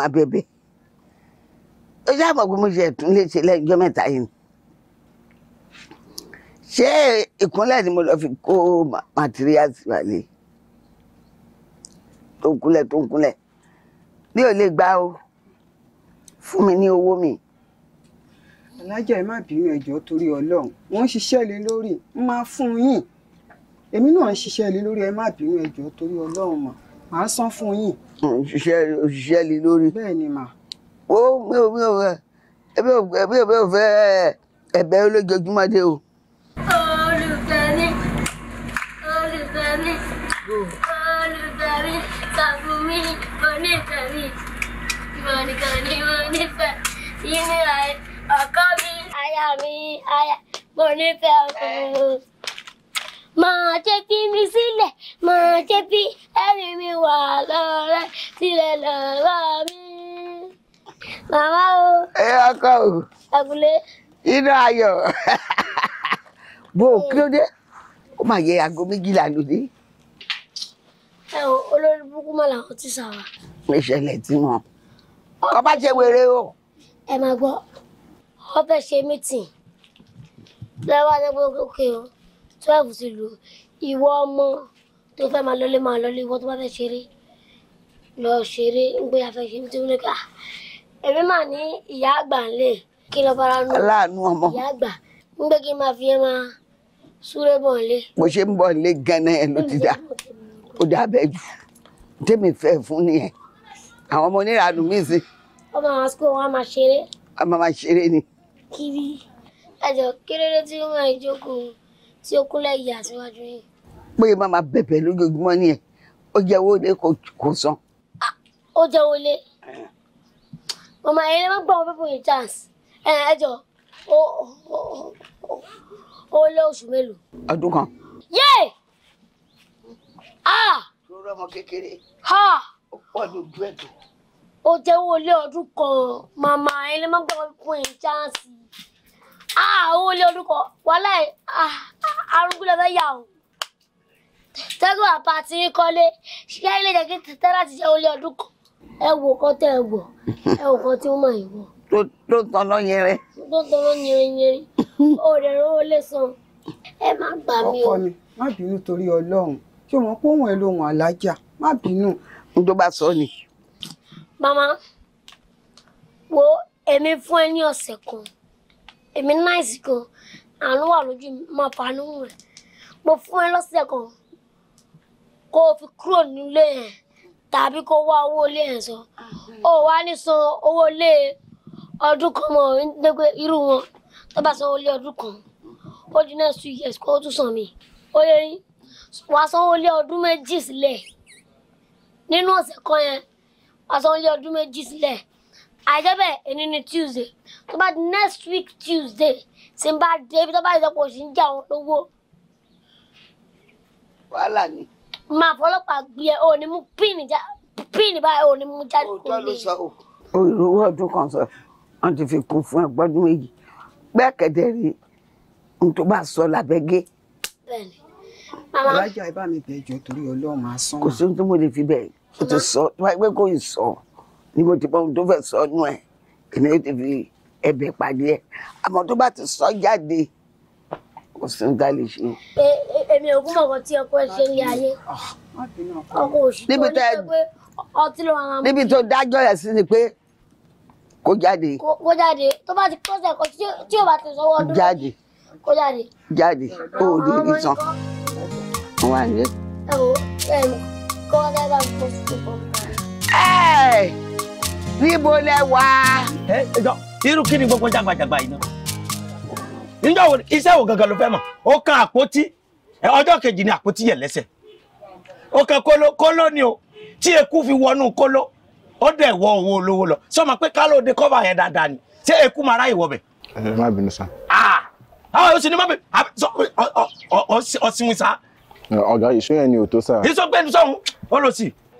máa bẹ̀bẹ̀ ó ṣàmọ̀ pé mo ṣe ẹ̀tún lè ṣe lẹ́jọ́ mẹ́ta yìí ṣé ìkúnlẹ̀ ni mo lọ fi kó materials wálé tó ń kúnlẹ̀ tó ń kúnlẹ̀ mi ò lè gbà o fún mi ní owó mi. alájà ẹ má bínú ẹjọ́ torí Ọlọ́run wọn ń ṣiṣẹ́ lé lórí ń máa fún yín èmi náà ń ṣiṣẹ́ lé lórí ẹ má bínú ẹjọ́ torí Ọlọ́run mà máa san fún yín òṣìṣẹ́ òṣìṣẹ́ lé lórí. bẹ́ẹ̀ni mà. ó mi ò mi ò fẹ́ ẹbí ò ẹbí ò fẹ́ fẹ́ ẹ̀bẹ̀ olójoojúmọ́ dé o. olùfẹ́ mi olùfẹ́ mi olùfẹ́ mi kàfún mi onífẹ́ mi mọ̀nìkan ni mo nífẹ̀ẹ́ inú ọkọ mi aya mi aya mo nífẹ̀ẹ́ ọkọ mi máa jẹ́ fi mi sílẹ̀ máa jẹ́ fi ẹ̀mí mi wà lọ́rẹ́ sílẹ̀ lọ́rọ̀ mi. màmá o. ẹ ọkọ o. àbúlé. inú ayọ̀ bó o kí ló dé ó máa yẹ aago méjìlá lóde. ẹ o olórí burúkú mọ́ làwọn ti sà wá. ìṣẹ̀lẹ̀ tí wọ́n kọ́ bá jẹ́ wèrè o. ẹ máa gbọ́ wọ́n ṣe mítìn lọ́wọ́ adébókè o twelve sí lu ìwọ ọmọ tó fẹ́ máa lọlé máa lọlé ìwọ tó bá fẹ́ ṣeré lọ ṣeré ń gbé afẹ́ ṣe tí wọ́n lè ká èmi mà ní ìyá àgbà ńlẹ̀ kí lọ bára nù aláàánú ọmọ ìyá àgbà ń gbé kí n máa fi ẹ máa súré bọ̀ ńlé. mo ṣe ń bọ̀ ńlé gan-an ẹ ló ti dá ó dá bẹ́ẹ̀ jù tèmi fẹ́ fún nìyẹn àwọn ọmọ oníranú mi sí. ọmọ àwọn sukú wọn máa ṣeré. a máa máa ṣeré ni. kiri ẹjọ kí ló dé tí wọn máa jókòó tí o kúnlẹ̀ yà síwájú yìí. pé màmá bẹ̀bẹ̀ lójoojúmọ́ ni ẹ̀ ó jẹ́ owó lé kò san. ó jẹ́ owó lé màmá yẹn má gbọ́ pípọ̀ yìí chance ẹ ẹ jọ ó lé oṣù mélòó. ọdún kan. yéè ah. tó rọmọ kékeré. ha. ó pọ̀ lójú ẹ̀ tó. ó jẹ́ owó lé ọdún kan màmá yẹn má gbọ́ pípọ̀ yìí chance àwọn ah, olè orúkọ wàhálà ah, arúgbó lọ fẹ́ yà o tẹ́gùn àpàtì kọ́lé ṣíkẹ́ ilé jẹ́ kí tẹ́tẹ́ láti jẹ́ olè ọdún kan ẹ wò kọ́ tẹ́ ẹ wọ̀ ẹ wò kọ́ tí ó mọ̀ ìwọ. tó tọ́nà yẹrẹ. tó tọ́nà yẹrẹ yẹrẹ ó rẹ̀ rán ó lè san ẹ má gbà mí o. ọkọ mi má bínú torí Ọlọ́run ṣé wọn kó wọn lo wọn àlájà má bínú. n tó bá sọ ni. màmá wo èmi fún ẹ ní ọ̀sẹ̀ kan èmi náìsì gan àánú wà lójú mi máa fàánú rẹ̀ mo fún ẹ lọ́sẹ̀ kan kó o fi kúrò nílé yẹn tàbí kó wá owó ilé yẹn sọ ó wá ní san owó ilé ọdún kan mọ́ nígbà irú wọn tó bá san owó ilé ọdún kan ó di next two years kó o tún san mi ó yẹ yín wàá san owó ilé ọdún méjì sílẹ̀ nínú ọ̀sẹ̀ kan yẹn wàá san owó ilé ọdún méjì sílẹ̀ àìjẹ́bẹ̀ ẹni ni tuesday tó bá di next week tuesday tí n bá dé ibi tó bá ìjọpọ̀ sí ń jẹ́ àwọn lówó. wàhálà ni. màá fọlọ́pàá gbé ẹ òní mú píìnì já píìnì báyìí òní mú jáde kò lè. òótọ́ ló sọ o. olùrówó ọdún kan sọ wọn ti fi kún fún ẹgbọ́dún méjì bẹ́ẹ̀ kẹ́dẹ́ rí n tó bá sọ làbẹ́gẹ́. bẹ́ẹ̀ni màmá. ìwájà ẹ bá mi bẹ̀ jọ torí Ọlọ́run máa sán. kò sí ohun tó mo lè fi bẹ̀ o ti sọ wáyé pé kò ì sọ ni mo ti bọ́ ohun tó fẹ́ sọ nú ẹ̀ èmi ó ti fi ẹ̀bẹ̀ pàdé ẹ̀ àmọ́ tó bá ti sọ jáde kò sí ní ká lè ṣe. èmi ò gún bọ̀kọ̀ tí ọkọ ṣe ń lé ayé ọkọ òṣì tó ní pé ọtí ló máa ń. níbi tó dájọ́ ẹ̀ sí ni pé kó jáde. kó jáde tó bá ti kọ́sẹ̀ kan tí ò bá ti sọ wọ́n dúró. jáde kó jáde. jáde ó ò ní rí san. wọ́n wà ní. ẹ wo ẹ kọ́ ọ́ dáadáa kó o sì tó níbo lẹ wà. ẹ jọ gbogbo jàgbàjàgbà yìí náà níjọ́ wo iṣẹ́ wo gangan ló fẹ́ mọ̀ àpótí ọjọ́ kejì ni àpótí yẹ lẹ́sẹ̀ ó kan kóló kóló ni o tí eku fi wọnú kóló ó dẹ̀ wọ owó olówó lọ sọmọ pé de kọ́fà yẹn ni ṣé eku mara bẹ. ẹ má bínú ni má ọ̀gá ìṣó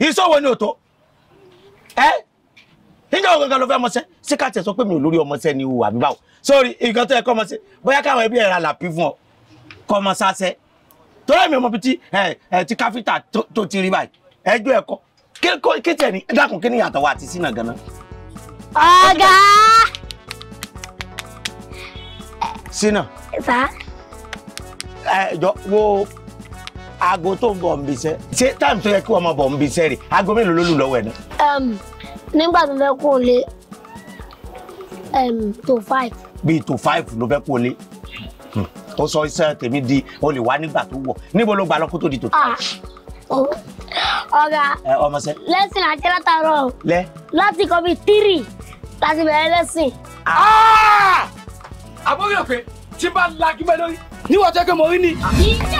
ìṣó wo ni níjọ́ gangan ló fẹ́ ọmọṣẹ́ ṣé ká tẹ̀ sọ pé mi ò lórí ọmọṣẹ́ ni ìwà mi báwo sórí nǹkan tó yẹ kọ́ ọmọṣẹ́ bóyá káwọn ẹbí ẹ̀rọ àlàpì fún ọ kọ́ ọmọ sáṣẹ́ torí mi ò mọ bí ti ti káfíńtà tó ti rí báyìí ẹjọ́ ẹ̀kọ́ kí tẹ̀ ní dákun kí ni ìyàtọ̀ wa àti sínà ganan. ọ̀gá. sínà. sá. ẹ jọ wo aago tó ń bọ̀ ń bìṣẹ́ ṣé táìmù tó yẹ kí wọ́n máa bọ̀ ń bìṣẹ́ rè aago mélòó ló lù lọ́wọ́ ẹ̀ náà nígbà tó fẹ́ kó lé tó five. bíi tó five ló fẹ́ kó lé hmm. ó sọ iṣẹ́ tèmi di o lè wá nígbà tó wọ̀ níbo ló gba lọ kó tó di tó five. Ah, oh, ọ̀gá ọmọọṣẹ́ lẹ́sìn àti látàárọ̀ lẹ́ láti kọ́ bíi tírì láti bẹ̀rẹ̀ lẹ́sìn. Ah. Ah! àbúrò pé tí bá lajú bẹ́ẹ̀ lórí níwọ̀n tó yẹ kí mo rí ni. ìjà.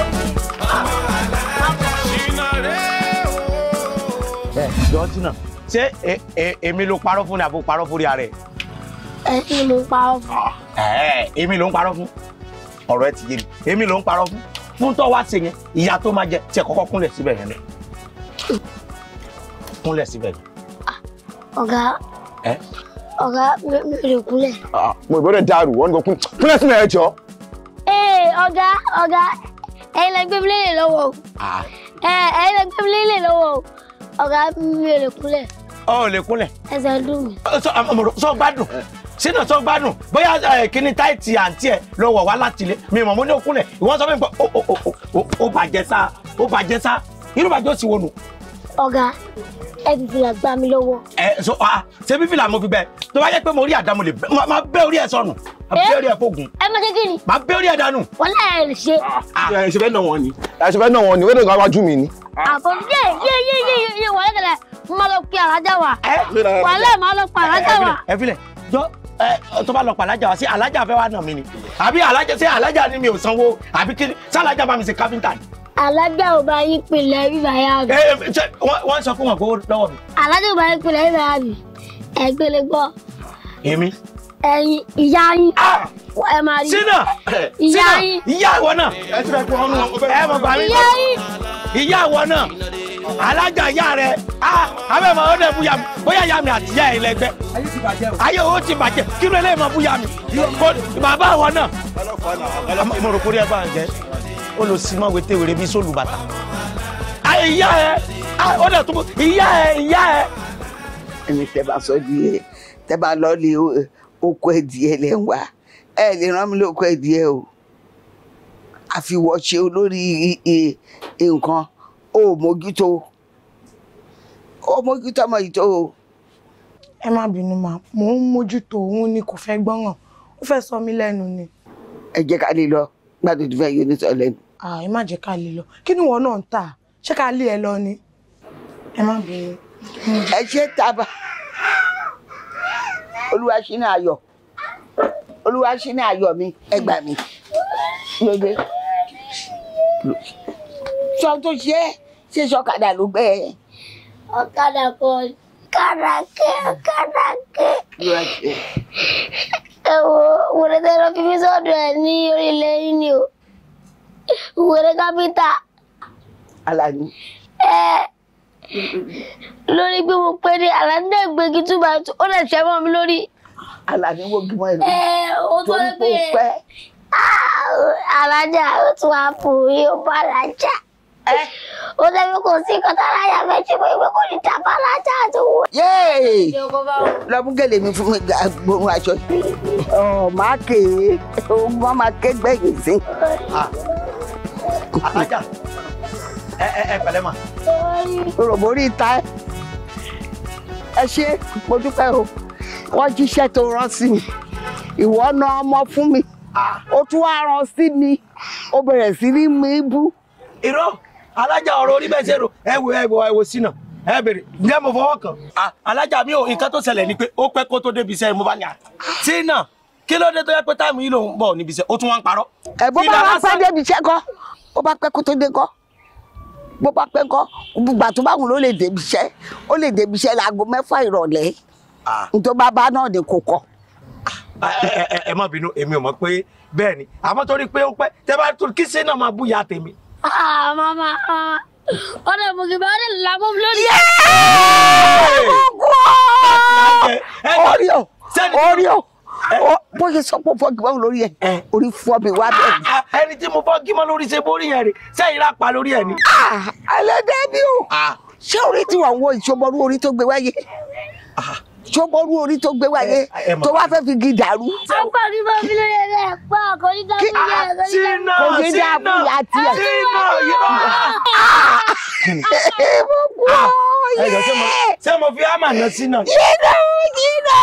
jìnnà ṣé e, e, èmi ló parọ́ fún ni àbò parọ́ fún rí ara ẹ̀. èmi ló ń parọ́ fún. Ah, eh, èmi ló ń parọ́ fún ọ̀rọ̀ ẹ ti yé mi èmi ló ń parọ́ fún fún tó wá sí yẹn ìyá tó máa jẹ tiẹ̀ kọ́kọ́ kúnlẹ̀ síbẹ̀ yẹn lọ kúnlẹ̀ síbẹ̀ yẹn. Ah, ọ̀gá eh? ọ̀gá mi ò lè kúnlẹ̀. Ah, mo ìbọ̀dẹ̀ dàrú wọn ni kò kúnlẹ̀ síbẹ̀ yẹn jọ. ee eh, ọ̀gá ọ̀gá ẹ̀yin lẹ gbé lọ́wọ́ o ẹ̀yin lẹ gbé lọ́wọ́ o ọ̀gá mi ò lè kúnlẹ̀. ọ ò lè kúnlẹ̀. ẹsẹ̀ dùn mí. sọ gbádùn sínú sọ gbádùn bóyá kíní táìtì àǹtí ẹ lọ wọ̀ wá láti ilé mi mọ̀ mo ní òkúnlẹ̀ ìwọ sọ fún mi pé ó bàjẹ́ sá ó bàjẹ́ sá irú bàjẹ́ ó sì wọnù ọ̀gá ẹ fi fìlà gbá mi lọ́wọ́. ẹ so ah ṣé bí fìlà mo fi bẹ tó bá yẹ pé mo rí àdá mo lè má bẹ́ orí ẹ sọnù má eh? bẹ́ orí ẹ fògùn. ẹ má kékeré ni. má bẹ́ orí ẹ dànù. wọn náà ẹ lè ṣe. Ah, ah. ẹ ṣe fẹ́ nà wọ́n ni ẹ ṣe fẹ́ nà wọ́n ni wẹ́dọ̀ kan wájú mi ni. Ah. àbọ̀dé yé yé yé yé wọ́n lẹ́tẹ̀lẹ̀ má lọ pe alájà wa. wọ́n lẹ́ má lọ pa eh, alájà eh, wa. ẹ filẹ̀ jọ tó bá lọ pa alájà wa sí alájà fẹ́ wá nà mí ni àbí alájà sí alájà ni mi ò sanwó àbí kí sálájà bá mi ṣe alájà ò bá yín pinlẹ̀ bíbá yá mi. wọ́n sọ fún wọn pé ó lọ́wọ́ mi. alájà ò bá yín pinlẹ̀ bíbá yá mi ẹgbẹ́lẹ́ gbọ́. èmi. ẹyin ìyá yín. Ah! ẹ máa rí. sínà ìyá yín. ìyá ìwọ náà. ẹ ti fẹ́ kó ọnu ẹ mọ̀ bá mi. ìyá yín. ìyá ìwọ náà alájà ìyá rẹ ah! abẹ́ mọ̀ ọ́ dẹ̀ búya mi bóyá ìyá mi àti ìyá ẹ̀ lẹ́gbẹ́. ayé ti bàjẹ́ o. ayé o ti bàjẹ́ kí ló lè mọ̀ búya mi. bàbá ìwọ náà. mo rò kórè ẹ ó lọ sí mọ́ wété wèrè bí sólù bàtà. ìyá ẹ ó dẹ̀ tó ìyá ẹ ìyá ẹ. ẹni tẹ bá sọ di ẹ tẹ bá lọ lé oko ẹdìẹ lẹ ń wá ẹ lè rán mi lóko ẹdìẹ o àfiwọ́ṣe olórí e, e, nǹkan ó mójútó ó mójútó ọmọ yìí tó o ẹ má bínú mà mò ń mójútó òun ni kò fẹ́ gbọ́ràn ó fẹ́ sọ mí lẹ́nu ni. ẹ jẹ́ ká lè lọ gbàdé ìdúfẹ́ yìí ní sọ̀lẹ́ nu. àì má jẹ́ ká lè lọ kí ni ìwọ náà ń tà ṣé ká lé ẹ lọ ni ẹ má bínú. ẹ ṣe tábà olúwa ṣí ní ayọ̀ olúwa ṣí ní ayọ̀ mi ẹ gbà mí lóde sọ tó ṣe ṣe ṣọkadà ló gbẹ ọ̀kadà kan kàràkẹ́ kàràkẹ́ ẹ wo wèrè tẹ lọ fi mí sọ́dọ̀ ẹ ní orílẹ̀ yìí ni o wèrè kápítà. Alani. ẹ lórí pé mo pé ní Alani náà gbégi túbà ó lè ṣẹ́ mọ́ mi lórí. Alani wo gbìmọ̀ ìlú torí pé o pẹ́. Alájà ó tún wá fún yóò bá Alájà ó lẹ́bí kò sí kọ́tà láyà méjì mọ́ ìwé kò ní tàbá lájà àti owó. yéè lọ mú gèlè mi fún mi gbóhùn aṣọ. ọ oh, máa ké wọn máa ké gbẹ̀yìn sí. Ah. alájà ẹ ẹ ẹ pẹ̀lẹ́ mà. rògbòrí ta ẹ ẹ ṣe mo dúpẹ́ o wọ́n jíṣẹ́ tó rán sí mi ìwọ na ọmọ fún mi ah. ó tún wá rán sí mi ó bẹ̀rẹ̀ sí ní mi bú. irọ́ alájà ọ̀rọ̀ orí bẹ́ẹ̀ ṣe rò ẹ wo ẹ wo ẹ wo sínà ẹ bèrè ǹjẹ́ mo fọwọ́ kàn. Ah. alájà mi ò nǹkan tó ṣẹlẹ̀ ni pé ó pẹ́ kó tó débi iṣẹ́ mo bá ní à. Ah, sínà kí ló dé tó yẹ pé táàmù yìí lòún bọ̀ níbi iṣẹ́ ó tún wá ń parọ́. ẹ bó bá wá pẹ́ débi iṣẹ́ kọ́ ó bá pẹ́ kó tó dé kọ́ bó bá pẹ́ kọ́ gbà tó bá wù ló lè débi iṣẹ́ ó lè débi iṣẹ́ láago mẹ́fà ìrọ̀lẹ́ ah. nítorí bàbá náà ni kò kọ́ ẹ má bínú èmi ò mọ̀ pé bẹ́ẹ̀ ni àmọ́ torí pé ó Ah, mama. Ọ̀dọ̀ mo kì bá dé lábọ́ lórí. Ọ̀rìọ̀ ọ̀rìọ̀ bó ṣe sọ pé fọ́ọ̀gì báwo lórí ẹ̀ orí fọ́ mi wá bẹ́ẹ̀ ni. Ẹni tí mo fọ́ọ̀gì mọ́ lórí ṣe borí yẹn rè sẹ́yìn lápá lórí ẹ̀ ni. Ẹlẹ́dẹ́ bí o ṣé orí tí wàá wọ ìṣọ́bọrú orí tó gbé wáyé. Ah ṣọ́bọ́rú orí tó gbé wáyé eh, eh, tó eh, wá fẹ́ fi gi dàrú. ọkọ mi máa fi lórí ẹ̀rọ ẹ̀pọ̀ ah, kò ní dá fún yẹ kò ní ṣé mo fi ámà náà sínú. jìnnà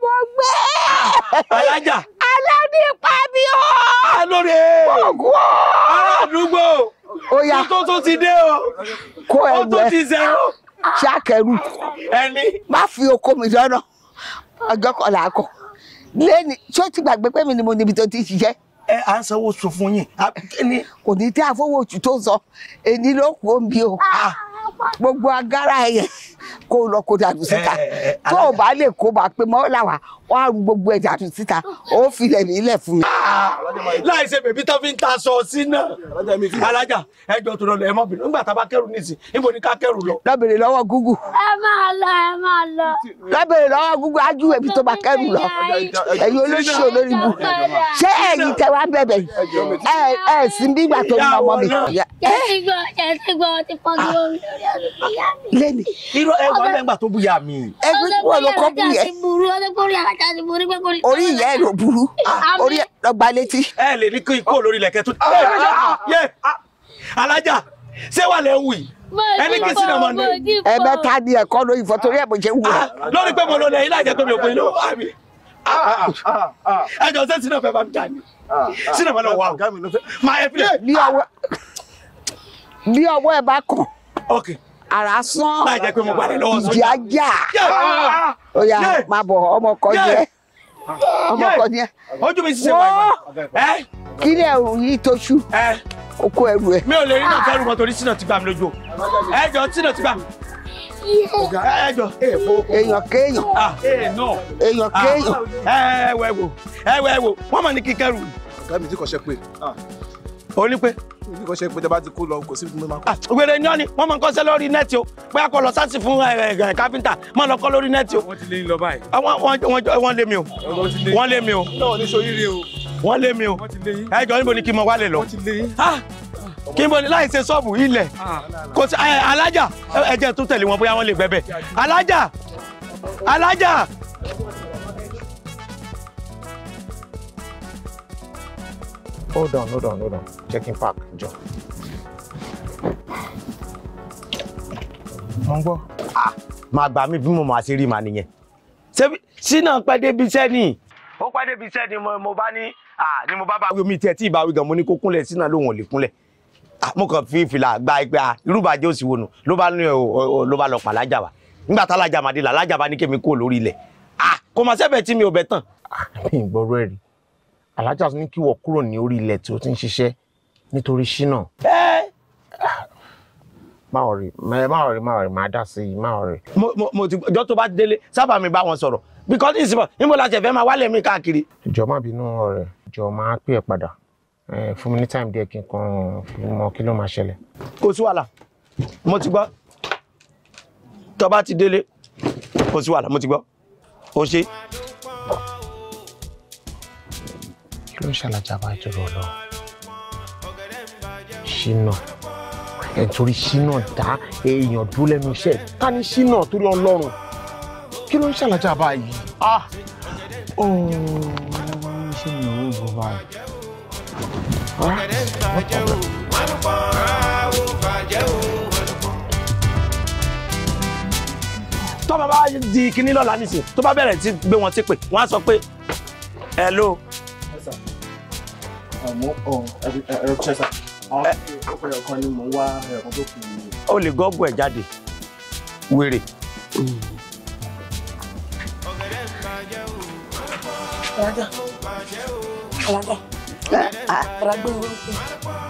mo gbé. alájà. aláàbí pa o. alóore. gbogbo. ará àdúgbò. ó yá kó tó ti dé o. kó ẹ wẹ ó tó ti zẹ o. ṣàkẹrù. ẹni. má fi oko mi lọ́nà ọjọ́ kan là á kọ lẹ́ni tí ó ti gbàgbé pé mi ni mo níbi tó ti ṣiṣẹ́ ẹ à ń sanwó sùn fún yín. kò ní tí àfọwọ́ oṣù sọ èyí ló kù ó o ah. gbogbo agárá ẹ̀yẹ kó lọ kó dànù síta eh, eh, eh, tó o bá lè kó bá pé mọ́ làwà wọ́n á ru gbogbo ẹ̀ dànù síta ó filẹ̀ nílẹ̀ fún mi. láì ṣe bèbí tó fi ń ta sọ sí náà alájà ẹjọ tó lọlọ ẹ mọ bìnrin nígbà tá a bá kẹrù nísìn níbo ni ká kẹrù lọ. lọ́bìnrin lọ́wọ́ gúgù. ẹ máa lọ ẹ máa lọ. lọ́bìnrin lọ́wọ́ gúgù á ju èmi tó bá kẹrù lọ ẹ̀yin olóṣù olórí bu ṣé ẹ̀yin tẹ wá bẹ̀bẹ̀ ẹ̀ ẹ̀ sì ń bí ìgbà tó ń mọ ọmọ mi. yẹ́n ti gbọ́ yẹ́n ti gbọ́ ti pọ́n irọ́ ẹ wà lẹ́gbà tó búyà mi. ẹgbẹ́ kúrò ló kọ́ bú yẹ. orí ìyá ẹ̀ ló burú orí ẹ̀ lọ gba létí. ẹ lè ní kí ikú olórí lẹ̀kẹ́ tún. alájà ṣé wà lẹ́ ń wì? ẹni kí sinna mọ ní. ẹ bẹ ta ni ẹkọ lóyún fọ torí ẹ mo ṣe wù ẹ. Ah, lórí pé mo lọ lẹ́yìn láì jẹ pé mi ò pè ah, ah, é lọ́wọ́ o máa ẹ filẹ. bí ọwọ́ ẹ bá kàn ara sán. láì jẹ́ pé mo gbàdé lọ́wọ́ sọ́jà. ìjà jà ó yá máa bọ̀ ọmọ kan jẹ́ ọmọ kan jẹ́. ojú mi ṣiṣẹ́ wáyé. kí ni ẹ̀rù yìí tó ṣú oko ẹrù ẹ. mi ò lè rí náà kẹrù mọ torí sínà ti gbà mí lójú o ẹ jọ sínà ti gbà mí èèyàn kéèyàn èèyàn kéèyàn. ẹ wẹ wo ẹ wẹ wo wọn mọ ní kíkẹrù. ọgá mi ti kọ ṣe pé ó ní pé. ibi kan ṣe pé tẹ́bá ti kú lọ kò sí ibi tí ah, wèrè ni ọ́ wọ́n máa ń kọ́ṣẹ́ lórí nẹ́ẹ̀tì o bóyá kọ́ lọ sáàsì fún eh, eh, eh, káfíńtà máa lọ kọ́ lórí nẹ́ẹ̀tì o. wọ́n ti lé lọ báyìí. Ah, wọ́n lé mi o wọ́n lé mi o wọ́n lé mi o ẹ jọ níbo ni kí n mọ wálé lọ ah, kí n bọ láì ṣe ṣọ́ọ̀bù ilẹ̀ kò sí alájà ẹ jẹ́ tún tẹ̀lé wọn bóyá wọ́n lè gbẹ́bẹ̀ alájà alájà. hold on hold on hold on jẹ́ kí n park jọ. mo ń gbọ́. máa gbà mí bí mo máa ṣe rí màá nìyẹn. sínà pẹ́ débi iṣẹ́ ni ó pẹ́ débi iṣẹ́ ni mo bá ní ni mo bá bá wí omi tiẹ̀ tí ìbáwí gan mo ní kó kúnlẹ̀ sínà lóhùn ò lè kúnlẹ̀ mo kàn fi fìlà gba ẹgbẹ́ a irúbàjẹ́ òsì wo nù ló bá ní o ló bá lọ pa lájà wa nígbà tá lájà màdé là lájà bá ní kémi kúrò lórí ilẹ̀ kò mà sẹ́bẹ̀ tí mi ò bẹ̀ tán. mi ì gbọ́rọ̀ ẹ̀rí alájà ní kí wọ́n kúrò ní orí ilẹ̀ tí ó ti ń ṣiṣẹ́ nítorí ṣínà. má ọ̀rẹ́ má ọ̀rẹ́ má ọ̀rẹ́ má dá sí i má ọ̀rẹ́. mo ti jọ́ tó bá délé sábà mi bá wọn sọ̀rọ̀ because ní ìsìnbọn níbo la ṣẹ̀fẹ̀ máa wálé mi káàkiri. ìjọ má bínú ọ̀rẹ́ ìjọ máa pè é padà fún mi ní time díẹ̀ kí n kàn mọ kí ló máa ṣẹlẹ̀. kò sí wàhálà mo ti gbọ́ tó ti délé kò sí wàhálà mo ti gbọ́ o ṣe. kí ló ṣàlàjà bá jọrọ lọ ṣínà ẹ ṣínà dá èèyàn dúró lẹ́nu iṣẹ́ ká ní ṣínà torí Ọlọ́run kí ló ń ṣàlàjà ah! báyìí ah ooo ṣé di kinní lọ́la nísìnyí tó bá bẹ̀rẹ̀ sí gbé wọn ti pè wọ́n á sọ pé hello o lè gọ́gùn ẹ̀ jáde wèrè. Raja. Raja. Raja.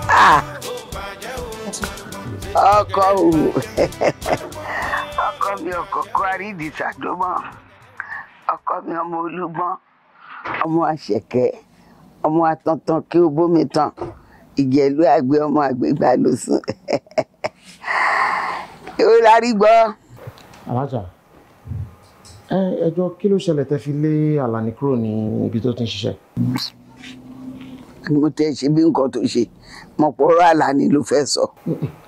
Ah. Ọkọ o. Ọkọ mi ọkọ̀ kọ́ àrídìí ṣàdúmọ̀. Ọkọ mi ọmọ olúgbọ́n. Ọmọ àṣẹkẹ́ ọmọ atantan kí ó bómi tán ìjẹ̀lú àgbẹ̀ ọmọ àgbẹ̀ gbà ló sùn ó larí gbọ́. alájà ẹjọ́ kí ló ṣẹlẹ̀ tẹ́ fi lé Àlàní kúrò ní ibi tó ti ń ṣiṣẹ́. mo tẹ ṣe bí nǹkan tó ṣe mo pọ̀rọ̀ Àlàní ló fẹ́ sọ.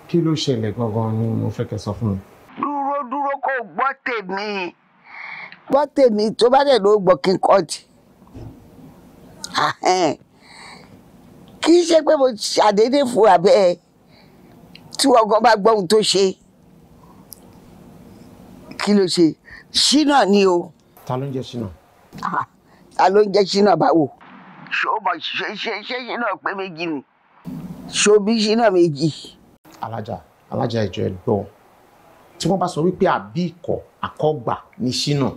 kí ló ṣẹlẹ̀ gangan ni mo fẹ́ kẹ́ sọ fún mi. dúró dúró kó gbọ́ tèmi gbọ́ tèmi tó bá dẹ̀ ló gbọ́ kí n kọ́ ti. Eh, kì í ṣe pé mo ṣàdédé fún abẹ́ tí wọ́n gan bá gbọ́ ohun tó ṣe kí ló ṣe ṣínà ni o. ta ló ń jẹ ṣínà. Ah, ta ló ń jẹ ṣínà báwo. ṣó mọ ṣe ṣe ṣe ṣínà pé méjì ni ṣó bí ṣínà méjì. alájà alájà ìjọ ẹ tí wọ́n bá sọ wípé àbí ikọ̀ àkọ́gbà ni ṣínà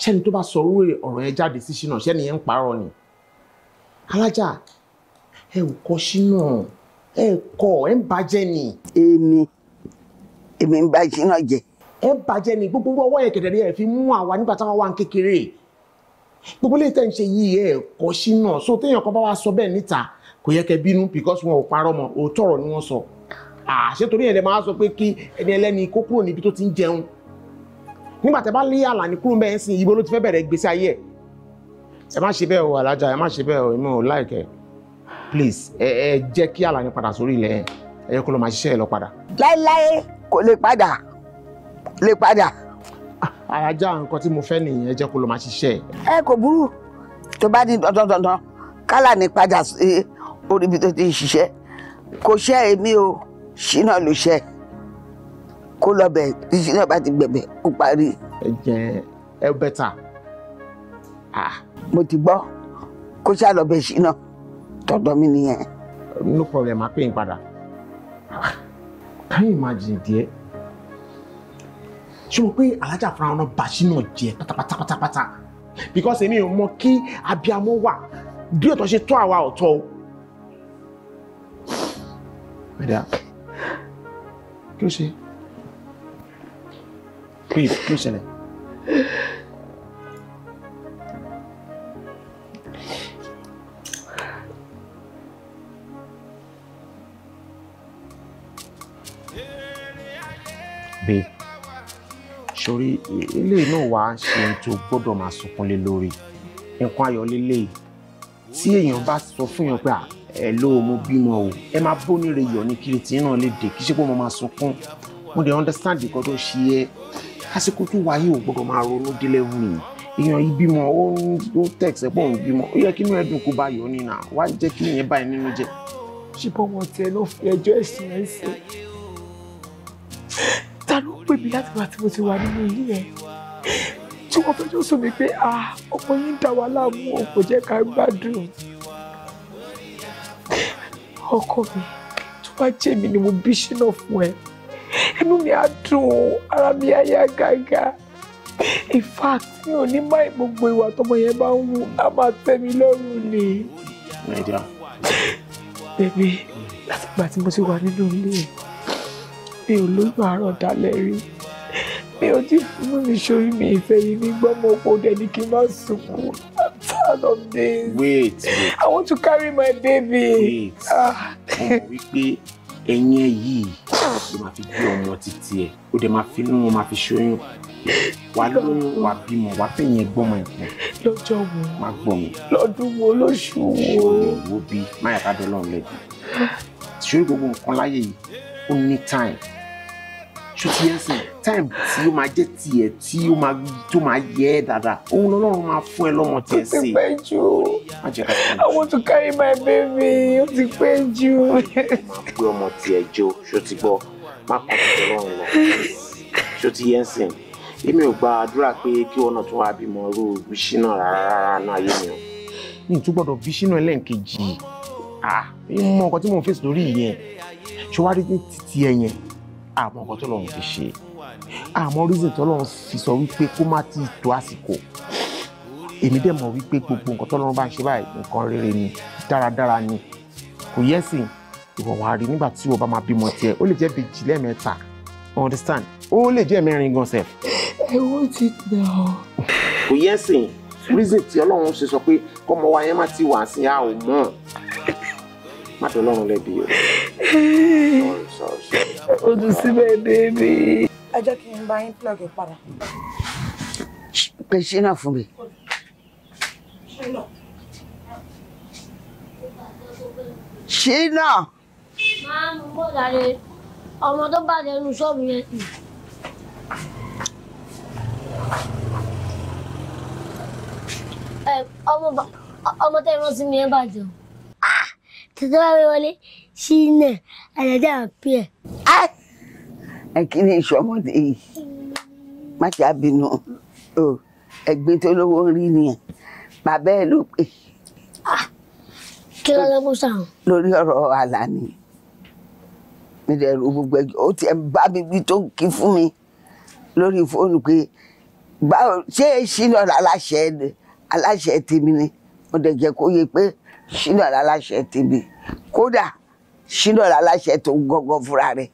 ṣẹ́ni tó bá sọ orí ọ̀rọ̀ ẹ jáde sí ṣínà ṣẹ́ni yẹn ń parọ́ ni alájà ẹ ò kọ sínú ẹ kọ ẹ ń bàjẹ́ ni. èmi èmi ń bá ṣínà jẹ. ẹ ń bàjẹ́ ni gbogbo ọwọ́ yẹn kẹ̀dẹ̀rẹ́ ẹ fi mú àwa nígbà táwọn wà ń kékeré gbogbo lè tẹ̀ ń ṣe yìí ẹ kọ sínú so téèyàn kan bá wa sọ bẹ́ẹ̀ níta kò yẹ kẹ́ bínú because wọn ò parọ́ mọ́ òótọ́ ọ̀rọ̀ ni wọ́n sọ àṣé torí ẹ̀ lè máa sọ pé kí ẹni ẹlẹ́ni kó kúrò níbi tó ti ń jẹun nígbà tẹ́ bá lé àlàní kúrò mẹ́ẹ̀ẹ́sìn ibo ló ti fẹ́ bẹ̀rẹ̀ gbèsè ayé ẹ̀ ẹ má ṣe bẹ́ẹ̀ o alájà ẹ má ṣe bẹ́ẹ̀ o èmi ò láìkẹ́ please ẹ ẹ jẹ́ kí Àlàní padà sórí ilẹ̀ ẹ ẹ yẹ kó lọ máa ṣiṣẹ́ ẹ lọ padà. láéláé kò lè padà lè padà. alájà nǹkan tí mo fẹ́ nìyẹn ẹ jẹ́ kó lọ máa ṣiṣẹ́ ẹ. ẹ kò burú tó bá ní dandan dandan kálà ní padà sí orí ibi tó ti ṣiṣẹ́ kò ṣe èmi o ṣínà ló ṣe kó lọ bẹ̀ tí bá ti gbẹ̀bẹ̀ kó parí. ẹ jẹ ẹ bẹ ta ah mo ti gbọ́ kó ṣáà lọ bẹ ṣínà tọ̀dọ̀ mi nìyẹn. no problem máa pè yín padà can you imagine díẹ̀ ṣé mo pé alájà fúnra wọn bá ṣínà jẹ pátápátápátá because èmi ò mọ kí abiyamọ wà bí ọ̀tọ̀ ṣe tó àwa ọ̀tọ̀ o. Mẹ́dà, kí ló ṣe? kí ló ṣẹlẹ̀? babe sori eléyìí náà wàá ṣe tó gbọ́dọ̀ máa sunkún lé lórí nǹkan ayọ̀ lélẹ́yìí tí èèyàn bá sọ fún èèyàn pé ẹ ló mo bímọ o ẹ máa bónire yọ̀ ní kiri tí náà lè dé kí ṣe pé mo máa sunkún mo dẹ̀ understand nǹkan tó ṣe é àsìkò tó wáyé ò gbọ́dọ̀ máa ronú délé wù mí èèyàn yìí bímọ ó ń tẹ̀sẹ̀ pọ̀ ń bímọ ó yẹ kí inú ẹ̀dùn kó bá yọ nínà wá jẹ́ kí ìyẹn báyìí nínú jẹ́. ṣùgbọ́n wọn tiẹ̀ ló fi ẹjọ́ ẹ̀sìn ẹ̀ ta ló ń pè mí láti wà tí mo ti wà nínú ilé ẹ̀ tí wọ́n fẹjọ́ sọ mi pé ọmọ yín ń dá wa láàmú o kò jẹ́ ká gbádùn ọkọ mi tó bá jẹ́ mi ni mo bí ṣínà fún ẹ ẹnu mi á dùn ara mi á yá gágá in fact mi ò ní má gbogbo ìwà tọmọ yẹn bá ń wù á máa tẹ́ mi lọ́rùn ni. bẹ̀bí láti gbà tí mo ti wà nínú ilé yìí mi ò lóyún àárọ̀ dalẹ̀ rí mi ò tí fún mi sórí mi ìfẹ́ yìí ní gbọ́mọ̀pọ̀ dẹni kí n má sunkún I'm tired of this. wait I want to carry my baby. wait ọmọ ah. wípé ẹyin ẹ yìí ló máa fi gbé ọmọ títí ẹ ó dẹ máa fi inú wọn máa fi ṣóyún wà lóyún wà bímọ wà fẹ̀yìn ẹ̀gbọ́n ẹ̀gbọ́n. lọ́jọ́ wo má gbọ́ mi. lọ́dún wo lóṣù wo. ìṣòro ìwò bíi máyà ká dọ́lọ́run lẹ́bi. ìṣòro gbogbo nǹkan láyé yìí Only ní time ṣùtì ẹsẹ̀ time tí ó máa jẹ́ tiẹ̀ tí ó máa tó máa yẹ ẹ́ dáadáa òun lọ́lọ́run máa fún ẹ lọ́mọ tiẹ̀ sí. ó ti pẹ́ jù I want to carry my baby ó ti pẹ́ jù. máa gbé ọmọ tiẹ̀ jó ṣùtì gbọ́ má kọ́ ọ̀tọ̀ lọ́run lọ ṣùtì ẹsẹ̀ èmi ò gba àdúrà pé kí wọn náà tún wá bímọ irú bíṣí náà rárá rárá náà ayé mi o. mi ò tún gbọdọ̀ bíṣí náà ẹlẹ́ǹkejì ah mo mọ nǹkan tí mo ń fèsì lórí ìyẹn ṣọwárí ní títí ẹ yẹn àmọ́ nǹkan tó lọ́run fi ṣe àmọ́ reason tó lọ́run fi sọ wípé kó má ti tó àsìkò èmi dẹ̀ mọ̀ wípé gbogbo nǹkan tó lọ́run bá ń ṣe báyìí nǹkan rere ni dáradára ni kò yẹ ìwọ̀n wá rí nígbà tí o bá máa bímọ tiẹ̀ ó lè jẹ́ bèjì lẹ́ẹ̀mẹ́ta understand ó lè jẹ́ mẹ́rin gan sef. I want it now. kò yẹ sí reason tí ọlọ́run ṣe sọ pé kọ́mọ wa yẹn má ti wà sí i a ò mọ̀ má fi ọlọ́run lẹ́bi o. o tún síbẹ̀ bébí. ẹ jẹ́ kí n bá yín plug padà. pè ṣe náà fún mi. ṣe náà. máa mú bó dáre ọmọ tó bá lẹnu ṣọ́ọ̀bù yẹn. ọmọ tẹ́ ẹ rántí mi ẹ bàjẹ́ o tètè bá mi wọlé sí iná àdàdà àpè ẹ. ẹ kí ni ìṣọmọdé yìí má ṣe àbínú o ẹgbẹ́ tó lówó rí nìyẹn bàbá ẹ ló pè. kí ló lọ bó sàn. lórí ọ̀rọ̀ Àlàní mi dẹ̀ ro gbogbo ẹjọ́ ó ti ẹ̀ bá mi bí tó kí fún mi lórí fóònù pé báwo ṣé èsì lọ́la aláṣẹ aláṣẹ tèmi ni mo dẹ̀ jẹ́ kó yẹ pé ṣínà láláṣẹ tèmi kódà ṣínà láláṣẹ tó ń gángan fúnra rẹ̀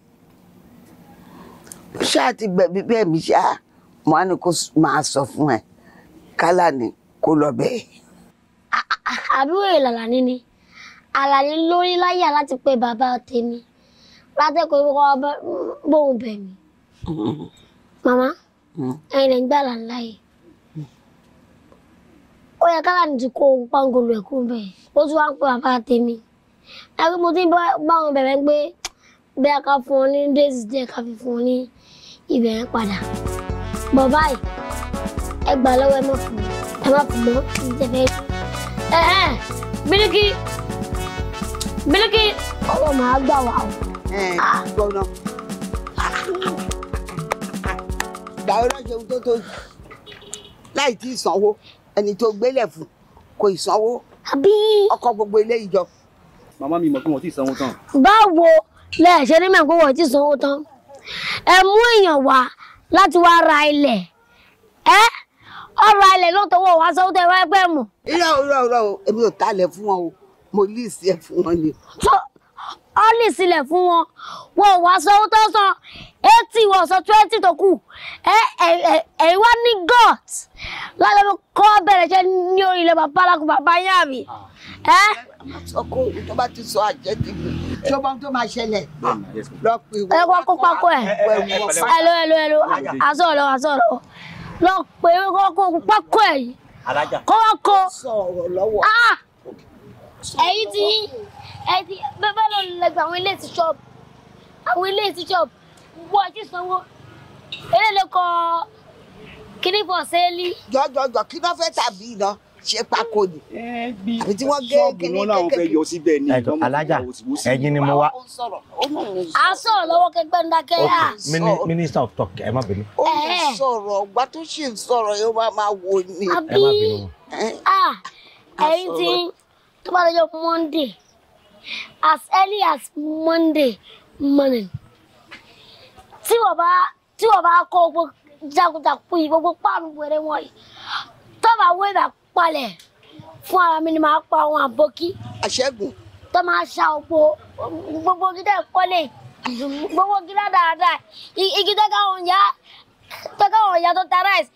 ṣáà ti gbẹ̀mí bẹ́ẹ̀ mi ṣáà màá ní kó máa sọ fún ẹ kálá ni kó lọ bẹ́ẹ̀. àbúrò ìlànà níní àlàní lórí láyà láti pé bàbá tèmi látẹ́kọ̀ọ́ ìwọ bóun bẹ̀ mí. Mm-hmm. màmá mm-hmm. ẹ̀yin lè ń gbà láńláyè ó yẹ ká láti ti kó ohun pangolo ẹ̀kú bẹ́ẹ̀ ó tún wá ń pè bàbá tèmi ẹgbẹ́ mo ti bá wọn bẹ̀rẹ̀ pé bẹ́ẹ̀ ká fún ọ ní déèsì díẹ̀ ká fi fún ọ ní ibẹ̀ yẹn padà bàbá yìí ẹ gbà lọ́wọ́ ẹ má fún mi ẹ má fún mọ́ ní tẹ̀fẹ́ ẹ ẹ Bílíkì Bílíkì ọwọ́ màá gbà wá o. ẹ gbọ́dọ̀ gbà ó lọ́jọ́ tó tó láì tí ì sanwó ẹni tó gbélé fún kò ì sanwó àbí ọkọ gbogbo ilé ìjọ. màmá mi mọ̀ pé wọ́n ti sanwó tán. báwo lẹ ṣe ní mẹ́rin pé wọ́n ti sanwó tán ẹ mú èèyàn wá láti wá ra ilẹ̀ ẹ ọ̀rọ̀ alẹ̀ ló tọwọ́ wá sọ́wọ́ tẹ wá pẹ́ mọ̀. irọ́ irọ́ irọ́ èmi ò talẹ̀ fún wọn o mo lì sí ẹ fún wọn ni ọ́ọ̀lì sílẹ̀ fún wọn wọn ò wá sọ owó tó san eighty wọn sọ twenty tó kù ẹ̀yin wá ní gut láti fi kọ́ bẹ̀rẹ̀ ṣe ní orí ilẹ̀ bàbá alákùn bàbá yín àbí. Ah. ẹ má sọ kó tó bá ti sọ àjẹ ti gbé tí ó bá tó máa ṣẹlẹ̀ lọ pé wọ́n. ẹ wá kó pákó ẹ ẹlò ẹlò ẹlò àṣọ ọ̀rọ̀ àṣọ ọ̀rọ̀ lọ pé wọ́n kó pákó ẹ yìí kó wọ́n kó ah! ẹ̀yìn ti yín ẹtì bẹ́ẹ̀ lọ lẹ́gbẹ̀ẹ́ àwọn ilé ìsìn ṣọ́ọ̀bù àwọn ilé ìsìn ṣọ́ọ̀bù wọ́n ti sanwó eré ló kọ kíní fọ sẹ́ẹ̀lì. jọjọjọ kí ló fẹ́ tàbí iná ṣe pákó ni àbí tí wọ́n gé kíní kékeré. alájà ẹ̀yin ni mo wá. a sọ̀rọ̀ lọ́wọ́ kẹgbẹ́ ńdákẹ́ yá. minister of talk ẹ má bínú. ó ń eh, eh. sọ̀rọ̀ ọgbà tó ṣì ń sọ̀rọ̀ yóò máa máa wò ni. àbí eh. ah, ẹ̀yin tí tó bá lọ́jọ́ monday as early as Monday morning. two of Tí wọ́n bá tí wọ́n bá kó gbogbo jagunjagun yìí gbogbo páànù wẹ̀rẹ̀ wọ̀nyí tó bá wé bá palẹ̀ fún ara mi ni màá pa àwọn àbókí. Àṣẹ́gun. Tó máa ṣa òpó gbogbo gídá ìkọ́lé gbogbo gídá dáadáa igi tẹ́ka òǹyà tẹ́ka òǹyà tó ta rice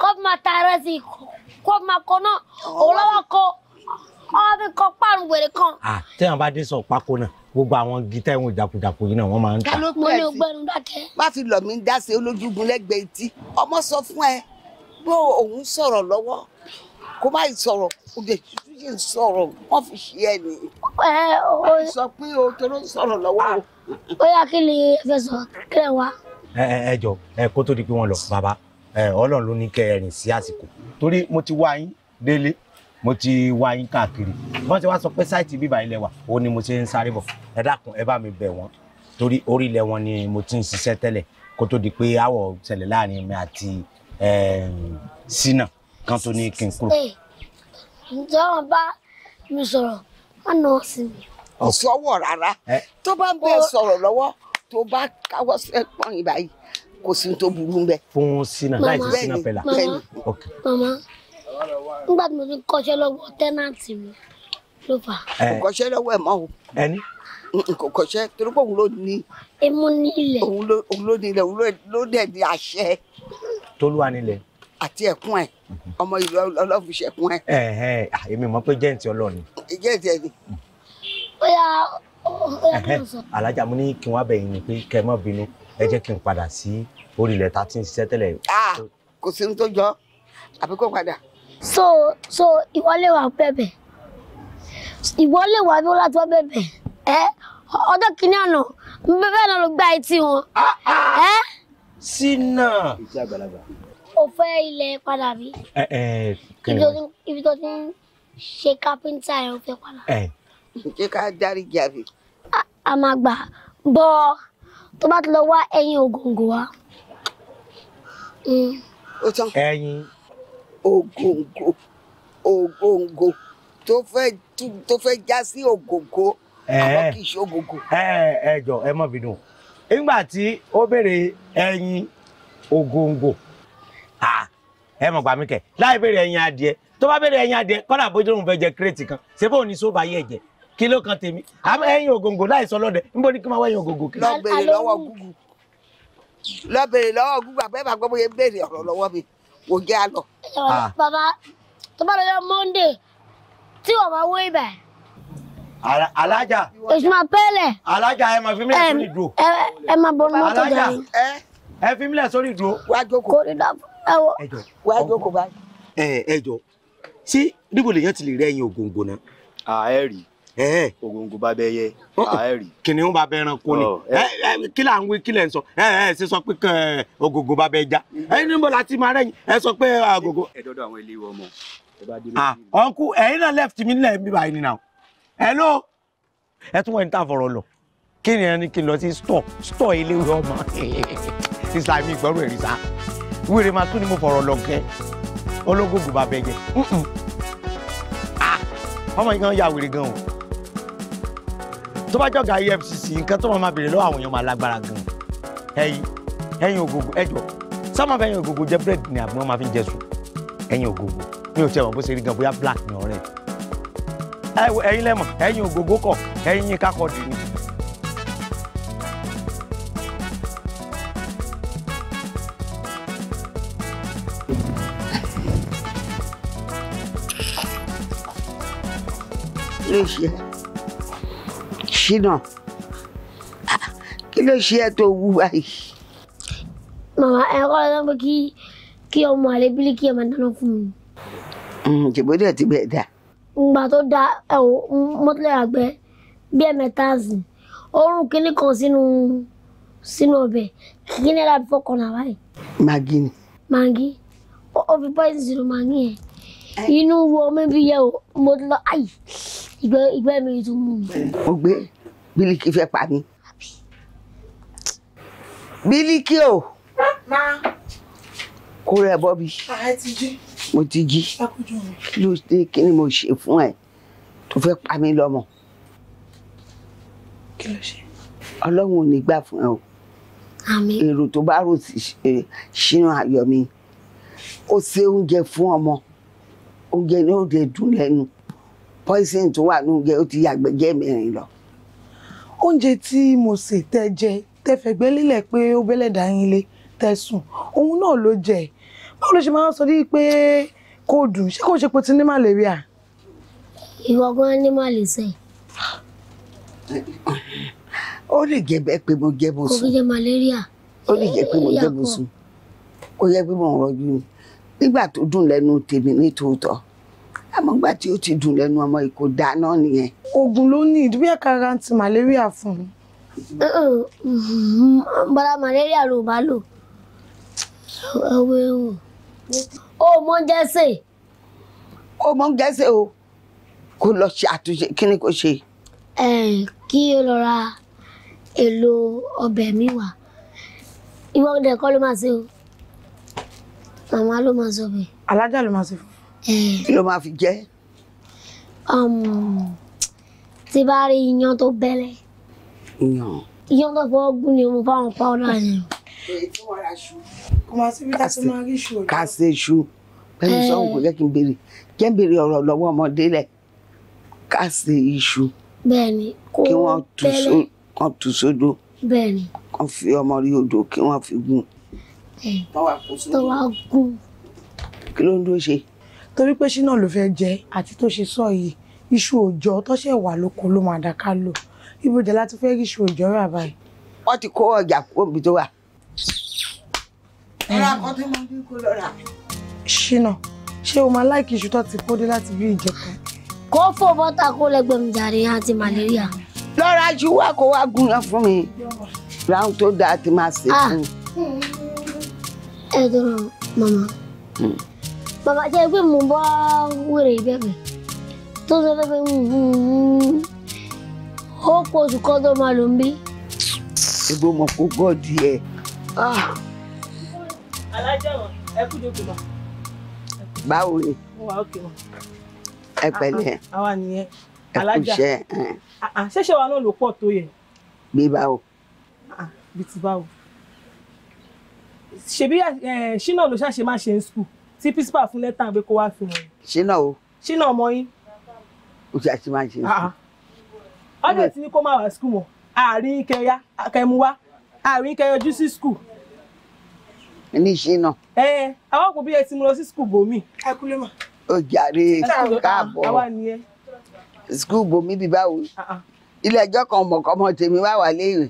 kọ́ máa ta rice kọ́ máa kọ́ náà òun lọ́wọ́ kọ́ ọmọ fi kọ páàrùn wèrè kan. tẹ́yàn bá dé sọ pákó náà gbogbo àwọn gita ìwọ̀n jàkújàkú yìí náà wọ́n máa ń ta. mo ní ọgbẹ́nu dákẹ́. má fi lọ mí dá se olójúgun lẹ́gbẹ̀ẹ́ etí ọmọ sọ fún ẹ bó òun sọ̀rọ̀ lọ́wọ́ kó má sọ̀rọ̀ òde tútù yìí sọ̀rọ̀ wọ́n fi ṣe ẹ nìyí. ó sọ pé o tóró sọ̀rọ̀ lọ́wọ́ o. ó yà kí ni ẹ sọ kílẹ̀ wa. ẹ ẹ jọ ẹ kó tó di pé wọn lọ bàbá Ọlọ́run ló ní kẹ́ sí àsìkò torí mo ti wá yín délé mo ti wá yín káàkiri wọ́n ti wá sọ pé sáìtì bíbá ilẹ̀ wà ó ní mo ṣe ń sáré bọ̀ ẹ dákun ẹ bá mi bẹ̀ wọ́n torí orí ilẹ̀ wọn ni mo ti ń ṣiṣẹ́ tẹ́lẹ̀ kó tó di pé àwọ̀ ṣẹlẹ̀ láàrin mi àti sínà kan tó ní kí n kúrò. ǹjẹ́ wọn bá mi sọ̀rọ̀ wọn náà sí mi. ọ̀sọ́wọ́ rárá tó bá ń bẹ́ẹ̀ sọ̀rọ̀ lọ́wọ́ tó bá káwọ́ sẹ́pọ̀n ìbáyìí kò sí tó burú bẹ́ẹ̀. fún nígbà tí mo ti ń kọ́ṣẹ́ lọ́wọ́ tẹ́nàntì mi ló fà. kò kọ́ṣẹ́ lọ́wọ́ ẹ̀ mọ́ o. ẹni. kò kọ́ṣẹ́ torí pé òun ló ní. emu ní ilẹ̀. òun ló ní ilẹ̀ òun ló dẹ̀ ní àṣẹ. tolúwa nílẹ̀. àti ẹ̀kún ẹ̀ ọmọ ìlú ọlọ́fíṣẹ̀kún ẹ̀. ẹ ẹ èmi mọ̀ pé jẹ́ǹtì ọlọ́ọ̀ni. jẹ́ǹtì ẹ̀ ni. ó yà alájà mo ní kí wọn bẹ ni pé kẹ mọ bínú ẹ jẹ́ kí n padà sí orílẹ̀ tá a ti ń ṣiṣẹ́ tẹ́lẹ̀. kò sí ní tó jọ àbí kó padà so so ìwọ lè wà bẹ̀bẹ̀ ìwọ lè wà bí wọ́n láti wọ́n bẹ̀bẹ̀ ẹ ọjọ́ kìíní àná bẹ́ẹ̀ náà ló gbá etí wọn. Ah, ah. sínà. o fẹ́ ilẹ̀ padà bí. ibi tó ti ń ṣe kápẹ́ńtà ẹ̀ o fẹ́ padà. ṣé ká dárí jáde. a máa gbà bọ́ tó bá ti lọ wá ẹyin ògòǹgò wa. ó hmm. ẹyin. ogongo ogongo tó fẹ tó fẹ́ já sí ògòǹgò àwọn kì í ṣe ògòǹgò. ẹ jọ ẹ má bínú nígbà tí ó béèrè ẹyin ògòǹgò ẹ mọ̀ gbà mí kẹ̀ láì béèrè ẹyin adìẹ tó bá béèrè ẹyin adìẹ kọ́nà àbójú òun fẹ́ jẹ kírètì kan ṣé bóun ní sóbà yẹ̀ jẹ kí ló kan tèmi àmọ́ ẹyin ogongo láì sọ lọ́dẹ níbo ni kí n máa wá ẹyin ogongo. kí. lọ béèrè lọ́wọ́ gúgù lọ béèrè lọ́wọ́ gúgù àbẹ́bà gbọ́ bóyá béèrè ọ̀rọ̀ lọ́wọ́ mi wò jẹ́ àlọ́. bàbá tó bá lọ́jọ́ monday tí wọ́n máa wó ibẹ̀. alájà. èsì máa pẹ́lẹ̀. alájà ẹ máa fi mílẹ̀ sórí ìdúró. ẹ máa bọ́ mọ́tò jẹ́ mi. ẹ fi mílẹ̀ sórí ìdúró. wá jókòó. kò ní dàbọ̀ ẹ wọ. wá jókòó báyìí. ẹ ẹ ṣé níbo lèèyàn ti lè rẹ ẹyin ògòǹgò náà. à ẹ rí i ògòǹgò bá bẹ yẹ àárì. Oh, kìnìún bá bẹ ẹran kò ní oh, eh. kí là ń wí kí lẹ̀ ń sọ ẹ ẹ ṣe sọ pé eh, ògòǹgò bá bẹ já ẹyin níbo la ti máa rẹ́yìn ẹ sọ pé ah, ògòǹgò. ẹ dọdọ àwọn ilé ìwọ ọmọ ẹ bá dé lórí. Ah, ọ̀nkú náà left mi nílẹ̀ bí báyìí nìyàwó ẹ̀ ẹ tún wọ́n ń tà lọ kí ni ẹni kí n lọ sí store store ilé ìwé ọmọ islamic gbọ́rọ̀ ẹ̀rí sá wíwèrè máa tún ni mo fọ̀rọ̀ lọ kẹ́ ológógùn bá bẹ jẹ ah, ọmọ yìí kan yà wèrè gan o tó bá jọ̀gá EFCC nǹkan tó máa bèrè lọ́wọ́ àwọn èèyàn máa lágbára gan-an ẹyin ẹyin ògògò ẹjọ sáwọn fẹyìn ògògò jẹ búrẹ́dì ni àbí wọ́n máa fi ń jẹ sùn ẹyin ògògò mi ò tiẹ̀ mọ̀ bó ṣe rí gan bóyá black ni ọ̀rẹ́ ẹyin lẹ́mọ̀ ẹyin ògògò kọ̀ ẹyin yín kakọ̀ dì ní. ló ṣe ṣìnà kí ló ṣe ẹ tó wú báyìí. màmá ẹ kọ́ ló ń pẹ́ kí kí ọmọ àlẹ́ bílí kí ẹ máa dáná fún mi. jìbọ́dọ̀ mm, ti bẹ̀ dà. ìgbà tó da ẹ ò mọ́tòlẹ́ àgbẹ̀ bí ẹ̀mẹ́ta sìn oorun kìíní kan sínú sínú ọbẹ̀ kìíní ẹ̀dá fọkàn náà báyìí. magi ni. magi ó fi pọ́ìsì sínú magi yẹn inú wo mi bí yẹ o mo lọ ìgbẹ́ ìgbẹ́ mi tún mú mi. mo gbé bílíkì fẹ́ pa mi. bílíkì o. má. kó rẹ bọ́ bí. àá ti jí. mo ti jí. kí ló dé kí ni mo ṣe fún ẹ tó fẹ́ pa mí lọ́mọ. kí ló ṣe. ọlọ́run ò ní gbà fún ẹ o. àmín. èrò tó bá rò sí ṣínú ayọ̀ mi ó ṣe oúnjẹ fún ọmọ oúnjẹ ni ó lè dùn lẹ́nu poison tó wà nù jẹ ó ti yàgbẹ́ jẹ́ mẹ́rin lọ. oúnjẹ tí mo sè tẹ́ jẹ tẹ́ fẹ̀gbẹ́ lélẹ̀ pé ó bẹ́lẹ̀ dá yín lé tẹ́ sùn òun náà ló jẹ báwo ló ṣe máa sọ díi pé kò dùn ṣé kò ṣe pé ti ní malaria. ìwọ gan ní malaria. ó lè jẹ bẹ́ẹ̀ pé mo jẹ mo sùn. kò fi jẹ malaria. ó lè jẹ pé mo jẹ mo sùn ó yẹ pé mo ń rọjú nígbà tó dùn lẹ́nu tèmi ní tòótọ́ àmọ́ gbà tí ó ti dùn lẹ́nu ọmọ ìkó dáná nìyẹn. oògùn ló ní ìdúbí ẹ̀ka ara anti malaria fún un. bọ́lá malaria ló bá lò ó mọ jẹ́sẹ̀. ó mọ jẹ́sẹ̀ o kó lọ ṣe àtúnṣe kí ni kò ṣe. kí o lọ ra èlò ọbẹ̀ mi wá ìwọ ọdẹ kọ́ ló máa ṣe o màmá ló máa sọ bẹ́ẹ̀. alájà ló máa ṣe fún. Eh. kí ló máa fi jẹ. Um, tí bá rí iyán tó bẹ́lẹ̀. iyán. iyán tó fọwọ́ gún ni mo fáwọn pàwọ́dà ni. èyí tí wọ́n ra ṣu kò máa ṣe bí ká ṣe máa rí ṣu. ká ṣe ṣu pẹ̀lú eh. sọ́hùn kò jẹ́ kí n béèrè jẹ́ n béèrè ọ̀rọ̀ lọ́wọ́ ọmọdé lẹ̀ ká ṣe iṣu. bẹ́ẹ̀ni kó bẹ́lẹ̀ kí wọ́n tu sódò. bẹ́ẹ̀ni. kàn fi ọmọ rí odò kí wọ́n fi gún. Eh. tó wà gún. kí ló ń dúró ṣe torí pé ṣínà ló fẹ́ jẹ àti tó ṣe sọ yìí iṣu òòjọ́ tọ́ṣẹ̀ wà lóko ló máa dá ká lò ibo jẹ́ láti fẹ́ rí iṣu òòjọ́ rà báyìí. wọ́n ti kó ọjà kóbi tó wà. ẹ̀rọ àkọ́tún máa ń bí kó lọ rà. ṣínà ṣé o máa láìkí iṣu tó ti kó dé láti bí ìjẹta. kó fò bọ́tà kó lẹ́gbẹ̀mí jàre àti màlẹ́ríà. lọ́ra ju wá kó wá gúnran fún mi ráhùn tó dáa ti máa ṣe fún mi. Ah. ẹ dọ̀rọ̀ màmá. Mm bàbá tí ẹ pé mò ń bá wèrè ìbẹ̀bẹ̀ tó sọ fẹ́ pé hmm, hmm, hmm. ó pọ̀ oṣù kan tó máa lò ń bí. ibo mọ̀ kó gọ́ọ̀dù yẹ. Ah. alájà wọn ẹ kú jókòó bá. báwo ni. ó wà ókè wọn. ẹ pẹ̀lẹ́. Ah, ah, àwa nìyẹn alájà ẹ kú iṣẹ́. ṣẹ̀ṣẹ̀ wa náà ló pọ̀ tó yẹ. bí báwo. bí ti báwo. ṣebí eh, ṣínà tí principal fún lẹ́tà pé kó wá fi wọ̀nyí. ṣínà o. ṣínà ọmọ yín. o ti àti máa ń ṣe é. ọjọ́ ah, ah. tí ní kó máa wá skul mọ̀ àárín kẹyà kẹmu wá àárín kẹyọjú sí skul. ní ṣínà. ẹ ẹ àwọn kò bí ẹ ti mú lọ sí skul bòmí. ẹ kúlẹ̀ mọ̀. o jàre káàbọ̀ skul bòmí bí báwo ah, ilé ẹjọ́ kan mọ̀kọ́mọ tèmi wá wà léèrè.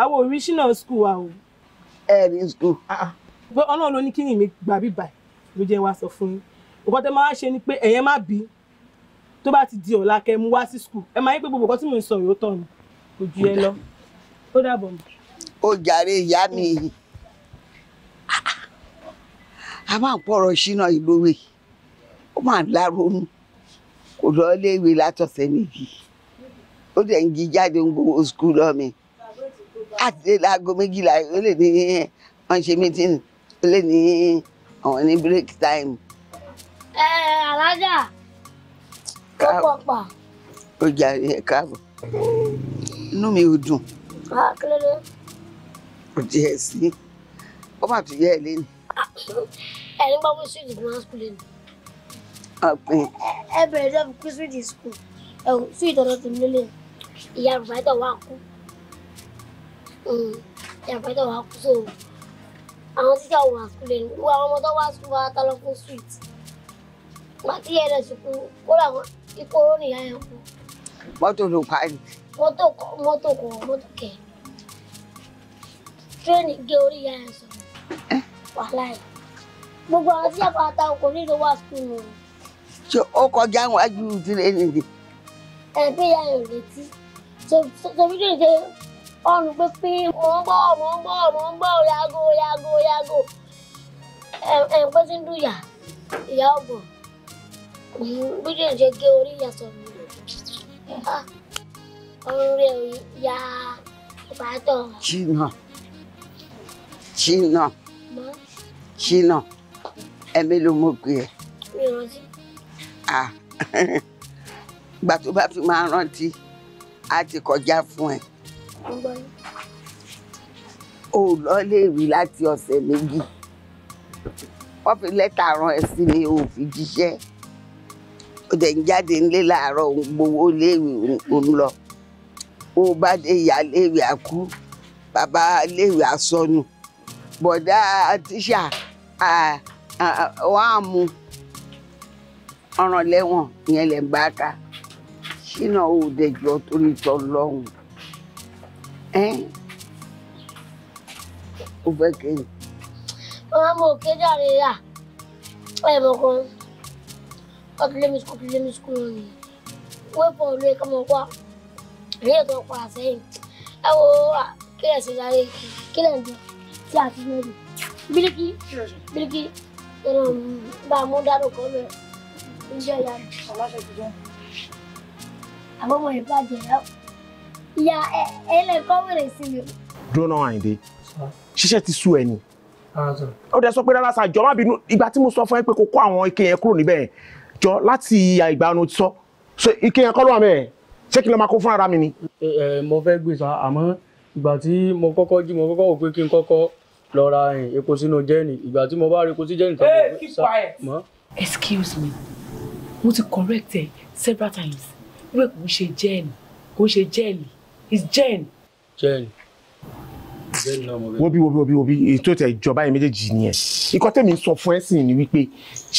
àwọn original skul wa o. ẹ ní skul ọlọ́run ló ní kí mi gbà bí báyìí ló jẹ́ wá sọ fún yín nǹkan tẹ́ máa ṣe ni pé ẹ̀yẹn má bí tó bá ti di ọ̀la kẹ́ mú wá sí skul ẹ máa yí pé gbogbo nǹkan tí mò ń sọ yóò tọ̀ ni kò ju ẹ lọ ó dàbọ̀ mọ́. ó jàre ìyá mi a máa ń pọ̀rọ̀ ṣínà ìlówe ó máa ń láronú kò lọ léèwé látọ̀sẹ̀ méjì ó dẹ̀ ń jí jáde ń gbowó skul lọ́mi àti dé méjìlá ó lè ní wọ́n ṣe mítìnì lè ní àwọn ní break time. ẹ alájà ó pọ̀ pa. ó jàre ẹ káàbọ̀ inú mi ò dùn. kílódé. kò tiẹ̀ sí ó mà tún yẹ ẹ lé ni. ẹni bá wọ́n sùn ìdìbò náà sùn lé ni. ọ̀pìn. ẹ bẹ̀rẹ̀ dẹ́bi kí sùn ìdì sùn ẹ̀hún sùn ìtọ́jú tèmi lélẹ̀ ìyá rùfáìtọ̀ wà kú hmm. ìyá rùfáìtọ̀ wà kú sóò àwọn tíjà wà sùkúlẹ̀ ní wọ àwọn ọmọ tó wá sùn wá tá lọ fún sweet má tí sùkú kódà ìkóró nìyá yẹn kú. mọ́tò ló pa ni. mọ́tò kọ mọ́tò kọ mọ́tò kẹ tírẹ́nì gé orí ìyá yẹn sọ wàhálà yìí gbogbo àwọn tíjà bá ta kò ní lọ wá sùkúlù nù. ṣé ó kọjá àwọn ajú tírẹ́nì ni. ẹ ìyá yẹn ò retí tòbí ọrùn pínpín mò ń bọ̀ mò ń bọ̀ mò ń bọ̀ yàgò yàgò yàgò ẹ̀ ń pẹ́ tí ń dùn yà ìyá ọ̀bọ̀n bídè ṣe gé orí ìyá sọ̀rọ̀ ọrùn rẹ̀ ya ìbátọ̀. jìnnà jìnnà jìnnà ẹ̀mí ló mọ̀ pé ẹ̀. mi ò rántí. gbà tó bá fi máa rántí a ti kọjá fún ẹ o lọ léèwé láti ọ̀sẹ̀ méjì wọ́n fi lẹ́tà rán ẹ sí mi ò fi jíṣẹ́ ó dẹ̀ ń jáde ńlé làárọ̀ òun gbowó léèwé òun lọ ó bá dé ìyá léèwé àkú bàbá léèwé àsọnù bọ̀dá tíṣà wọ́n á mú ọ̀ràn lẹ́wọ̀n ìyẹn lẹ́ ṣínà ó dẹjọ́ torí tọ́ lọ́hùn ó fẹ́ kí ni. màmá mo ò kéjà rè yà ẹ mọ kan wọ́n ti lé mi sukùl ti lé mi sukùl nìyí wọ́n fọ olú ẹ̀ka mọ̀ wá èyí ètò ọ̀pọ̀ àsẹ́yìn ẹ wo kí lẹ̀ sí láyé kí lẹ̀ ń jẹ tí a ti mẹ́rin bíríkì bíríkì ẹ̀rọ bá a mú dárò kọ́ mẹ́ ń jẹ́ ìyá rẹ̀. àbọ̀mọ̀ ìbàjẹ́ yàtọ̀ ìyá ẹlẹ́kọ́ wèrè sí mi. dúró náà àyìndé ṣiṣẹ́ ti sú ẹ ni ah, ó dẹ sọ pé rárá sa jọ má bínú ìgbà tí mo sọ fún ẹ pé kó kó àwọn ike yẹn kúrò níbẹ̀ jọ láti ìgbà ọ̀nà ti sọ so ike yẹn kọ́ ló wà mẹ́ẹ̀ ṣé kí ló máa kó fún ara mi ni. mo fẹ́ gbé sa àmọ́ ìgbà tí mo kọ́kọ́ jí mo kọ́kọ́ wò pé kí n kọ́kọ́ lọ ra epo sínú jẹ́ẹ̀nì ìgbà tí mo bá rí epo sí jẹ́ẹ̀nì tàbí epo sa mọ́. excuse me mo ti correct ẹ several times wíwẹ̀ kò ń ṣe jẹ́ẹ̀nì kò ń ṣe jẹ́ẹ̀nì it's Jane. Jane wo bí wo bí wo bí wo bí ètò ìtẹ̀ ìjọba yìí méjèèjì nìyẹn ikọ́ tẹ̀mí sọ fún ẹ sì ni wípé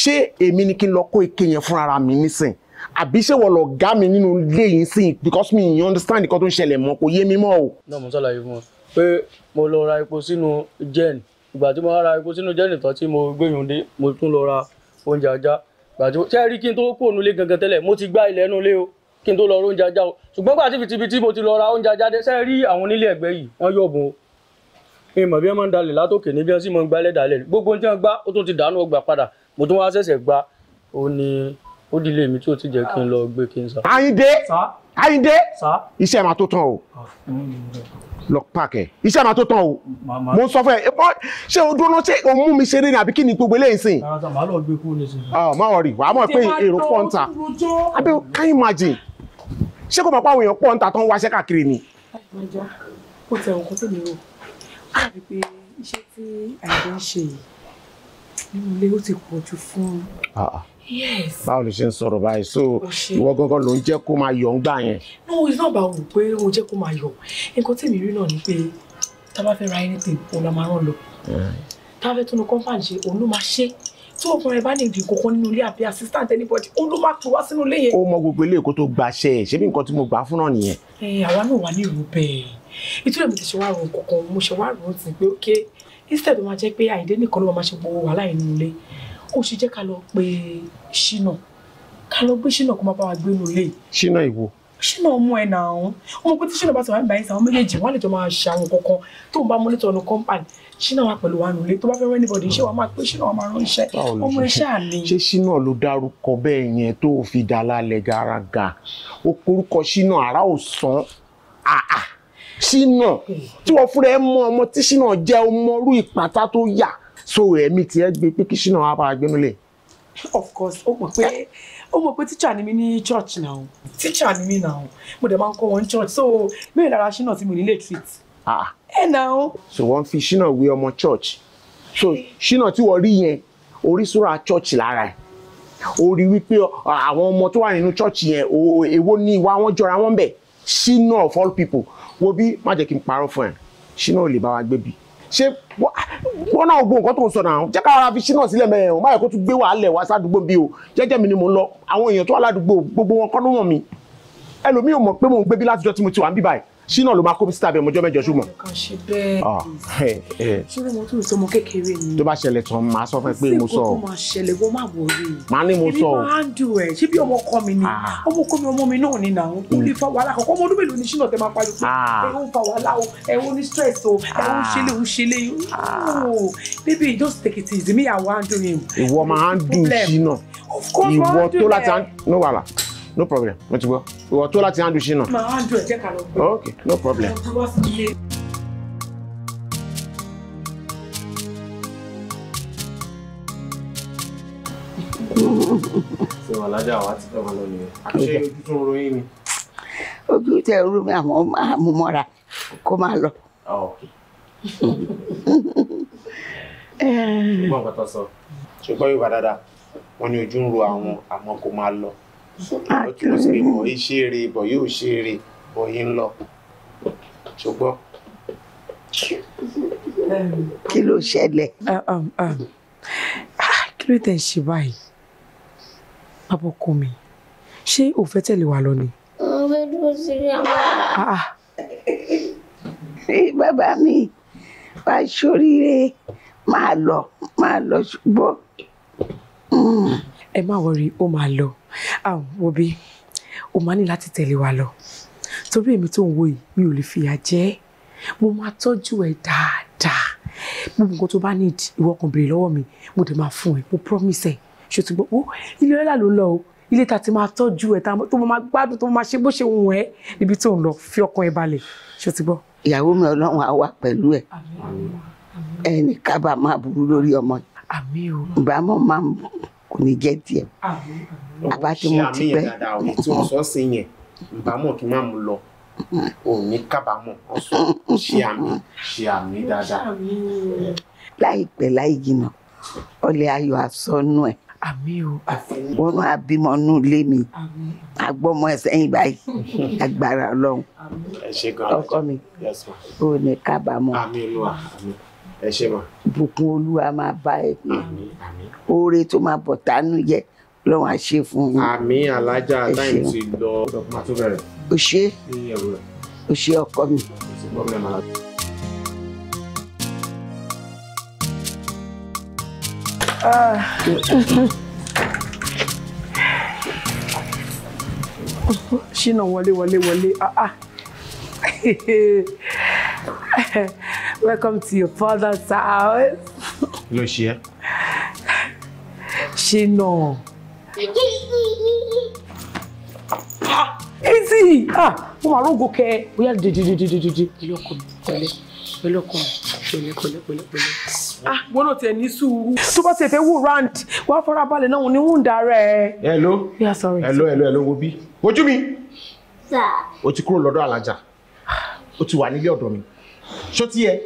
ṣé èmi ni kí n lọ kó ike yẹn fún ara mi nísìn àbí ṣé wọ́n lọ gá mi nínú ilé yìí sìn because me ì understand nǹkan tó ń ṣẹlẹ̀ mọ́ kò yé mi mọ́ o. náà mo ṣàlàyé fún ọ pé mo lọ ra epo sínú jẹ́ẹ̀nì ìgbà tí mo ra epo sínú jẹ́ẹ̀nì tán tí mo gbẹ̀yìn dé mo tún lọ ra oúnjẹ ajá ìgbà tí mo ṣe é rí kí n tó kó mo ti gbá ilẹ̀ kí n tó lọ oúnjẹ ajá o ṣùgbọ́n gbà tí fìtìfìtì mo ti lọ ra oúnjẹ ajá dé sẹ́ẹ̀ rí àwọn onílé ẹ̀gbẹ́ yìí wọ́n yọ̀bùn o ìmọ̀ bí wọ́n máa ń dalẹ̀ látòkè níbi ẹ̀ sì máa ń gbálẹ̀ dalẹ̀ gbogbo ohun tí wọ́n gbá ó tún ti dànù ọgbà padà mo tún wá ṣẹ̀ṣẹ̀ gba ó ní ó di ilé mi tí ó ti jẹ́ kí n lọ gbé kí n sá. Àyìndé Àyìndé iṣẹ́ máa tó tán o ah, lọ pààkẹ́ iṣẹ́ máa tó tán o mo sọ fún ẹ ṣé o dúró ṣé o mú mi ṣeré ni àbí kí ni gbogbo eléyìí sìn. máa lọ gbé kúrò nísìnyí. Ah, máa wọ̀ rí wàá mọ̀ pé èrò pọ̀ ń ta abẹ́ can you imagine ṣé kò mọ̀ pé àwọn èèyàn pọ̀ ń ta tó ń wáṣẹ́ káàkiri ni. àìmọ̀já kò tẹ̀ ọ̀kan tèmi rò láti pé iṣẹ́ tí àìjọ ń ṣe yìí nínú ilé ó ti pọ̀ jù fún báwo ló ṣe ń sọ̀rọ̀ báyìí so ìwọ gangan ló ń jẹ́ kó máa yọ̀ ń gbà yẹn. no it's not about pé mo jẹ́ kó máa yọ̀ nǹkan tèmi rí náà ni pé tá a bá fẹ́ ra anything òun la máa rán lọ tá a fẹ́ tún nu compound ṣe òun ló máa ṣe é tí ọkùnrin bá ní ìdí kankan nínú ilé àbí assistant anybody òun ló máa pè wá sínú ilé yẹn. ó mọ gbogbo ilé èkó tó gbaṣẹ ẹ ṣé bí nǹkan tí mo gbà fún náà nìyẹn. ẹ àwa náà wà ní ìlú bẹ́ẹ̀ ìtura mi ti ṣe wá ro kankan mo ṣe wá ro ti pé ok instead máa jẹ pé àìdé nìkan ló máa ṣe gbowó wàhálà yìí nínú ilé ó ṣe jẹ ká lọ pé ṣínà ká lọ gbé ṣínà kó má bá wa gbé nínú ilé. ṣínà ìwo ṣínà ọmọ ẹ náà ọmọ pé tí ṣínà bá ti wà ń ṣínà wa pẹ̀lú wa nulẹ̀ tó bá fẹ́ anybody ṣé wa máa pé ṣínà wa máa ránṣẹ́ ọmọ ẹṣẹ́ àní. ṣé ṣínà ló dárúkọ bẹ́ẹ̀ yẹn tó fi dá lálẹ́ garaga ó korúkọ ṣínà ara ò sàn áà ṣínà tí wọ́n fúnra ẹ mọ ọmọ tí ṣínà jẹ́ ọmọrú ìpátá tó yà so ẹ̀mí tiẹ̀ gbé pé kí ṣínà wa bá a lẹ̀. of course ó mọ̀ pé ó mọ̀ pé tíṣà ni mí ní church náà tíṣà ni mí náà mo dẹ̀ máa ń kọ́ wọn church so mẹ́rin ẹ̀ nà so wọ́n fi ṣínà wé ọmọ church so ṣínà tí wọ́n rí yẹn oríṣiríṣi church lára ẹ̀ ó rí wípé àwọn ọmọ tó wà nínú church yẹn èwo ni ìwà wọn jọra wọn bẹ̀ ṣínà of all people wo bí má jẹ́ kí n parọ́ fún ẹ̀ ṣínà ò lè bá wa gbé bi ṣé wọn náà gbọ́ nǹkan tó ń sọ náà jẹ́ ká ara fi ṣínà sílẹ̀ mẹ́rin ọ̀hún báyìí kó tún gbé wàhálẹ̀ wá sádùúgbò bí o jẹ́jẹ́ mi ni mo ń lọ àwọn èèyàn tó wà ládùúgbò gbogbo wọn kọ́ ló wọ̀n mi ẹlòmíì ò mọ̀ pé mò ń gbébí látijọ́ tí mo ti wà ń bí ṣínà ló máa kó sí be ọmọjọ́ mẹ́jọ ṣùgbọ́n. Ah, ṣé mo tún sọmọ kékeré ni. tó bá ṣẹlẹ̀ so máa sọ fún ẹ pé mo sọ. ṣé kò tó máa ṣẹlẹ̀ wọ́n máa wọlé. máa ní mo sọ. èmi máa ń dùn ẹ̀ ṣé bí ọmọ ọkọ mi ni ah. ọmọ ọkọ mi ọmọ mi náà ni nà ó kó lè mm. fa wàhálà kọ̀ọ̀kan ọmọ ọdún mélòó ni ṣínà tẹ máa pariwo pé ah. ẹ ó fa wàhálà o ẹ ó ní stress o ẹ ó ṣẹlẹ̀ ó ṣẹlẹ̀ o baby just take it easy me i wan do him. ìwọ máa ń dùn ṣínà ìwọ tó láti no wàhálà no problem mo ti gbọ́ ìwọ tó láti handle ṣe náà. màá handle ẹ̀ jẹ́ ká lọ ok no problem. mo ti wá sí ilé. ṣé wọn lájà wa ti fẹ́ wọn lọ nìyẹn. ṣé ojú tó ń ròyìn mi. ojú tẹ ń rú mi àwọn amúmọ́ra kó máa lọ. Ah, ṣùgbọ́n nǹkan dáadáa wọ́n ní ojú ń ro àwọn àmọ́ kó máa lọ ọtún sí bọ̀ yìí ṣe eré bọ̀ yóò ṣe eré bọ̀ yìí ń lọ ṣùgbọ́n. kí ló ṣẹlẹ̀. Ah, ah, ah. kí ló tẹ̀ ń ṣe báyìí bàbá ọkọ mi ṣé o fẹ́ tẹ̀lé wa lọ ni. mo fẹ́ dúró sílé àwọn. bàbá mi wàá ṣoríire máa lọ máa lọ ṣùgbọ́n. Hmm. ẹ má wọrí ó máa lọ wo bí o máa ní láti tẹ̀lé wa lọ torí èmi tó ń wo yìí mi ò lè fìyà jẹ mo máa tọ́jú ẹ dáadáa gbogbo nǹkan tó bá need ìwọ kan béèrè lọ́wọ́ mi mo dẹ̀ máa fún ẹ mo promise ẹ ṣòtúgbọ́ ó ilé ọlá ló ń lọ o ilé ta ti máa tọ́jú ẹ tó máa gbádùn tó máa ṣe bó ṣe wù ẹ níbi tó ń lọ fi ọkàn ẹ balẹ̀ ṣòtúgbọ́. ìyàwó mi ọlọ́run á wà pẹ̀lú ẹ ẹnì kábà máa burú lórí ọmọ yìí ìbámu máa ń bù kò ní jẹ́ tiẹ̀ àbá tí mo ti pẹ́. ṣé àmì yẹn dáadáa òun tí wọ́n sọ sí yẹn ìbámu kí n máa mú lọ òun mm-hmm. ní kábàámọ̀ ọ̀sán ṣé àmì ṣé àmì dáadáa. láìpẹ́ láì jìnnà ọlẹ́ ayọ̀ àsọnù ẹ̀ wọ́n máa bímọ nù lé mi agbọ́mọ ẹ̀ sẹ́yìn báyìí agbára ọlọ́run ọkọ mi ò ní kábàámọ̀ ẹ ṣe mà. ìbùkún olúwa máa bá ẹ ní oore tó máa bọ̀ tánú yẹ lọ́wọ́ á ṣe fún yín. àmín alájà táyì ti lọ. o ṣe o ṣe ọkọ mi. Ah. ṣínà wọlé wọlé wọlé ah ah. Welcome to your father's house. Ló she? She no. náà? Easy! Ah, mo máa rógo kẹ, bóyá dèdèdèdèdèdè. Pẹ̀lú ọkọ mi, pẹ̀lẹ́, pẹ̀lú ọkọ mi, pẹ̀lẹ́, pẹ̀lẹ́, pẹ̀lẹ́, pẹ̀lẹ́. Ah, wọ́n náà tiẹ̀ ní sùúrù. Tó bá ṣe fẹ́ wò round, wàá fara balẹ̀ náà ní wúndà rẹ̀. Hello. Yeah, sorry. Hello, hello, hello, wo bí? you mean? Sir. O ti kúrò lọ́dọ̀ Alájà. O ti wà nílé ọ̀dọ̀ mi ṣó tí ẹ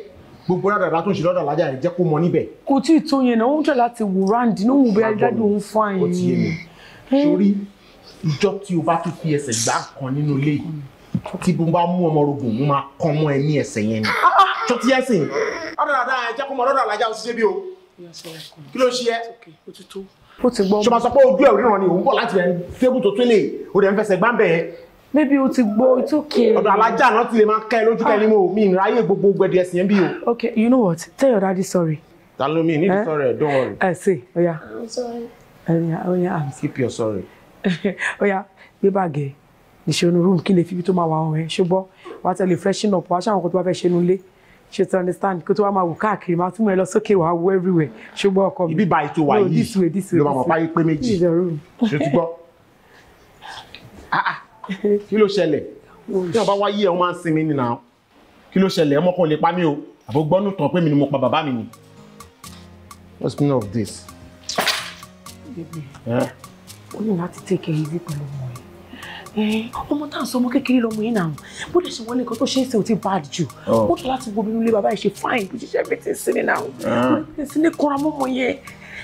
gbogbo rádàrá tó ń ṣe lọ́dà lájà rẹ̀ jẹ́ kó mọ níbẹ̀. kò tí ì tó yẹn náà ó ń tẹ̀ láti wò ráǹdì náà wò bí ajáde òun fún àyè. ó ti yé mi eh. sórí ìjọ tí o bá tún fi ẹsẹ̀ gbá kan nínú ilé yìí tí mo bá mú ọmọ rogùn mo máa kàn mọ́ ẹ ní ẹsẹ̀ yẹn ni tó ti yẹ sìn. rádàrá ẹ jẹ́ kó mọ lọ́dà lájà ó ṣiṣẹ́ bí o kí ló ń ṣe ẹ. ó ti gbọ́. ṣọba sọ pé ojú o dẹ̀ ń fẹsẹ̀ maybe o ti gbọ́ it's okay. ọ̀dọ̀ alájà náà ti lè máa kẹ́ lójú kẹ́ ni ah. mo mi ń ráyè gbogbo gbẹ̀dẹ̀ ẹ̀sìn yẹn bí o. okay you know what tell your daddy sorry. ta ló mi ní ìdí eh? sọ̀rọ̀ ẹ̀ don't worry. ẹ eh, oh yeah. oya oya am. keep your sorry. oya oh gbé báàgì ẹ níṣẹ́ onú rúùmù kí lè fi ibi tó máa wà ọ̀hún ẹ ṣùgbọ́n wàá tẹ̀lé freshen up wàá ṣàwọn kan tó bá fẹ́ ṣe nulẹ̀ ṣe to understand kó tó wá máa wò káàkiri máa tún mọ ẹ lọ sókè wàá wọ everywhere ṣùgbọ́n ọkọ mi. ibi báyìí tó wà yìí ló máa mọ̀ páyé pé méjì ṣe ti gbọ́. kí ló ṣẹlẹ̀ tí ọba wáyé ẹ̀ ń sinmi nìyà kí ló ṣẹlẹ̀ ọmọ lè pa mí o àbó gbọ́nù tán pé mi ni mo pa bàbá mi ni. what's the meaning of this. bébè ó ní láti take it easy pẹ̀lú ọmọ yìí ọmọ tá à ń sọ ọmọ kékeré lọmọ yìí náà bó dẹ̀ ṣe wọlé nǹkan tó ṣe é ṣe ò ti bad jù oh. ó tọ́ láti wo bínú bàbá yìí ṣe fine bó ṣiṣẹ́ everything sí ni náà ah. everything sí ni kóra mọ́ ọmọ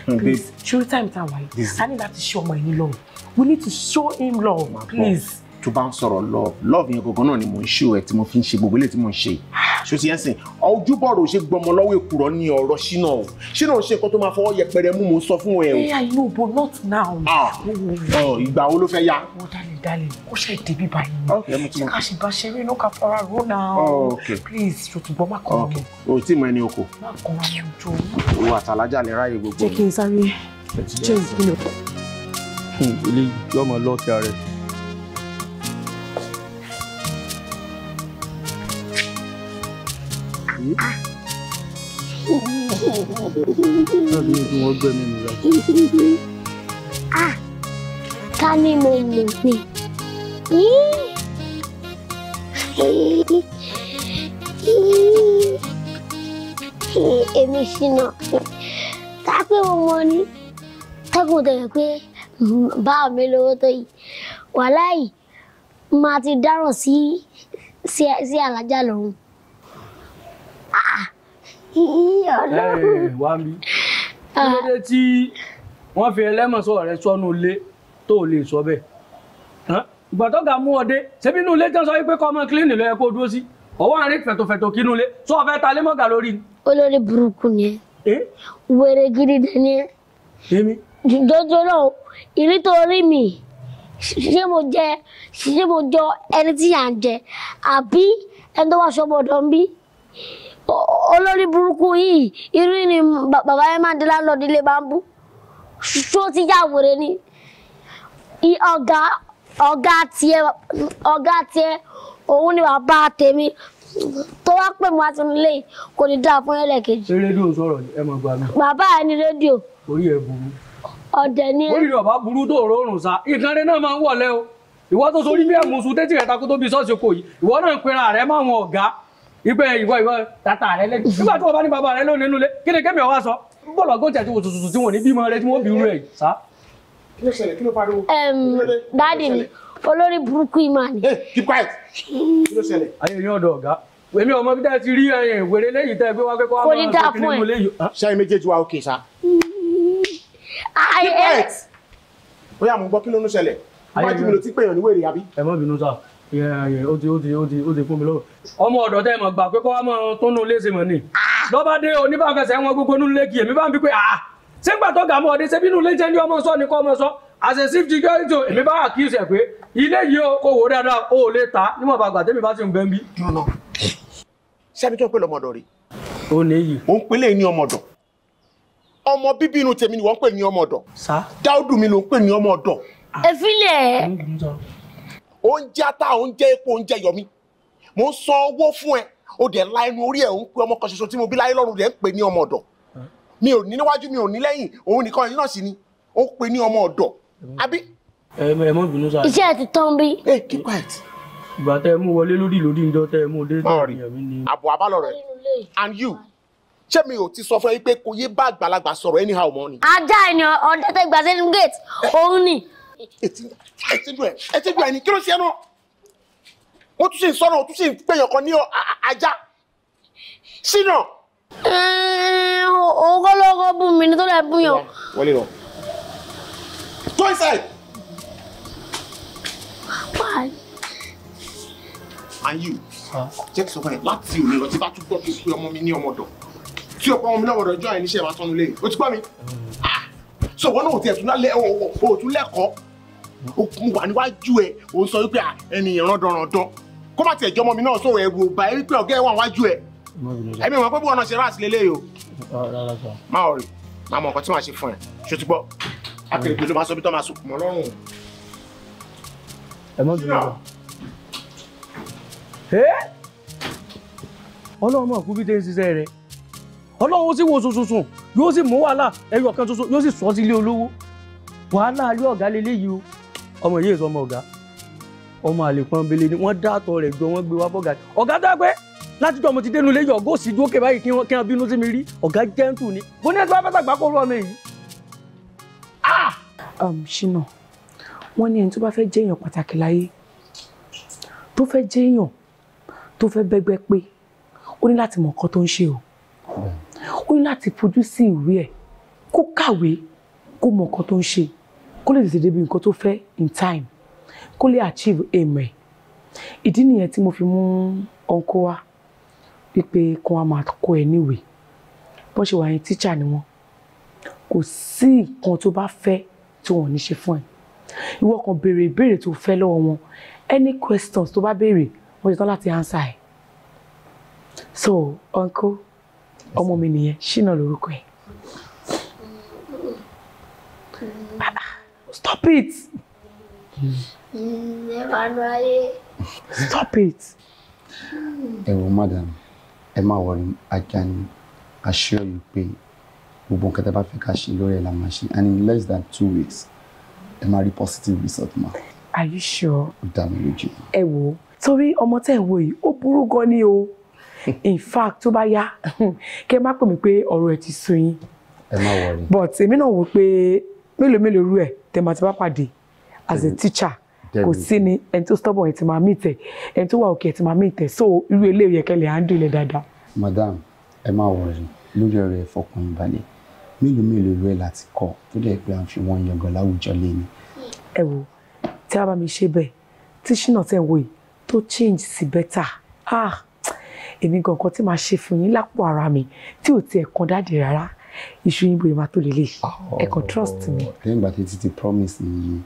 hmm, please ṣorí time tá a wà yìí a ní láti ṣe ọmọ yìí ní love we need to show him love please tó bá ń sọ̀rọ̀ love love yẹn gangan náà ni mò ń ṣe ẹ tí mo fi ń ṣe gbogbo eléyìí tí mò ń ṣe ṣó ti yẹn sìn ojúbọ̀rọ̀ ò ṣe gbọmọ lọ́wọ́ èkùrọ́ ní ọ̀rọ̀ ṣínà o ṣínà ò ṣe nǹkan tó máa fọwọ́ yẹpẹrẹ mú mo sọ fún ẹ o. ẹyà inú bo not now. Ah. ìgbà wo ló fẹ́ yá. wọ́n oh, dalẹ̀ dalẹ̀ kó ṣe èdè bíbá yìí ni ká ṣe bá ṣeré náà ká fara ró náà please ṣòtúbọ̀ má kọ́ mi. o tí mo ẹni oko. má kọ́ wa lójú. owó àtàlájà lè ráyè gbogbo. jẹ́ kí n sáré jẹ́ ìpínlẹ̀. Hmm, ilé yọmọ lọ́ọ̀kì ara rẹ̀. àbí. náà mo mọ̀ pé èmi ṣìnà ká pé mọ ní tẹ́kùn tẹ̀yẹ̀ pé báwo mi lówó tó yìí wàláì máa ti dáràn sí sí lọ́hùn wá wọ́n fi ẹlẹ́mọ̀sọ rẹ sọ́nù ilé tó lè sọ bẹ́ẹ̀ ìgbà tó ga mú ọdẹ ṣebí inú ilé tán sọ wípé kọ́ ọmọ kílíìnì ló kó dúró sí ọwọ́ àárín fẹ̀tọ̀fẹ̀tọ̀ kínú ilé sọ fẹ́ ta lémọ̀gà lórí. olórí burúkú ni wèrè gidi dání. èmi. jọjọ náà ìrí tó rí mi ṣé mo jẹ ṣé mo jọ ẹni tí yà ń jẹ àbí ẹni tó wà sọmọdọ ń bí olórí burúkú yìí irú ni bàbá yẹn máa di láńlọ́ọ̀dù ilé bambú ṣó ti yá wèrè ni ọ̀gá ọ̀gá tiẹ̀ ọ̀gá tiẹ̀ òun ni bàbá tèmi tó wá pè mí wá sínú ilé yìí kò ní dáa fún ẹlẹ́kejì. ṣé rédíò sọ̀rọ̀ ẹ mọ̀ gbà mí. bàbá ẹ ní rédíò. orí ẹ burú. ọ̀dẹ̀ ni. orí ọ̀bá burú tó rọrùn sa ìkànnì náà máa ń wọlé o ìwọ tó sorí bí ẹ̀mùsùn tẹ́tì rẹ̀ takó tó bí sọ́ọ̀sì kò yìí ìwọ náà ń pera rẹ̀ máwọn ọ̀gá ìgbẹ́ ìwọ ìwọ tata rẹ lẹ́nu nígbà tí wọ́n bá ní bàbá rẹ lónìí nínú kí ni kémi ọ̀wá sọ bọ́ọ̀lù ọgọ́jà tí wò tùtù tí wọ́n ní bímọ rẹ tí wọ́n bí irú ẹ̀ sá. kí ló ṣẹlẹ̀ kí ló pariwo. dáàdì mi olórí burúkú ìmọ̀ ni. keep quiet kí ló ṣẹlẹ̀. ayé yín ọ̀dọ̀ ọ̀gá èmi ọmọ bí dáa ti rí ẹyìn wèrè léyìí tẹ́ ẹ gbé wá pé kó wá máa fi ah. nínú mo gbọ́ kí ó ti ó ti ó ti ó ti fún mi lọ́wọ́. ọmọ ọ̀dọ̀ tẹ́ mọ̀ gbà pé kọ́ wa mọ̀ tó nù léṣe mọ̀ ni. Ah! lọ́ba dé oníbàfẹsẹ̀ wọn gbogbo nù lẹ́kì èmi bá ń bí pé ah ṣé ń gbà tó gà mọ́ ọdẹ ṣé bínú léṣe ní ọmọ sọ ni kọ́ ọmọ sọ àṣẹṣíf ti gbé ètò èmi bá wà kí ṣe pé ilé yìí o kò wò dáadáa o ò lè ta níwọ̀n bá gbà tẹ́mi bá ti ń bẹ́ ń bí. sẹ́ni tó pè lọ́mọdọ̀ rí. ó ní èyí. ó ń pélé ní ọmọdọ̀ ọmọ bíbí inú tèmi ni oúnjẹ ata oúnjẹ epo oúnjẹ yọ̀mí mo ń san owó fún ẹ o dẹ̀ la ẹnu orí ẹ̀ ń pe ọmọ kan ṣoṣo tí mo bí láyé lọ́rùn rẹ̀ ń pè ní ọmọ ọ̀dọ̀ mi ò ní níwájú mi ò ní lẹ́yìn òun nìkan yìí náà sì ni ó pè ní ọmọ ọ̀dọ̀ àbí. ẹ mọ ìbínú sáré. iṣẹ́ ti tán bí. ẹ kí quiet. ìgbà tẹ ẹ mú wọlé lórí lórí ń jọ tẹ ẹ mú dé tó àbọ̀ àbálọ̀ rẹ̀ and you ṣé mi ò ti sọ fún ẹ pé kò yé bá àgbàlagbà sọ̀rọ̀ anyhow mọ́ ni. ajá ẹni ọ̀dẹ́tẹ̀ gbàdé ní gate òun ni etí etí dùn ẹ etí dùn ẹ ní kí ló ṣe ẹ náà wọ́n tún ṣe sọ̀rọ̀ wọ́n tún ṣe péyàn kan ní ajá sínà. ògo lọ́kọ́ bù mí ní tó lè bù yàn. wọlé lọ. go inside. why. and you jẹ́ kí sọ fún ẹ láti òní lọ tí bá tún gbọ́ pé ọmọ mi ní ọmọdọ̀ tí ọ̀pọ̀ ọmọ mi náà wọ̀dọ̀ ọjọ́ àìníṣẹ́ wa sọnù lé o ti gbọ́ mi. Mm. ah so wọn náà ò tiẹ̀ tún lálẹ́ ò tún lẹ́kọ̀ọ́ wà níwájú ẹ ò ń sọ wípé ènìyàn rándanrandan kó má tiẹ̀ jọmọ mi náà sọ ẹ̀rù ò bá ẹ wípé ẹ wà níwájú ẹ ẹ̀mí wọn pé bí wọn náà ṣe ráàsì lélẹ́yìí o má ò rí má mọ nǹkan tí màá ṣe fún ẹ ṣòtú gbọ́ akérèké ló máa sọ bí tó máa sùn mọ́ lọ́rùn. ẹ mọ́ dùn ún ọlọ́run kú bí tẹ́ ń ṣiṣẹ́ rẹ̀ ọlọ́run ó sì wo sùnsùnsùn yóò sì mú wàhálà ẹyọ kan tuntun yóò sì sọ sí ilé olówó wàhálà alẹ́ ọ̀gá leléyìí o ọmọ yìí sọ ọmọ ọ̀gá ọmọ àlèpọ̀nbele ni wọ́n dá àtọ̀ rẹ̀ jọ wọ́n gbé wá fọ́gà ọ̀gá dá pé láti jọ mo ti dénú léyìn ọgọ́ òsì dúró kébáyìí kí wọ́n bínú sí mi rí ọ̀gá jẹ́ńtù ni bó ní ẹgbẹ́ afẹ́sàgbà kó o ọmọ èyí. ṣìnà wọ́n ní ẹni tó bá fẹ́ jẹ́ èèyàn pàtàkì láyé tó fẹ́ jẹ́ èèyàn tó fẹ́ bẹ́gbẹ́ pé ó ní láti mọ̀ nǹkan tó ń ṣe o ó ní láti fojú sí ìwé ẹ̀ kó kàwé kó mọ nǹkan tó ń ṣe kó lè tètè débi nǹkan tó fẹ́ in time kó lè achieve aim ẹ̀ ìdí nìyẹn tí mo fi mú ọ̀nkọ́ wa wípé kó wa máa kọ́ ẹ níwèé bó ṣe wà yẹn tíṣà ni wọ́n kò sí nǹkan tó bá fẹ́ tí wọ́n ò ní ṣe fún ẹ ìwọ kan béèrè ìbéèrè tó fẹ́ lọ́wọ́ wọn any questions tó bá béèrè wọ́n ṣe tán láti answer ẹ̀ so uncle ọmọ mi nìyẹn ṣínà lórúkọ ẹ̀ stop it. stop it. ẹ madam ẹ má wọrí ajá ni assure you pé gbogbo nǹkan tẹ́ bá fẹ́ ká ṣe lórí ẹ̀ la máa ṣe and in less than two weeks ẹ máa rí positive result ma. are you sure. ó dá mi lójú. ẹ wo torí ọmọ tẹ́ ẹ wo yìí ó burú gan ni o in fact tó bá yá kẹ́ má pè mí pé ọ̀rọ̀ ẹ̀ ti sun yín but èmi náà wò pé mélòó mélòó rú ẹ̀ tẹ́ máa ti as a teacher kò sí ni ẹni tó stubborn ẹ̀ ti máa meet ẹ̀ ẹni tó wà òkè ẹ̀ máa meet ẹ̀ so irú eléyìí ẹ̀kẹ́ lè handle ilẹ̀ dáadáa. madam ẹ má wọrí lórí ọ̀rọ̀ ẹ̀ fọkàn ìbàlẹ̀ mélòó mélòó rú ẹ̀ láti kọ́ tó dẹ̀ pé à ń fi wọ́n yangàn láwùjọ lé ni. ẹ wo tí a bá mi ṣe bẹ́ẹ̀ tí ṣínà tẹ̀ wò yìí tó change sí better ah èmi gangan tí màá ṣe fún yín lápò ara mi tí ò tiẹ̀ kan dáàdì rárá iṣu yín bóyá máa tó lélẹ̀ ah, ẹ oh, trust me. lẹ́yìn ìgbà tí títí promise ni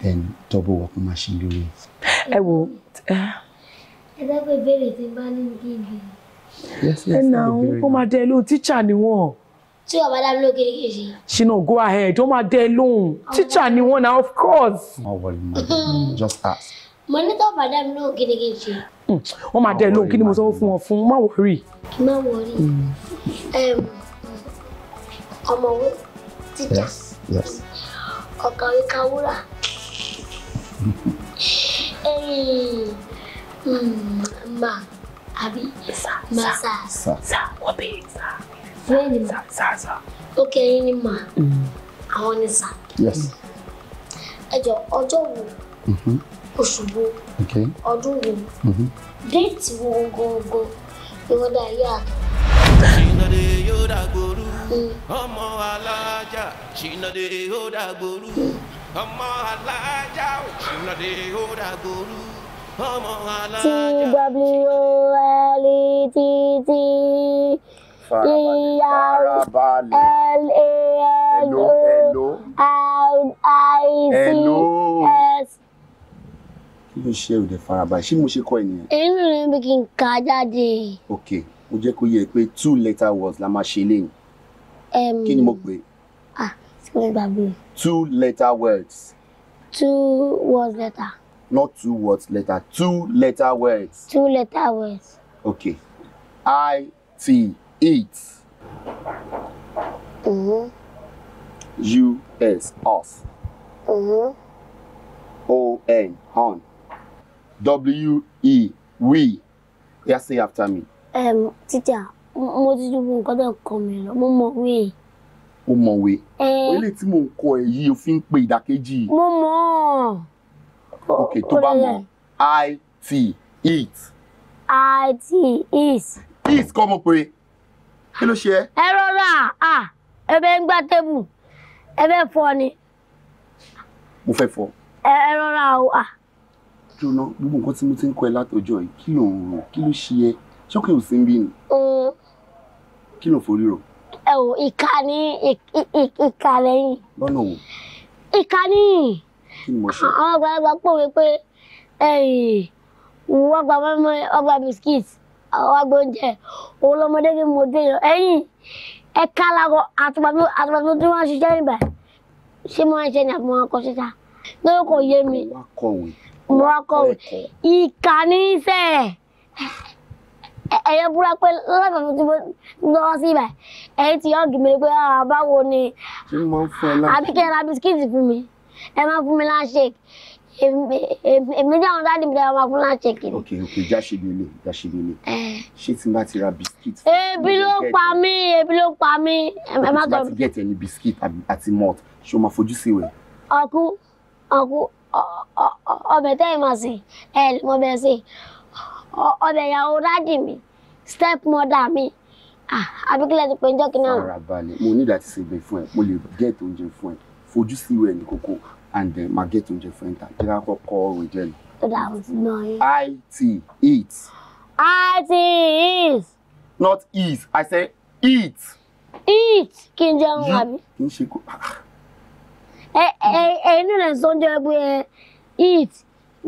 then double work máa ṣe lórí. ẹ wo. ẹ dábẹ́ ìbéèrè tí bá ní bíbí. ẹ nà ó máa dẹ lóhùn tíṣà ni wọn. tí wàá bá dá mi lóhùn kí ni ṣìnà go ahead ó máa dẹ lóhùn tíṣà ni wọn na of course. má wọlé just ask. mo ní tó bá dá mi lóhùn Hmm. wọ́n máa dẹ́ lóhùn kí ni mo sọ fún wọn fún má wọrí. má wọrí hmm. ọmọwé teachers ọ̀gá wíkà wúrà hmm, ma àbí ma sa sa wọ́pẹ́ sa bẹ́ẹ̀ni ma sa sa ókè yín ni ma àwọn ni sa ẹ jọ ọjọ́ wo. Mm-hmm oṣù wo ọdún wo mhm. déètì wo gbogbo ìwọ́dà ayé àtọ̀. Ṣínàdé yóò dàgbòrú hmm. hmm. ọmọ alájà Ṣínàdé yóò dàgbòrú ọmọ alájà Ṣínàdé yóò dàgbòrú ọmọ alájà. twltt ìyàwó lalo ics ló ṣe with the faraba ṣé mo ṣe kọ́ ẹ nìyẹn. ẹnu rẹ bí kí n kà á jáde. ok mo jẹ́ kó yẹ pé two letter words la máa ṣe lẹ́yìn. kí ni mo pè. ah ṣé mo gbàgbé. two letter words. two words letter. not two words letter two letter words. two letter words. ok i t eat. Mm-hmm. U S us. Mm-hmm. O N on. W E we. Yeah, say after me. Um, teacher, mo ti ju nǹkan tẹ́ kọ́ mi lọ, mo mọ̀ wé. O mọ̀ wé. Eh. Ó lè tí mò ń kọ ẹ̀ yìí, o fi ń pe ìdákejì. Mo mọ̀. Ok, tó bá mọ̀, I T eat. I T eat. Eat kọ́ mo pé. Kí ló ṣe ẹ́? Ẹ rọra, ẹ bẹ ń gbá tébù, ẹ bẹ fọ ni. Mo fẹ́ fọ. Ẹ rọra o, ah jóná gbogbo nǹkan tí mo ti ń kọ ẹ látọjọ́ yìí kí ló ń rò kí ló ṣe ẹ ṣókè ò sí ń bí ni. Mm. kí ló forí rò. ẹ ò ìka ní ìka lẹ́yìn. lọ́nà wo. ìka níyìn. kí ni mo ṣe. àwọn àgbàlagbà pòwe pé wọ́n gba mọ́mọ́ ọgbà biskit àwọn àgbà oúnjẹ òun lọmọdé kí mo dé yan ẹ̀yìn ẹ̀ka làwọn àtùpàtù tí wọ́n ṣiṣẹ́ níbẹ̀ ṣé mo ń ṣe ní àbúrò wọn kọ síta lórí yé mi búrákọ̀wé ìkà ní iṣẹ́ rẹ̀ ẹ̀yẹ búra pé lọ́dọ̀ tí mo lọ́wọ́ sí ibà ẹ̀yìn tí yọ̀ọ́ gbìmí pé ah, báwo ni àbíkẹ́ ra bisikíìtì fún mi ẹ máa fún mi láṣẹ èmi jẹ́ àwọn dáàdì mi dáa máa fún láṣẹ kìíní. ok ok jáṣe mi ilé jáṣe mi ilé ṣé tí n bá ti ra bisikíìtì. ebi ló pa mí ebi ló pa mí. ẹ má tọ́ bí. tí n bá ti gẹ̀tẹ̀ ní bisikíìtì àti malt ṣé o máa fojú sí ìwé. ọkú ọkú ọbẹ̀ tẹ́ ẹ máa sè ẹ mọ bẹ́ẹ̀ sè ọbẹ̀ ìyàwó dádì mi step mother mi àbíkílẹ̀ ti pè ń jọ́kì náà. fara balẹ̀ mo ní láti ṣègbè fún ẹ mo lè gẹ́ẹ̀tì oúnjẹ fún ẹ fojú sí ìwé ẹni kókó and then máa gẹ́ẹ̀tì oúnjẹ fún ẹ níta kí lákọ̀ kọ́ ọ̀rọ̀ jẹ́ lọ. ó dà ó ti náà yẹn. i t eat. i t eat. not eat i say eat. eat kí n jẹun àbí. kí n ṣe kó. ẹ̀yin náà sọ oúnjẹ pé eat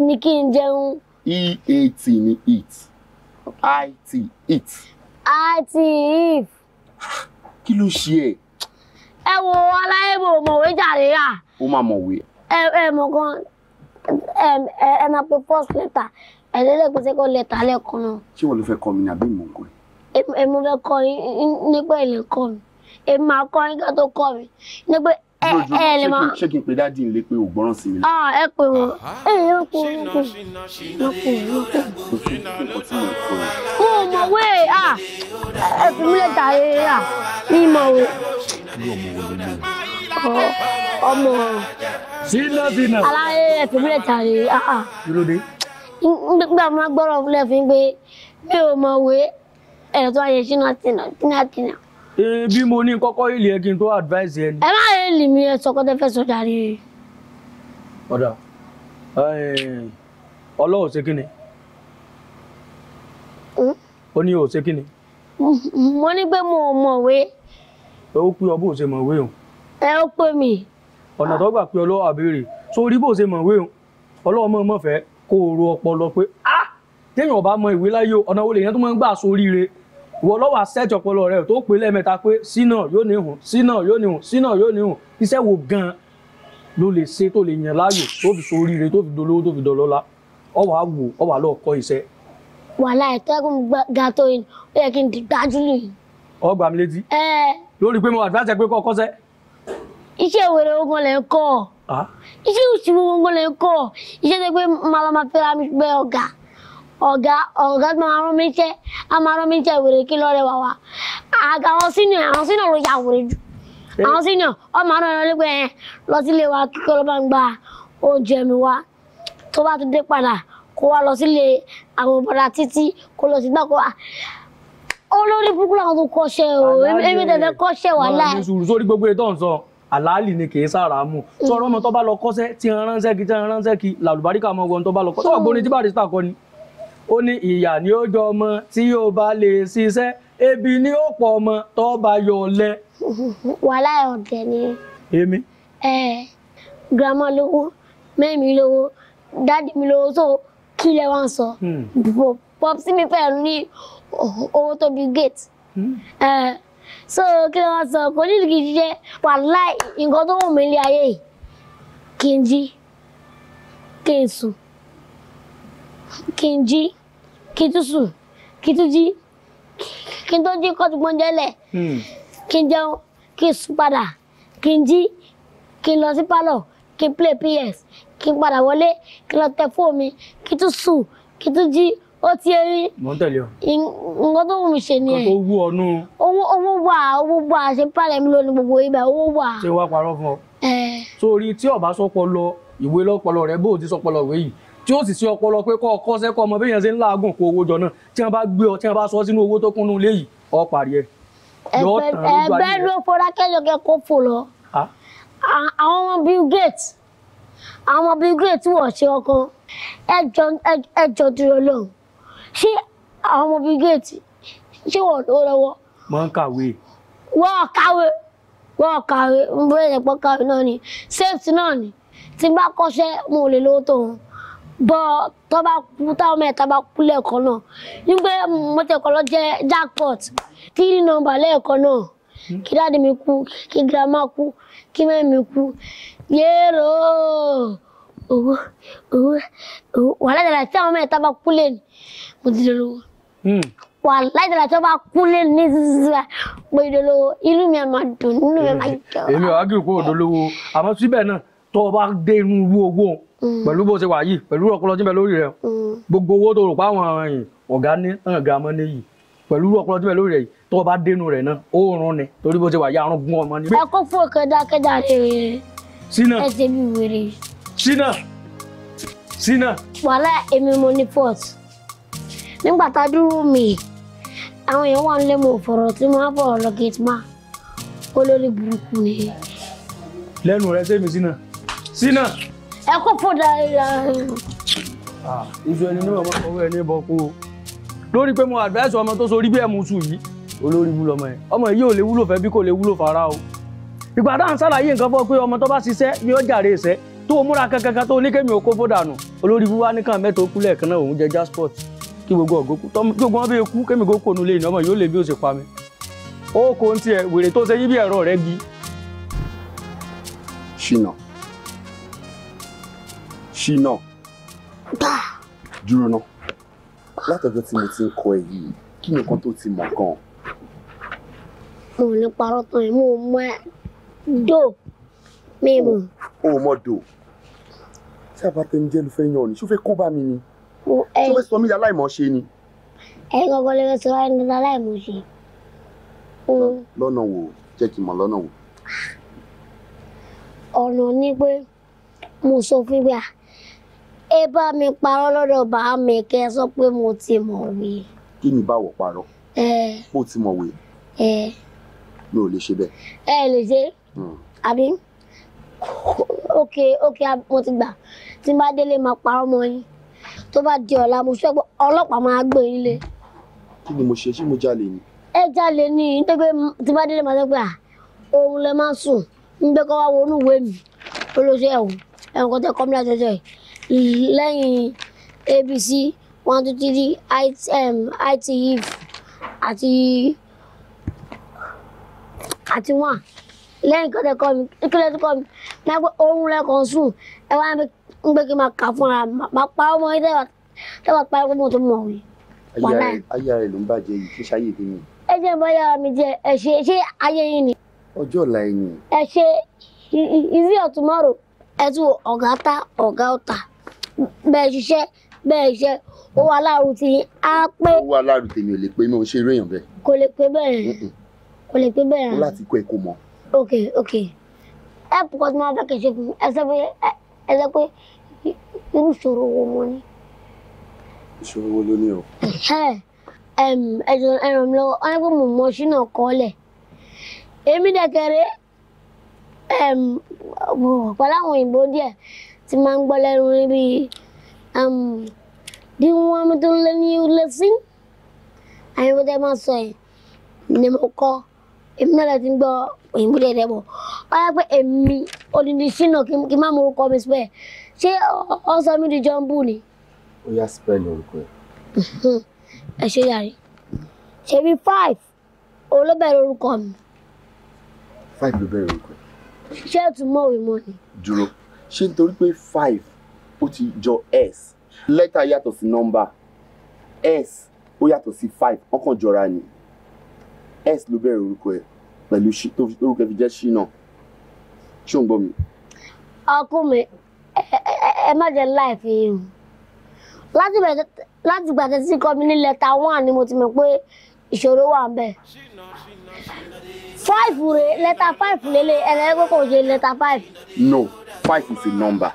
ni kí n jẹun. eat ni eat it it. it if. kí ló ṣe ẹ. ẹ wo aláìbò mọ̀wé jàre à. ó máa mọ̀wé. ẹ ẹ mọ̀ kan ẹ ẹ máa pe first letter ẹ lélẹ̀ pé second letter lẹ́ẹ̀kan náà. ṣé wọ́n ló fẹ́ kọ́ mi ní àbí ìmọ̀ nǹkan ẹ mo fẹ́ kọ́ yín nígbà ilé mi ẹ máa kọ́ yín ká tó kọ́ mi nígbà Eh, eh, lójú ṣé kí n pe dáàdì ń lé pé ò gbọ́ràn sí mi. Ah, ẹ pè wọ́n ah, ah. Eh, ẹ yẹ kó wọ́n kó wọ́n kó wọ́n kó. mo mọ̀ wé à ẹ fi mílẹ̀ ta ẹ à mi mọ̀ wé. ọmọ sínà sínà. aláyé ẹ fi mílẹ̀ ta ẹ à. nígbà máa gbọ́rọ̀ fúnlẹ̀ fi pé mi ò mọ̀ wé ẹ̀rọ tó wáyé sínà sínà sínà sínà. bí mo ní kọ́kọ́ ilé ẹ kí n tó advice ẹ. ẹ má bẹ́ẹ̀lì mi ẹ sọ pé tẹ́fẹ́ sọ jàre. ọ̀dà ọlọ́wọ́ ṣe kíni hm? ó ní òṣè kíni. mo ní pé mo mọ̀wé. ẹ ó pé ọ bó ṣe mọ̀wé o. ẹ ó pè mí. ọ̀nà tó gbà pé ọlọ́wọ́ àbèrè sórí bó ṣe mọ̀wé o ọlọ́wọ́ mọ̀ mọ̀fẹ́ kó o ro ọpọlọ pé ah téèyàn ò bá mọ ìwé láyé o ọ̀nà wo lèèyàn tó máa ń gbà sóríire wọlọwọ lọ́wọ́ àṣẹ́jọ ọpọlọ rẹ tó pè lẹ́ẹ̀mẹ́ta pé sínà yóò ní hùn sínà yóò ní hùn sínà yóò ní hùn iṣẹ́ wo gan-an ló lè ṣe tó lè yàn láàyò tó fi ṣoríire tó fi dolówó tó fi dọlọ́lá ọwọ́ á ọwọ́ á lọ iṣẹ́. wàhálà ẹ̀ ga tó ó yẹ kí n gbájú ọgbà iṣẹ́ ọ̀gá ọ̀gá tó máa rán mi jẹ́ a máa rán mi jẹ́ ìwèrè kí lọ́rẹ̀ wà wá àga àwọn sínú àwọn sínú ló ya wèrè jù àwọn sínú ọmọ àná ẹ̀rọ lẹ́gbẹ̀ẹ́ yẹn lọ sílé wa kíkọ́ ló máa ń gba oúnjẹ mi wá tó bá tún dé padà kó wá lọ sílé àwọn bọ̀dà títí kó lọ sí gbà kó wá olórí burúkú làwọn tó kọ́ṣẹ́ o èmi tẹ̀fẹ́ kọ́ṣẹ́ wà láì. sórí gbogbo ètò ọ̀sán àlàálì ni kì í sára mú mm. sọ̀rọ̀ ọmọ tó bá lọ kọ́ṣẹ́ tí ń ránṣẹ́ kí tí ń ránṣẹ́ kí làlùbáríkà ọmọ wọn tó bá lọ kọ́ṣẹ́ tó wà gbóni tí bá rí sítà kọ́ ni ó ní ìyà ni ó jọ ọmọ tí yóò bá lè ṣiṣẹ́ ebi ni ó pọ̀ ọmọ tó bá yọ ọ̀lẹ. wàhálà ọ̀dẹ̀ ni. èmi. ẹ ẹ girama lówó mẹ́mi lówó dáàdi mi lówó tó kí lẹ wá sọ. Hmm. pọpsi mi fẹ́ ní owó tó bí gate. Hmm. ẹ so kí lẹ wá ń sọ kò ní ìdíkì jíjẹ wàhálà nǹkan tó wù mí lé ayé yìí kí n jí kí n sùn kí n jí kí n tún sùn kí n tún jí kí n tó jí kọ́tù gbọ́njẹ́ lẹ̀ kí n jẹun kí n sùn padà kí n jí kí n lọ sí pálọ̀ kí n play PS kí n padà wọlé kí n lọ tẹ fóònù mi kí n tún sùn kí n tún jí ó ti e rí. mo ń tẹ̀lé ọ. nǹkan tó wù mí ṣe nìyẹn. kókó wú ọnú. owó owó wà owó wà ṣe pálẹ̀ mi lónìí gbogbo ibà owó wà. ṣé wàá parọ́ fún ọ. sórí tí ọba sọpọlọ ìwé lọpọlọ rẹ bó o ti sọpọlọ ìwé yìí tí ó sì ṣe ọpọlọ pé kọ́ ọkọ́ sẹ́kọ́ ọmọ bí èèyàn ṣe ń làágùn kó owó jọ náà tí wọ́n bá gbé ọ tí wọ́n bá sọ sínú owó tó kúnnú ilé yìí ọ parí ẹ. ẹgbẹ́ ló fọra kẹ́yọ̀kẹ́ kó fò lọ àwọn ọmọ Bill Gates àwọn ọmọ Bill Gates wọ̀ ṣe ọkàn ẹjọ́ dúró lọ́hùn ṣé àwọn ọmọ Bill Gates ṣé wọ́n ló lọ́wọ́. mọ ń kàwé. wọ́n kàwé wọ́n kàwé ń bọ́ ẹ̀rẹ̀pọ̀ kàwé náà ni safety náà ni tí bá kọ́ṣẹ́ mo lè lówó tó wọn bọ́ tó bá kú táwọn mẹ́ta bá kú lẹ́ẹ̀kan náà nígbà mo lọ jẹ́ jackpot three number lẹ́ẹ̀kan náà hmm. kí dáàdì mi kú kí girama kú kí mẹ́mi kú yéèrò owó owó owó wàhálà ìdàlà tí àwọn mẹ́ta bá kú lẹ́nu mo ti dèrò hmm. wàhálà ìdàlà tí wọ́n bá kú lẹ́nu ní sísè pé ìdòlówó inú mi àmà dùn inú mi àmà eh, jọ. èmi ò wá kí n kó òdòlówó àmọ́ síbẹ̀ náà tó o bá dé inú owó owó Mm. pẹ̀lú bó ṣe wà yìí pẹ̀lú ọpọlọ tí ń bẹ lórí rẹ mm. gbogbo owó tó rò pa àwọn ẹ̀yìn ọ̀gá ní ẹ̀hàn ga mọ́ níyì pẹ̀lú ọpọlọ tí ń bẹ lórí rẹ yìí tó o bá dénú rẹ̀ náà ó rún ni torí bó ṣe wà yìí àrùn gún ọmọ ni. ẹ kó fún ọkọ dákẹ́dá rẹ̀ sínà ẹ ṣe bí wèrè. sínà sínà. wàhálà èmi mo ní port nígbà tá a dúró mi àwọn èèyàn wà ń lé mo fọ̀rọ̀ tí mo á fọ̀rọ̀ lọ gate ma olórí burúkú ni. lẹ́nu rẹ̀ sẹ́mi sínà sínà ẹkọ fún dáadáa. ìṣòro ni màmá ọwọ́ ẹ̀ ní ìbọn kú o lórí pé mo advice ọmọ tó sorí bí ẹ̀ mú sùn yìí olórí wúlò ọmọ ẹ̀ ọmọ yìí ò lè wúlò fẹ́ bí kò lè wúlò fara o ìgbà dáhùn sàlàyé nǹkan fọ́ pé ọmọ tó bá ṣiṣẹ́ ni ó jàre ìṣẹ́ tó múra kankan tó ní kémi ò kó fódànù olórí wúwá ní kàn mẹ́ta okú lẹ́ẹ̀kan náà òun jẹ jasport kí gbogbo ọ̀gókù tó gbogbo wọn bẹ kú kémi gókò nulẹ̀ ìnáwó yóò lè bí ó ṣe pa mi ó kò ń tiẹ̀ wèrè tó ṣe yí bí ẹ̀rọ rẹ gbi. ṣìnà ṣínà dúró ná látọjọ́ tí mo ti ń kọ ẹ yìí kí ni nǹkan tó ti mọ̀ gan. mo ní parọ́ tán ẹ̀ mo mọ ẹ mi mọ̀. o mo do, tí a bá tẹ ní jẹ́lu fẹ́ yan ọ ni ṣó fẹ́ kó bá mi ni ṣó fẹ́ sọ mí yà láìmọ̀ ṣe ni. ẹ gbọ́dọ̀ lè sọ ẹ ní aláìmọ̀ ṣe. lọ́nà wo jẹ́ kí mọ̀ lọ́nà wo. ọ̀nà ni pé mo sọ fún gbà ẹ bá mi parọ́ lọ́dọ̀ bàá mi kẹ́ ẹ sọ pé mo ti mọ̀wé. kí ni báwọ̀ parọ́. ẹ ó ti mọ̀wé. ẹ mi ò lè ṣe bẹ́ẹ̀. ẹ lè ṣe hmm. àbí okay okay mo ti gbà tí n bá délé máa parọ́ mọ́ yín tó bá di ọ̀la mo fẹ́ gbọ́ ọlọ́pàá máa gbé yín lé. kí ni mo ṣe ṣé mo jalè ni. ẹ jalè ni nítorí tí n bá délé ah, máa sọ òun lè máa sùn ń gbé kọ́ wá wọnú ìwé mi olóṣèlú ẹ̀wọ̀n kan kọ́mílá jọjọ lẹ́yìn abc one two three it um, it if àti àti one lẹ́yìn kọ́tẹ́ kọ́ mi kílẹ̀ tó kọ́ mi máa pẹ́ oorun lẹ́kọ̀ọ́ sùn ẹ wá ń gbé kí n máa kà fúnra máa pa ọmọ yìí tẹ́wà pa ọmọ tó mọ̀ wí. ayé ara rẹ ló ń bàjẹ́ yìí kí sáyé bí mi. ẹ jẹ́ bọ́yá mi jẹ ẹ ṣe ṣé ayé yín ni. ọjọ́ ọ̀la ẹ̀yìn. ẹ ṣe is it your tomorrow ẹ tún ọ̀gá ta ọ̀gá ọ̀ta bẹ́ẹ̀ ṣiṣẹ́ bẹ́ẹ̀ ṣiṣẹ́ ó wà láàrú tí á pé. ó wà láàrú tèmi ò lè pé náà ṣe eré èèyàn bẹ́ẹ̀. kò lè pé bẹ́ẹ̀ kò lè pé bẹ́ẹ̀. ó láti kó ẹ mọ. ok ok ẹ pọkàn tí wọn fẹ́ kẹsẹ fún ẹ sọ pé ẹ sọ pé irú ìṣòro wo mo ní. ìṣòro wo ló ní o. ẹ jọ ẹ ràn mí lọ́wọ́ ọ ní pé mo mọ ṣí náà kọ́ lẹ̀ èmi dẹ̀kẹ̀rẹ́ pẹ̀lú àwọn òyìnbó díẹ̀ tí máa ń gbọ́ lẹ́nu níbi bí wọ́n um, mi tó lé ní ilé sí àyẹ̀wò máa sọ yìí ni mo kọ́ èmi náà láti ń gbọ́ òyìnbó dẹ̀dẹ̀ bọ̀ ọ yà pé èmi odindi sínú kí n má morúkọ mi síbẹ̀ ṣé ọ sọ mí di jọ́ǹbù ni. ó yá sípẹ́ ní orúkọ ẹ̀. ẹ ṣe yàrá ṣebí five olóbẹ̀rẹ̀ orúkọ mi. five ló bẹ̀rẹ̀ orúkọ ẹ̀. ṣé ẹ tún mọ̀ òwe mọ́ ni. dúró ṣé nítorí pé five ó ti jọ s lẹ́tà yàtọ̀ sí nọ́mbà s ó yàtọ̀ sí five ọkàn jọra ni s ló bẹ̀rẹ̀ orúkọ ẹ̀ pẹ̀lú orúkọ ẹ̀ fi jẹ́ ṣínà ṣé ò ń gbọ́ mi. ọkọ mi ẹ má jẹ láì fi hàn láti gbàtẹ́ sí kọ́ lẹ́tà one ni mo ti mọ̀ pé ìṣòro wà ń bẹ̀. five rè lẹ́tà five lélẹ̀ ẹ̀rẹ́ pé kò ṣe lẹ́tà five. no five is a number.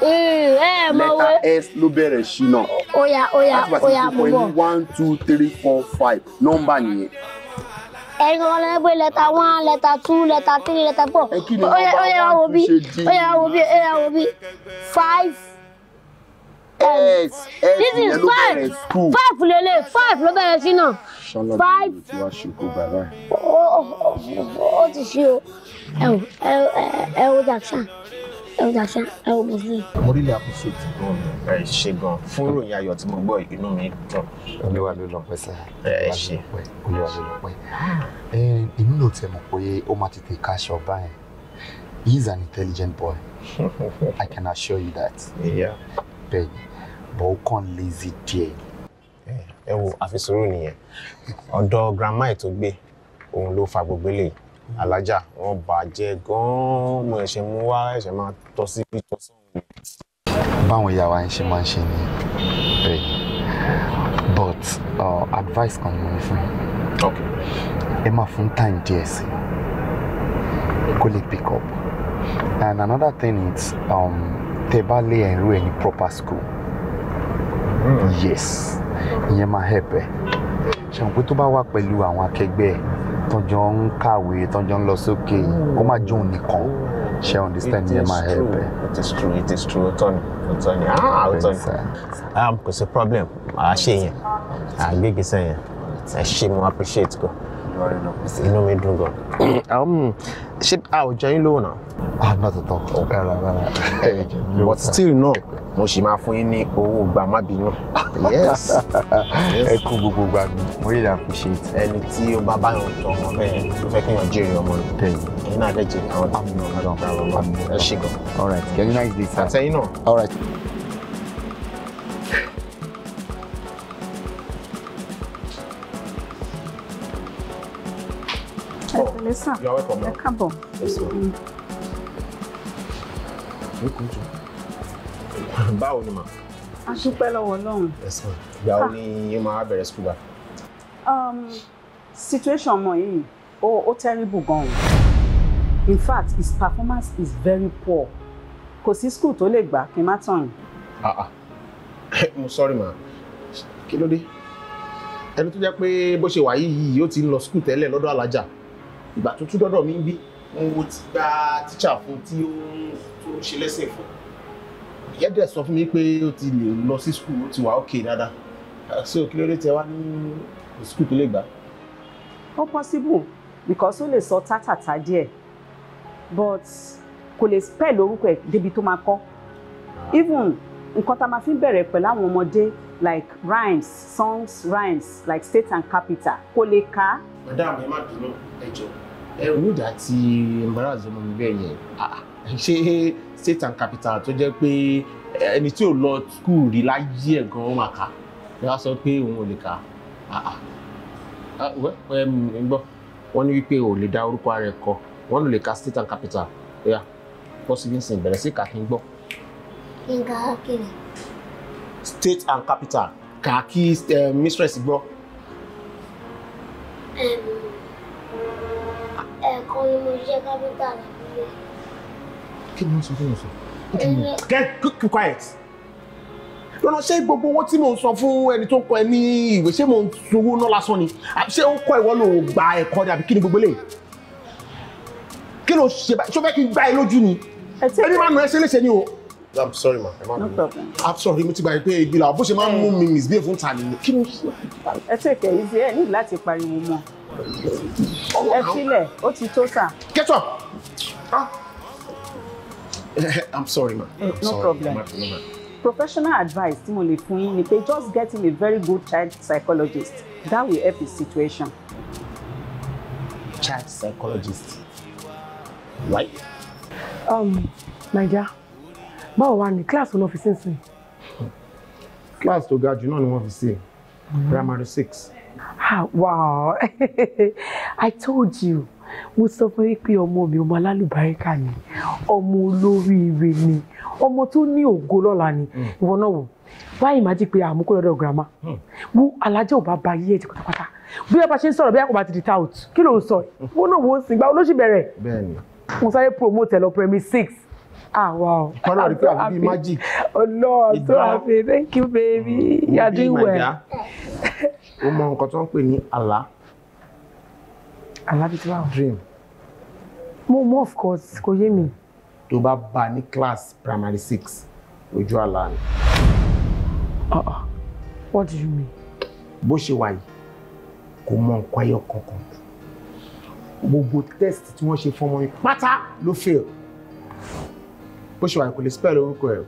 Mm, eh, letter s ló bẹ̀rẹ̀ sí náà. oya oya oya mo bọ̀. one two three four five nọ́mbà nìyẹn. ẹ̀yin kan lẹ́nu pé letter one letter two letter three letter four. ẹ kí ni nọ́mbà one two ṣe di. oya wo bí oya wo bí five. S S yẹn ló bẹ̀rẹ̀ two. five lele five ló bẹ̀rẹ̀ sí náà. five. ó ti ṣe o ẹ wo ẹ wo jackson ẹ̀rọ ṣá ẹ̀rọ bò sí. mo rí ilé àkóso ìtìgbọ́ ẹ ṣe gan fún ròyìn ayọ̀ tí mo gbọ́ inú mi dùn. olúwa ló lọ pẹ́ sá ẹ ṣe olúwa ló lọ pẹ́ èmi ló tẹ̀ mọ̀ pé ó máa tètè káṣọ báyẹn he is an intelligent boy i can assure you that. bẹ́ẹ̀ ni bọ́ ó kàn lazy díẹ̀. ẹ wo àfisùúrù nìyẹn ọ̀dọ̀ grandma ẹ̀ tó gbé òun ló fa gbogbo eléyìí alájà wọn bàjẹ́ gan-an mo ẹ̀ṣẹ̀ mú wá ẹ̀ṣẹ̀ máa tọ́ sí bí báwọn ìyá wa ń ṣe máa ń ṣe ni but uh, advice kan mo ní fún yín ẹ máa fún time díẹ̀ sí kó lè pick up and another thing is um, tẹ́ bá lè ẹ̀rú ẹ̀ ní proper school mm. yes ìyẹn máa help ẹ ṣe pé tó bá wà pẹ̀lú àwọn akẹgbẹ́ ẹ̀ tọ́jọ́ ń kàwé tọ́jọ́ ń lọ sókè kó má jóun nìkan ṣe understand yẹn máa help it is true it is true òótọ́ ni òótọ́ ni ah òótọ́ Um, cause the problem àá ṣe I àá you yẹn ẹ ṣe mo appreciate go inú mi dùn gan. Um, ṣé a ò jẹ́ yín lówó náà. ah not at all Okay, rárá ẹ jẹ́ mi lówó. but still náà mo sì máa fún yín ní owó gbà má bínú. yes ẹ kú gbogbo gbà mí mo really appreciate. ẹni tí ó bá báyọ̀ tọ ọmọ bẹ́ẹ̀ ló fẹ́ kéèyàn jèrè ọmọ rẹ̀. bẹ́ẹ̀ ẹ̀yin náà dẹ̀ jèrè àwọn ọmọ rẹ̀. I ṣe gan. all right Can you nice day sir. you know. all right. lẹ́sà ẹ káàbọ̀. báwo ni mà. a dúpẹ́ lọ́wọ́ Ọlọ́run. ìgbà wo ah. ni yín máa bẹ̀rẹ̀ skul bá. Um, situation ọmọ yìí ó terrible gan in fact his performance is very poor kò sí skul tó lè gbà kí n má tàn yín. Ah, ah. mo sorry ma kí ló dé ẹni tó jẹ́ pé bó ṣe wà yìí yìí ó ti ń lọ skul lọ́dọ̀ alájà ìgbà tuntun dọ́dọ̀ mi ń bí mo ti gba tíṣà fún tí ó ń ṣe lẹ́sìn fún ìyẹn dẹ̀ sọ fún mi pé ó ti lè lọ sí skul ó ti wà ókè dáadáa ṣé o kí ló dé tẹ wá ní skul tó lè gbà. ó possible because ó lè sọ tátàtà díẹ̀ but kò lè spell orúkọ ẹ̀ débi tó máa kọ́ even nǹkan tá a máa fi bẹ̀rẹ̀ pẹ̀lú àwọn ọmọdé like rhymes songs rhymes like state and capital kò lè kà á. madam ẹ má bínú ẹ jọ̀ọ́ ẹrù ìdá ti embarrass ọmọ mi bẹ́ẹ̀ yẹn ah, ṣé state and capital tó jẹ́ pé ẹni tí ò lọ school rí láyé ẹ̀ gan-an máa kà ẹ wá sọ pé òun ò lè kà ah, ah. Mm, gbọ́ wọ́n ní wípé ò lè dá orúkọ ara ẹ̀ kọ wọ́n lè ka state and capital ẹ̀yà pọ́sibíǹsì bẹ̀rẹ̀ sí kà kí n gbọ́. nǹkan akéwì. state and capital kà kí eh, mistress gbọ́ ẹ̀ẹ̀kan ni mo ṣiṣẹ́ kápẹ́ńtà lábúlé. kí ni wọ́n sọ fún mi sọ? get quiet lọ́nà ṣé gbogbo owó tí mò ń san fún ẹni tó ń kọ ẹ ní ìwé ṣé mò ń sanwó náà lásán ni ṣé ó ń kọ ìwọ ló gba ẹ̀kọ́ ni àbí kí ni gbogbo eléyìí kí ló ṣe báyìí ṣó fẹ́ kí n gbá ẹ lójú ni ẹni máa nù ẹ ṣe léṣe ni o. I'm sorry ma ẹ má no problem. I'm sorry mo ti gba ìpè ìgbìlà bó ṣe máa ń mú mi misbehave fún ta nìyẹn. ẹ tẹ̀kẹ̀ ìfẹ́ ẹ ní láti pariwo mọ́ ẹ filẹ̀ ó ti tó sà. get up. Ah. i'm sorry ma. I'm eh, no problem. professional advice tí mo lè fún yín ni pé just getting a very good child psychologist that will help his situation. child psychologist why. Um, my dear báwo wá ní kíláàsì olófin sínsìn. kíláàsì tó ga jù náà ni wọ́n fi ṣe mm-hmm. primary six wow. I told you. Mo sọ fún yín pé ọmọ mi ọmọ alálùbáríkà ni, ọmọ olóríire ni, ọmọ tó ní ògo lọ́la ni. Hmm. Ìwọ náà wò, wáyé má jí pé àmúkó lọ́dọ̀ girama. Hmm. Wo alájẹ́ ò bá ba ayé ẹ̀ ti pátápátá. Bí ọba ṣe ń sọ̀rọ̀ bí àkọ́bá ti di tout, kí ló ń sọ? Ìwọ náà wò ó sìn gbà olóṣì bẹ̀rẹ̀. Mo sáré promote ẹ̀ lọ Premier six. Ah, wow. rí pé àbí bíi magic. Oh Lord, so Thank you, baby. Mm, you are doing well ó mọ nǹkan tó ń pè ní àlá. àlá bíi dream. mo mọ of course kò yé mi. tó bá bá ní class primary six ojú àlá ni. Uh-uh. What do you mean? Bó ṣe wà yìí, kò mọ nǹkan ẹyọ kankan. Gbogbo test tí wọ́n ṣe fún ọmọ mi pátá ló fail. Bó ṣe wà yìí kò lè spell orúkọ ẹ̀.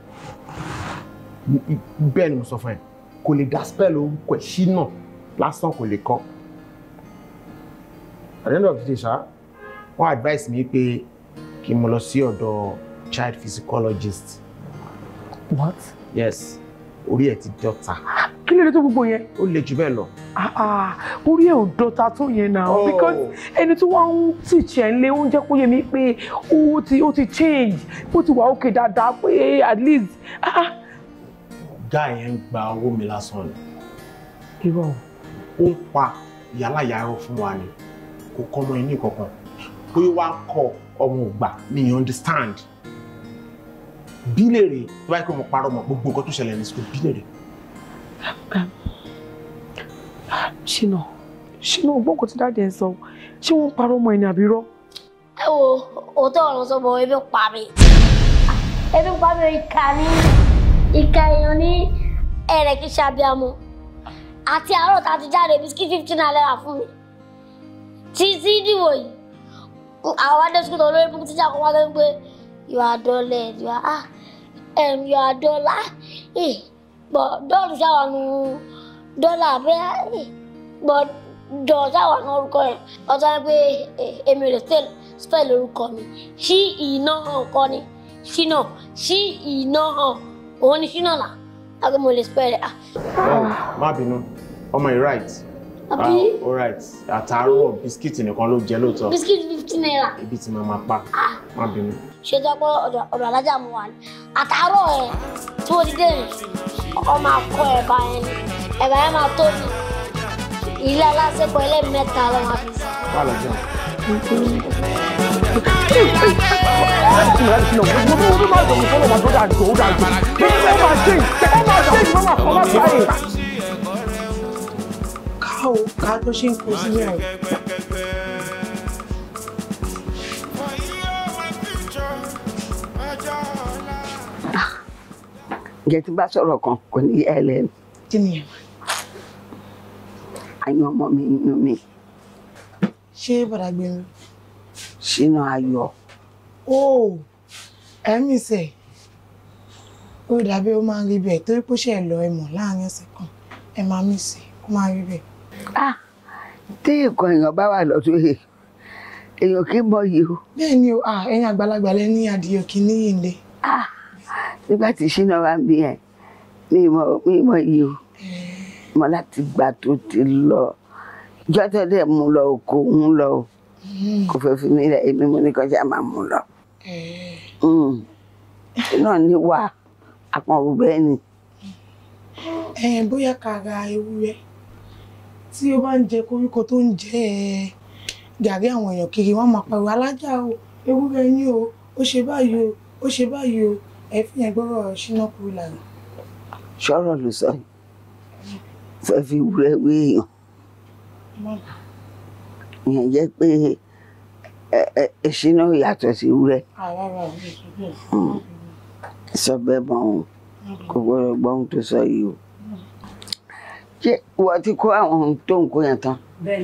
Bẹ́ẹ̀ ni mo sọ fún ẹ, kò lè dá spell orúkọ ẹ̀ ṣí náà lásán kò lè kọ́ at the end of the day ṣá wọ́n advice mi pé kí n mo lọ sí ọ̀dọ̀ child physiologist. what. yes orí ẹ̀ ti dọ́ta. kí ló dé tó gbogbo yẹn. ó le jù bẹ́ẹ̀ lọ. Ah, ah, orí ẹ̀ ò dọ́ta tó yẹn náà oh. because ẹni tí wọ́n ń tìjẹ́ ńlé ó ń jẹ́ kó yé mi pé ó ti ó ti change ó ti wà òkè dáadáa pé at least. ọ̀gá ah, yẹn ń gba owó mi lásán ni. irọ́ o ó ń pa ìyálàyà ẹ̀rọ fún wa ni kò kọ́ ọmọ inú ìkọ̀kan bóyá wàá kọ ọmọ ògbà mi understand bílèrè tó bá yẹ kó mo paro mọ́ gbogbo nǹkan tó ṣẹlẹ̀ ní sukùl bílèrè. ṣìnà ṣìnà ògbọ́n kò ti dáadé ẹ̀ sọ ṣé wọ́n ń parọ́ mọ́ ẹni àbí rọ́. ẹ wo òótọ́ ọ̀rọ̀ sọ́bọ̀ ebi pa mi ebi pa mi ìka ní ìka èèyàn ní ẹ̀rẹ̀ kí àti àárọ̀ tá a ti jáde bisikí fifteen naira fún mi tí sí ìdìbò yìí àwọn adé sukùl tó lórí fún tíjà kan wá lórí pé you are dulled you are ah um, you are dull ah eh but dull ṣáwà nu dọ́là bẹ́ẹ̀ ah, eh but dull ṣáwà nu orúkọ yẹn ọ̀tọ́ yẹn pé eh, èmi rè tẹ́lẹ̀ spell orúkọ mi ṣí iná hàn kọ́ ni ṣínà ṣí iná hàn òun ni ṣínà náà àgbẹ̀ mo lè spell ẹ̀. má bínú ọmọ yìí right àbí all right àtàárọ̀ bisikíìtì nìkan ló jẹ lóòótọ́ bisikíìtì fifteen naira ibi tí màmá pa má bínú. ṣé dọ́pọ̀ ọ̀dọ̀ alájà mu wà ní àtàárọ̀ ẹ̀ tí mo ti dé ọmọ akọ ẹ̀bà yẹn ni ẹ̀bà yẹn máa tóbi ilé alásèpọ̀ ẹlẹ́mẹ̀ta ló máa fi sí. wà á lọ jẹun. Láti ṣe náà, mo ní ọdún máa ń sọ̀rọ̀ sọ́nà ọmọdé ó dà jò ó dà jò. bó ṣe ń kó sí ní àwọn. ǹjẹ́ tí bá sọ̀rọ̀ kan kò ní yẹ ẹ lẹ́nu. kí ni ẹ̀wọ̀n. àyàn ọmọ mi inú mi. ṣé bàdà gbẹ̀rù. sínú ayọ̀. o ẹ̀mí sẹ̀ ó dàbí ó máa ń rí bẹ́ẹ̀ torí pé ó ṣe lọ ẹ mọ̀ láàrin ọ̀sẹ̀ kan ẹ máa mí sí i ó máa rí bẹ́ẹ̀. ah tí nǹkan èèyàn bá wà lọ́sọ̀yè èèyàn kì í mọyì o. bẹ́ẹ̀ ni o ah, ẹ̀yin àgbàlagbà lẹ ní adìyẹ kì í níyì lé. nígbà ah, tí ṣínà wa ń ẹ mi mọ iyì o eh. mo láti gbà tó ti lọ jọ́tọ̀ dẹ̀ mú lọ kó ń lọ o hmm. kò fẹ́ fi mí rẹ̀ èmi mo ní kọjá máa mú lọ. Eh. Hmm. náà ní wà àpọ̀n òbẹ́ ni. Eh, bóyá ká ra ewúrẹ́ tí ó bá ń jẹ koríko tó ń jẹ gàrí àwọn èèyàn kiri wọ́n máa pariwo alájà o ewúrẹ́ yín o ó ṣe báyìí o ó ṣe báyìí o ẹ fi yẹn gbọ́rọ̀ ṣínà kúrú lára. sọ̀rọ̀ ló sọ yìí fẹ́ fi wúrẹ́ wé èèyàn ìyẹn jẹ́ pé ìṣínà yàtọ̀ sí wúrẹ́ ah, hmm. sọ bẹ́ẹ̀ mọ́ òun kò gbọ́dọ̀ gbọ́ tó sọ yìí o ṣé ìwọ ti kó àwọn ohun tó ń kó yẹn tán. bẹ́ẹ̀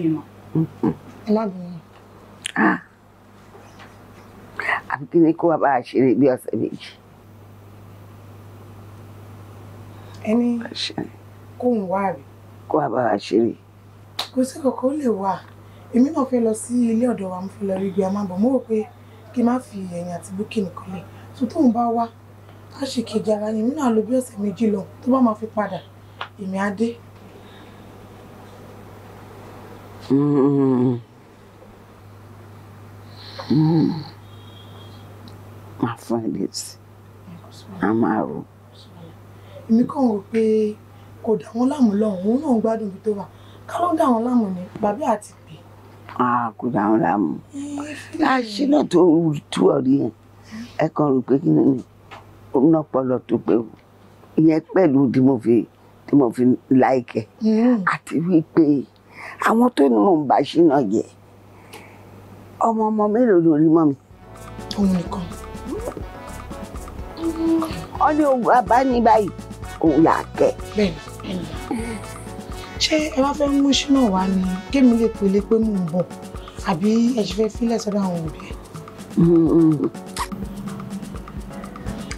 ni kó wa bá a ṣe ní bí ọ̀sẹ̀ méjì. ẹni kó ń wá rè. kó wa bá a ṣe rè. kò sí kòkó lè wà èmi náà fẹ́ lọ sí ilé ọ̀dọ̀ wa mo fẹ́ lọ rí ibi àmàbọ̀ mo rò pé kí n má fi ẹ̀yìn àti búkì nìkan lẹ̀ tó bá wá a ṣe kejì ara yẹn èmi náà lo bí ọ̀sẹ̀ méjì lọ tó bá máa fi padà èmi á dé máa fún ẹ létí a máa rò. èmi kàn wò pé kò dà wọ́n láàmú lọ́hùn òun náà ń gbádùn ibi tó wà ká ló dà wọ́n láàmú ni bàbá àti pè. kò dà wọ́n láàmú láṣí náà tó tú ọ̀rí yẹn e kàn rò pé kí ni òun náà pọlọ tó pé ìyẹn pẹ̀lú tí mo fi tí mo fi láìkẹ́ mm. àti wípé. Like àwọn tó ní mò ń bá ṣínà yẹ ọmọ ọmọ mélòó lórí mọ́ mi. òun nìkan. wọ́n ní ogun abá ní báyìí òun là á kẹ́. bẹ́ẹ̀ni ṣé ẹ wá fẹ́ mú ṣínà wá ni kémi lè pèlè pé mò ń bọ̀ àbí ẹ ṣe fẹ́ fílẹ̀ sọ́dọ̀ àwọn òbí ẹ̀.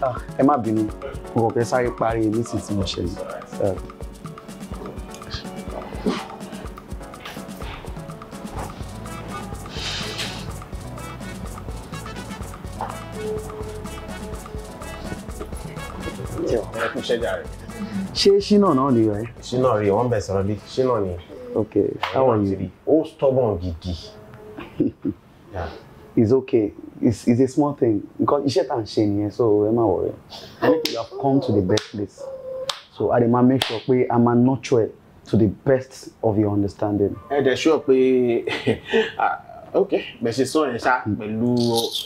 Ah, ẹ má bínú mo kàn sáré parí mítì tí mo ṣe yìí. ṣẹ́jà rẹ̀. ṣé ṣínà náà ni rẹ. ṣínà rí wọn bẹ sọ̀rọ̀ bí ṣínà ni. ok how are you. ó stubborn gidi. yeah. it's okay it's, it's a small thing because iṣẹ́ tá à ń ṣe nìyẹn so ẹ má wọ̀rẹ́ you have come to the best place so i dey ma make sure pé i ma nurture to the best of your understanding. ẹ dẹ̀ sọ pé ah, ok bẹ̀ ṣe sọ yẹn ṣá hmm. pẹ̀lú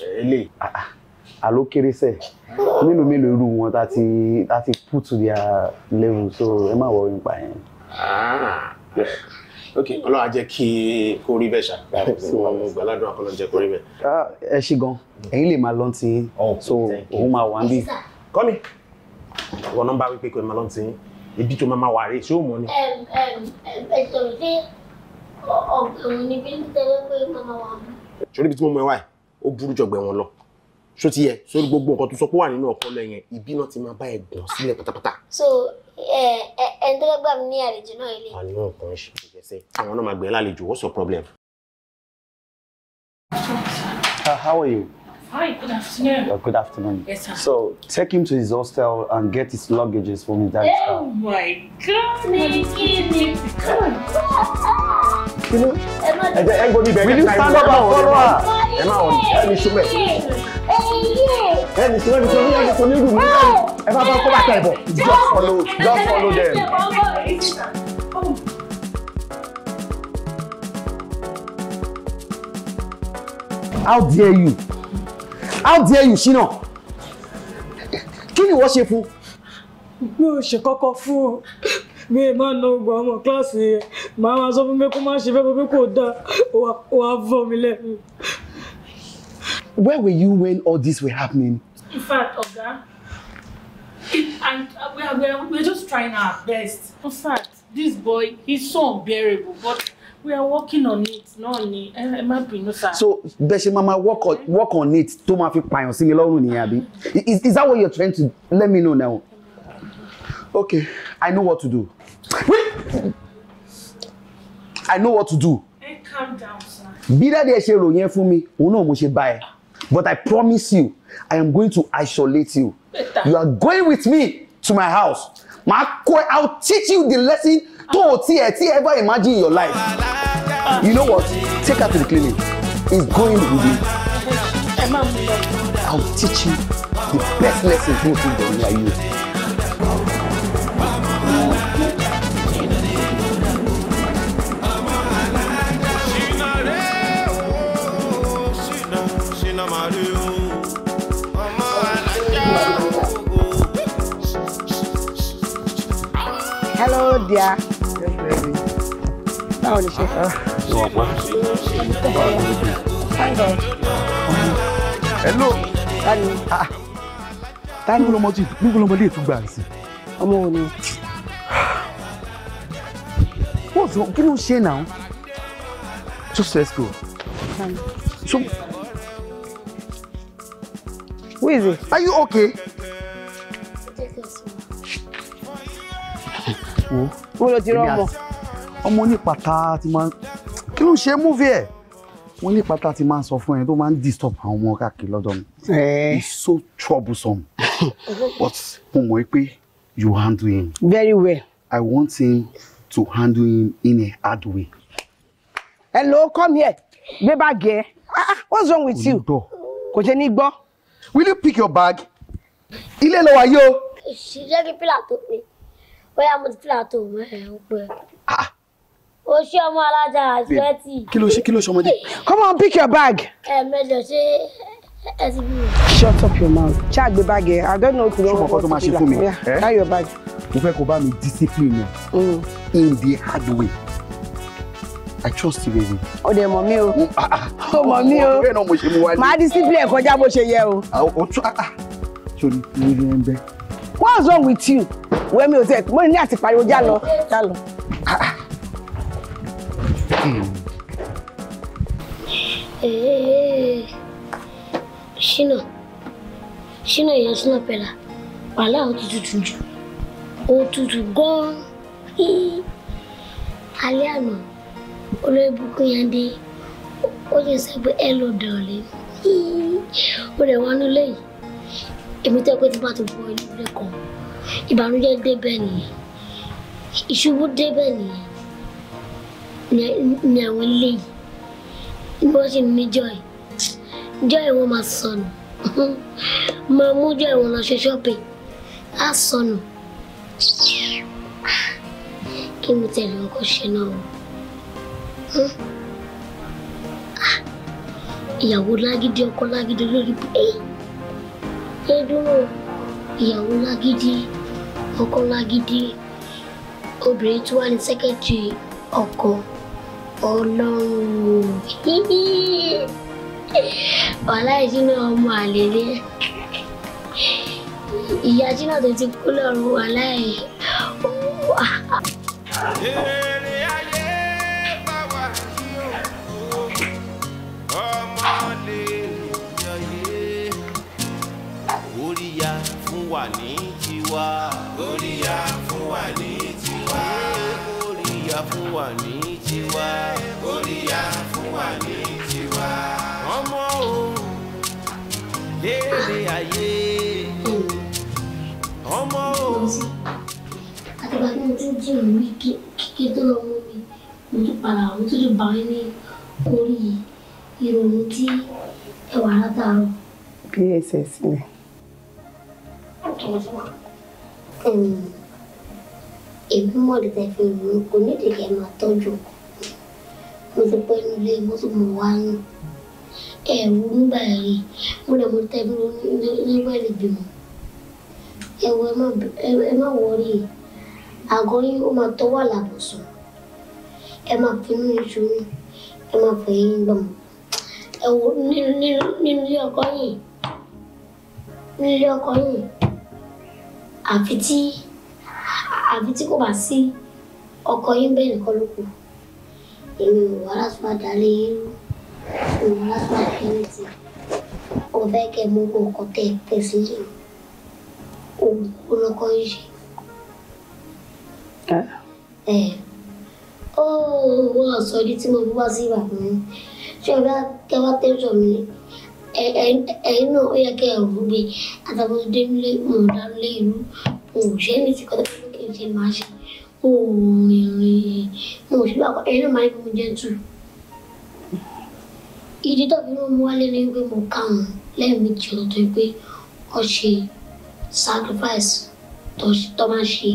eh, eléyìí. Ah, ah àló kéré sẹ̀ mélòó mélòó irú wọn tá ti tá ti put to their level so ẹ má wọ nípa yẹn. Ah, ok ọlọ́run á jẹ́ kí kó rí bẹ́ẹ̀ ṣàkóso gbàládùn àkọlọ́ jẹ́ kó rí bẹ́ẹ̀. Ah, ẹ ṣí gan ẹ̀yin lè máa lọ́n ti oh, so òun máa wà ń bí. kọ́mi wọn nọ́mbà wípé kò ní máa lọ́n ti ibi tó máa wà rè ṣé o mọ̀ ni. ẹ ẹ ẹ sọ̀rọ̀ sí ọ̀gbìn níbi tí tẹ́lẹ̀ pé máa wà. sórí ibi tí mo mọ ẹ wá yìí ó burú jọgbẹ wọn lọ So, ti yẹ sórí gbogbo nǹkan tó sọ pé wà nínú ọpọlọ yẹn ibi náà ti máa bá ẹ gbọ̀n sílẹ̀ so ẹn tó gbà mí ní àlejò náà ilé. àní wọn kàn ń ṣe ìgbésẹ̀ àwọn náà máa gbẹ lálejò what's your problem. Uh, how are you? Hi, good afternoon. Uh, good afternoon. Yes, sir. So, take him to his hostel and get his luggages for me, Daddy's Oh my God! Nikki, Nikki, come on. You know, everybody, will you stand up and follow her? ẹ máa wọ̀ ẹni sumẹ̀ ẹni sumẹ̀ ẹni sumẹ̀ ẹni sumẹ̀ ẹni sumẹ̀ ẹ bá bá kó bàtà ẹ̀ bọ̀ just follow just follow them. how dare you how dare you Ṣínà kí ni wọ́n ṣe fún. mi ò ṣe kọ́kọ́ fún ọ bí ẹ máa na ogun àwọn kíláàsì yẹn màá máa sọ fún mi kó má ṣe fẹ́ fún mi kò dáa wàá fọ́ mi lẹ́nu. Where were you when all this were happening? In fact, Oga, and uh, we are, we are, we are just trying our best. In fact, this boy, he's so unbearable, but we are working on it Not náà ni ẹ má bínú sá. so bẹ́ẹ̀ ṣe máa ma work on work on it tó máa fi pààyàn sí mi lọ́rùn nìyẹn is is that what you're trying to let me know now okay i know what to do wait i know what to do. ẹ eh, calm down sir. bí dáadé ẹ ṣe ròyìn fún mi òun mo she buy. But I promise you, I am going to isolate you. You are going with me to my house. Màá kọ́ I will teach you the lesson tó o tiẹ̀ ever imagine in your life. You know what? Take her to the clinic. He's going with you. I will teach you the best lesson you you. dear. báwo ni ṣe. ìwọ̀n pa. thank God. hello. tani. Ah. tani. níbo lọmọ tí níbo lọmọ lè tún gbà sí. ọmọ òní. wọ́n sọ kí ló ń ṣe náà. just let's go. So, who is it? Are you okay? wo. mo lọ ti rọmọ. ọmọ onípàtà ti máa kí ló ń ṣe múfì ẹ wọn onípàtà ti máa ń sọ fún ẹ tó máa ń disturb àwọn ọmọ káàkiri lọ́dọ̀ mi. it's so troublesome but mo mọ̀ pé you handle him. very well. I want him to handle him in a hard way. Hello, come here. Gbé báàgì ẹ. Ah, ah, what's wrong with you? Kò ṣe ní gbọ́. Will you pick your bag? Ilé lọ wáyé o. Ìṣèjẹ́ kí pílà tó pé bóyá mo ti fìlà tó mẹ́rin ó pẹ́. Ah. o ọmọ alájà àjẹtì. kí kí ló ṣe ọmọdé. come on pick your bag. ẹ mẹjọ ṣe ẹ ti bí mi. shut up your mouth. ṣáà gbé báàgì ẹ i don't know if you want to be like me. carry your bag. mo fẹ́ kó bá mi discipline yẹn mm. in the hard way. I trust you baby. O de mọ̀ mí o. Ah, ah, o mọ̀ mí o. Bẹ́ẹ̀ náà mo ṣe mú wá kọjá bó ṣe yẹ o. O tún ṣòrí wíwí ń bẹ́ẹ̀ what's wrong with you Where me tẹ̀ mo ní àti pariwo já lọ já lọ. ṣínà ṣínà ìyá ṣínà pẹ̀lá wàhálà ó tutù tù jù ó tutù gan-an alẹ́ àná olóyè bukun yẹn dé ó yẹ sẹ́gbẹ́ ẹ lọ́dọ̀ ọ̀lẹ́ ó èmi tẹ́ pé tí bá ti bọ ilé kan ìbànújẹ́ dé bẹ́ẹ̀ nìyẹn ìṣubú dé bẹ́ẹ̀ nìyẹn ní àwọn ilé yìí bí wọ́n sì ní joy joy wọn máa sọnù máa mú joy wọn lọ ṣe shopping. á sọnù kí mi tẹ̀lé ọkọ̀ ṣe náà o hmm? ah! ìyàwó lágídí ọkọ lágídí lórí pé dúró ìyàwó lágídí ọkọ lágídí obìnrin tí wà ní sẹ́kẹ̀tì ọkọ ọlọ́run ọ̀la ìṣúná ọmọ àlèlé ìyá jìnnà tó ti kú lọ́rùn wà láì. tiwa. oríyá fún wa ní tiwa. oríyá fún wa ní tiwa. oríyá fún wa ní tiwa. ọmọ o léèrè ayé ọmọ o. àtìgbà tí mo ti ń jí òun ní kíkí tó lọ mú mi mo tún padà mo tún lè bá yín ní orí ìrònú tí ẹ wà látàárọ̀. bí ẹ ṣe èmi mọ̀ ní tẹ́fí mi kò nídìí kẹ́ máa tọ́jú mo ti pẹ́ nílé mo tún mọ̀ wá nù ẹ̀rù nígbà yìí mo lè mo tẹ́ mi nígbà lè bímọ ẹ̀rù ẹ má wọrí àgọ́ yìí ó máa tọ́wọ́ àlàbọ̀sùn ẹ máa finú iṣu ẹ máa fẹ̀yìn gbọ̀mọ̀ ẹ̀wọ̀ nílé ọkọ yìí nílé ọkọ yìí àfi tí àfi tí kò bá sí ọkọ yín bẹ́ẹ̀ nìkan ló kù èmi ò wá láti wá dalẹ̀ yín rú ò wá láti wá kẹ́rin tì ó fẹ́ kẹ́ mú nǹkan tẹ́ tẹ̀ sílẹ̀ òògùn kó lọ́kọ yín ṣe. ó wọ́n sọ ní tí mo fi wá sí ìbàdàn ṣé ẹ bá tẹ́sán mi ẹ̀yin náà ó yẹ kẹ́ ẹ̀ rú mi àtàwọn ọdẹ nílé òun dánilé ìlú òun ṣe é ní ti kọ́tà fún kí n ṣe máa ṣe òun ìrìn òun ṣe bá ẹ̀yin náà máa ń mú jẹ́ tù. ìdí tọ́bi náà mú wálé ní pé mo kà wọ́n lẹ́ẹ̀mejì lọ́tọ̀ pé ọ ṣe sacrifice tó máa ṣe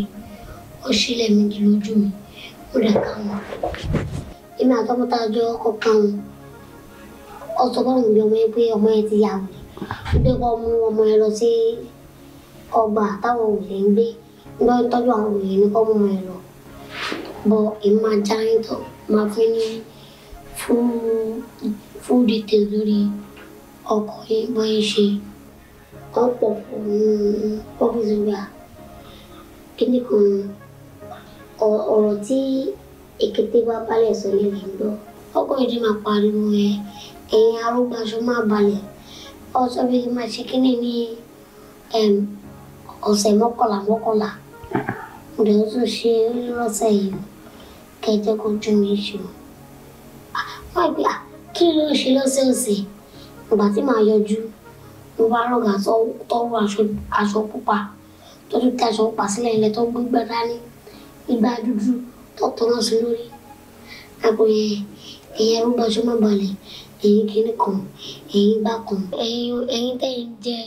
ọ ṣe lẹ́ẹ̀mejì lójú mi ó dà kà wọ́n. èmi àtọ́mọ́ta jọ ọkọ̀ kà wọ́n ọ sọ báwọn ìbí ọmọ yẹn pé ọmọ yẹn ti yà wọlé ó dé kó mú ọmọ yẹn lọ sí ọgbà táwọn òwúlẹ̀ ń gbé lọ tọ́jú àwọn òwúlẹ̀ ní kó mú ọmọ yẹn lọ bọ èmi máa já yín tó máa fún ní fún detail lórí ọkọ yín bọ́ yín ṣe wọ́n pọ̀ gbà kíní kan ọ̀rọ̀ tí èkété bá balẹ̀ sọ lè gbọ́ ọkọ ìdí máa pariwo ẹ̀ ẹ̀yin arúgbàṣọ máa balẹ̀ ọ̀sọ́ bí máa ṣe kíní ní ọ̀sẹ̀ mọ́kànlá mọ́kànlá mo dẹ̀ tún ṣe lọ́sẹ̀ yìí kẹjọ kó tún mi ṣe o wọ́n gbé kí ló ń ṣe lọ́sẹ̀ọ̀sẹ̀ ìgbà tí màá yọjú mo bá rọ̀gà tọ́wọ́ aṣọ pupa tó tún tẹ aṣọ pupa sílẹ̀ ilẹ̀ tó gbégbá dání ìgbà dúdú tó tọ́nà sí lórí àpò yẹn ẹ̀yẹ arúgbàṣọ máa balẹ̀ ẹ̀yin kìíní kan ẹ̀yin bá kan ẹ̀yin ẹ̀yin tẹ́ ń jẹ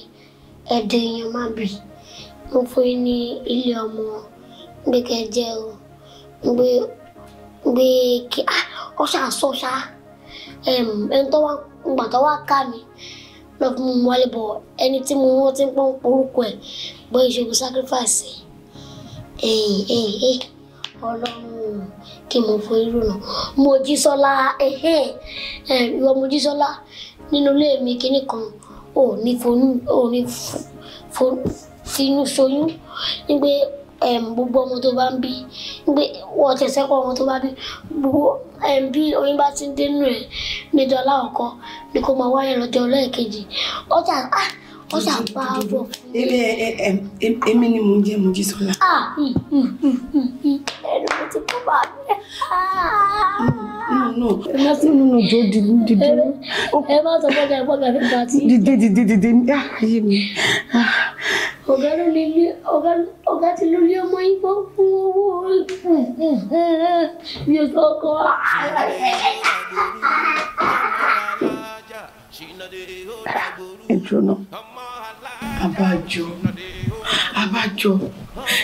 ẹ̀dẹ̀ èèyàn má bì mo fún yín ní ilé ọmọ gbé kẹjẹ o gbé gbé kí ọṣà ah, sọṣà ẹni tó wá gbà tó wá ká mi lọ fún mi wọlé bọ ẹni tí mo wọ́n ti ń pọ́n orúkọ ẹ̀ bọ́ ìṣègùn sacrifice ẹ̀yìn ẹ̀yìn ẹ̀yìn. ọlọ́run kí mo fún irú nù Mojísọ́lá ìwọ Mojísọ́lá nínú ilé mi kíní kan ò ní gbogbo ọmọ tó bá ń bí nígbé wọ́n tẹ̀sẹ̀ kọ́ ọmọ tó bá bí gbogbo bí oyún bá ti ń dénú ẹ̀ níjọ́ aláwọ̀kọ́ ni kò máa wáyé lọ́jọ́ lẹ́ẹ̀kejì ọjà ó ṣàpá bọ̀. èmi èmi ni mò ń jẹ́ Mojísọ́lá. ẹnu mi ti kú bá mi. ẹ má sí nínú ìjọ dìdú dìdú. ẹ má sọ bọ́gà bọ́gà fi gbà tí. dìde dìde dìde ah, ayé mi. Ah. ọ̀gá ló lè lé ọ̀gá ọ̀gá ti ló lé ọmọ yín fún owó mi ò sọ ọkọ ẹjọ náà abájọ abájọ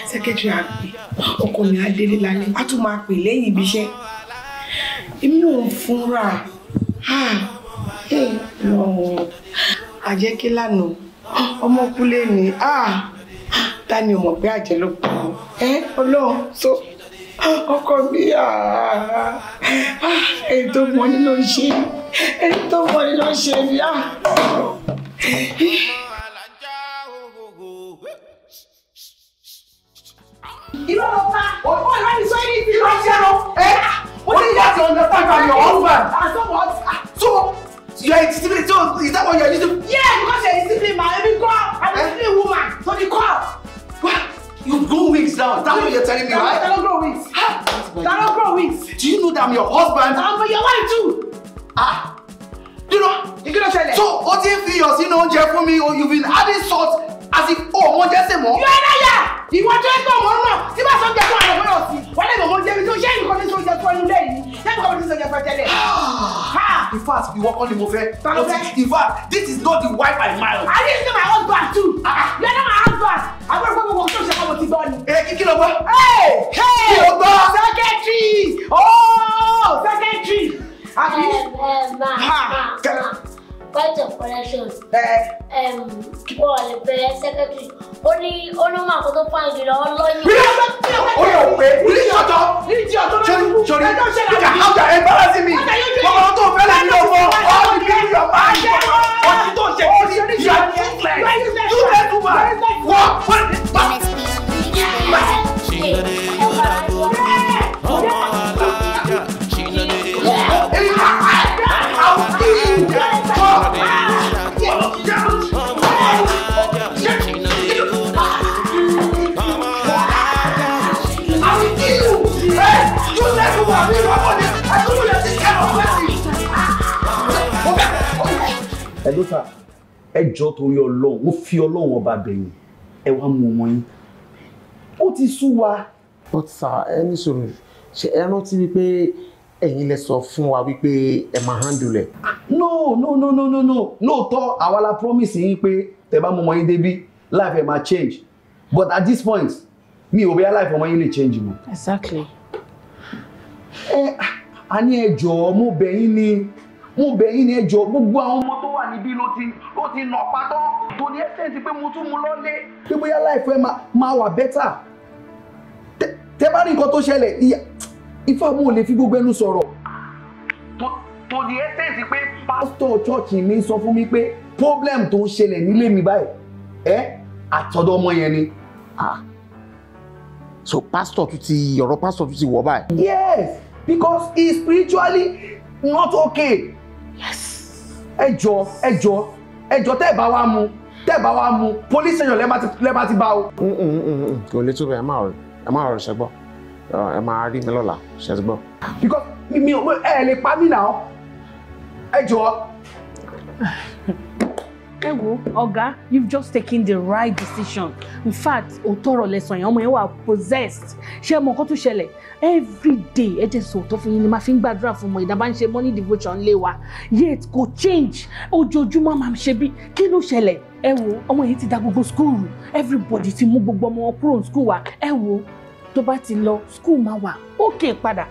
sẹkẹtìrì àgbẹ ọkọ mi adélé lálẹ́ a tún máa pè lẹ́yìn ibi iṣẹ́ èmi náà ń fúnra àjẹkí lánàá ọmọkúlé ni ta ni o mọ̀ pé àjẹ ló kù ọ ẹ tó. So, ọkọ mi èyí tó mọ ni ló ń ṣe èyí tó mọ ni ṣe ni á. ìlú ọ̀pá òun ò láti sọ èyí tí wọ́n lọ. wọ́n ti yá ti ọ̀nà pàpà yọ̀ ọ́n bá. so you are a discipline so is that what you are using. yeah because you are a discipline ma emi kọ́ i'm a eh? discipline woman so the call. You grow wigs now. That's what you're telling me, right? That don't grow wigs. That don't grow wigs. Do you know that I'm your husband? I'm your wife too. Ah. You know? You cannot tell it. So, ó ti ń fi iyọ̀ sínú oúnjẹ fún mi, or oh, you've been adding salt Oh, a àti ọmọ jẹ́ sèmọ́. yọ ẹlẹ́yà ìwọ jẹ́ pé ọmọ náà tí bá sọ jẹ fún àlọ́ náà sí wọ́n lè mọ̀ jẹ́ mi tó ṣé nǹkan ní sọ́jà fún ẹnu lẹ́yìn ṣé nǹkan ní sọ́jà fún tẹ́lẹ̀. Ah! in fact ìwọ kọ́ ni mo fẹ́. tọ́lọ́ fẹ́ in fact this is not the wife I married. I need to know my husband too. Ah, ah. you are not my husband. àgbẹ̀rẹ̀ fún gbogbo tó ṣe fún mo ti gbọ́ ni. ẹ kí kí ló gbọ́. kí ló gbọ́. secretary oh secretary. àbí. Eh, eh, quite of collections. Kíkọ́ wà lè fẹ́ secretary. Ó ní ó ní màkó tó fáyìn jùlọ ọlọ́yìn. Bí ọjọ́ bí ọjọ́ ó yọ̀ pé ní ìjọ́jọ́ ní ìjọ́jọ́ lórí ìjọ́jọ́ ṣẹlẹ̀ àjọ. ẹ̀dùn sà ẹ jọ torí ọlọ́run ó fi ọlọ́run ọba bẹ̀yìn ẹ wá mú ọmọ yín ó ti sú wa. but sir ẹ ní sọ̀rọ̀ ṣe ẹ rántí wípé ẹ̀yin lẹ sọ fún wa wípé ẹ máa handle ẹ. Ah, no no no no no no lóòótọ́ àwa la promise yín pé tẹ bá mú ọmọ yín débí life ẹ máa change but at this point mi ò bẹ́yà life ọmọ yín lè change mọ́. exactly. ẹ eh, ah, a ní ẹ jọ̀ọ́ mo bẹ̀ yín ni mo bẹ̀ yín ni ẹjọ́ gbogbo àwọn ọmọ tó wà níbí ló ti ló ti nà pátọ́ tó ní ẹ́sẹ̀ǹtì pé mo tún mu lọ́lé. pé bóyá láìpẹ́ máa wà bẹ́tà tẹ bá ní nǹkan tó ṣẹlẹ̀ ifá mo lè fi gbogbo ẹnu sọ̀rọ̀. tó ní ẹ́sẹ̀ǹtì pé pásítọ̀ chọ́ọ̀chì mi sọ fún mi pé problem tó ń ṣẹlẹ̀ nílé mi báyìí ẹ àtọ̀dọ̀ ọmọ yẹn ni. so pastor tún ti ọ̀rọ̀ pastor tún ti wọ̀ báyìí. yes because he is spiritually not okay ẹjọ ẹjọ ẹjọ tẹ́ ẹ bá wa mu tẹ́ ẹ bá wa mu police station lẹ bá ti bá o. Mm, mm, mm, kò lè tó bẹ́ẹ̀ ẹ máa rọ ẹ máa rọ ṣẹ́gbọ́ ẹ máa rí mi lọ́la ṣẹ́gbọ́. because mi ò ẹ lè pa mí náà ẹjọ ẹ wo ọ̀gá you've just taken the right decision in fact òótọ́ ọ̀rọ̀ lẹ́sàn yẹn ọmọ yẹn wà possessed ṣé ọmọ nǹkan tó ṣẹlẹ̀ every day ẹ jẹ́ sọ òótọ́ fún yín ni màá fi ń gbàdúrà fún ọmọ ìdàbá ń ṣe morning devotion lé wa yet kò change ojoojúmọ́ màá ṣe bí kí ló ṣẹlẹ̀ ẹ wo ọmọ yìí ti da gbogbo school everybody ti mú gbogbo ọmọ wọn kúrò ní school wa ẹ wo tó bá ti lọ school máa wà okay padà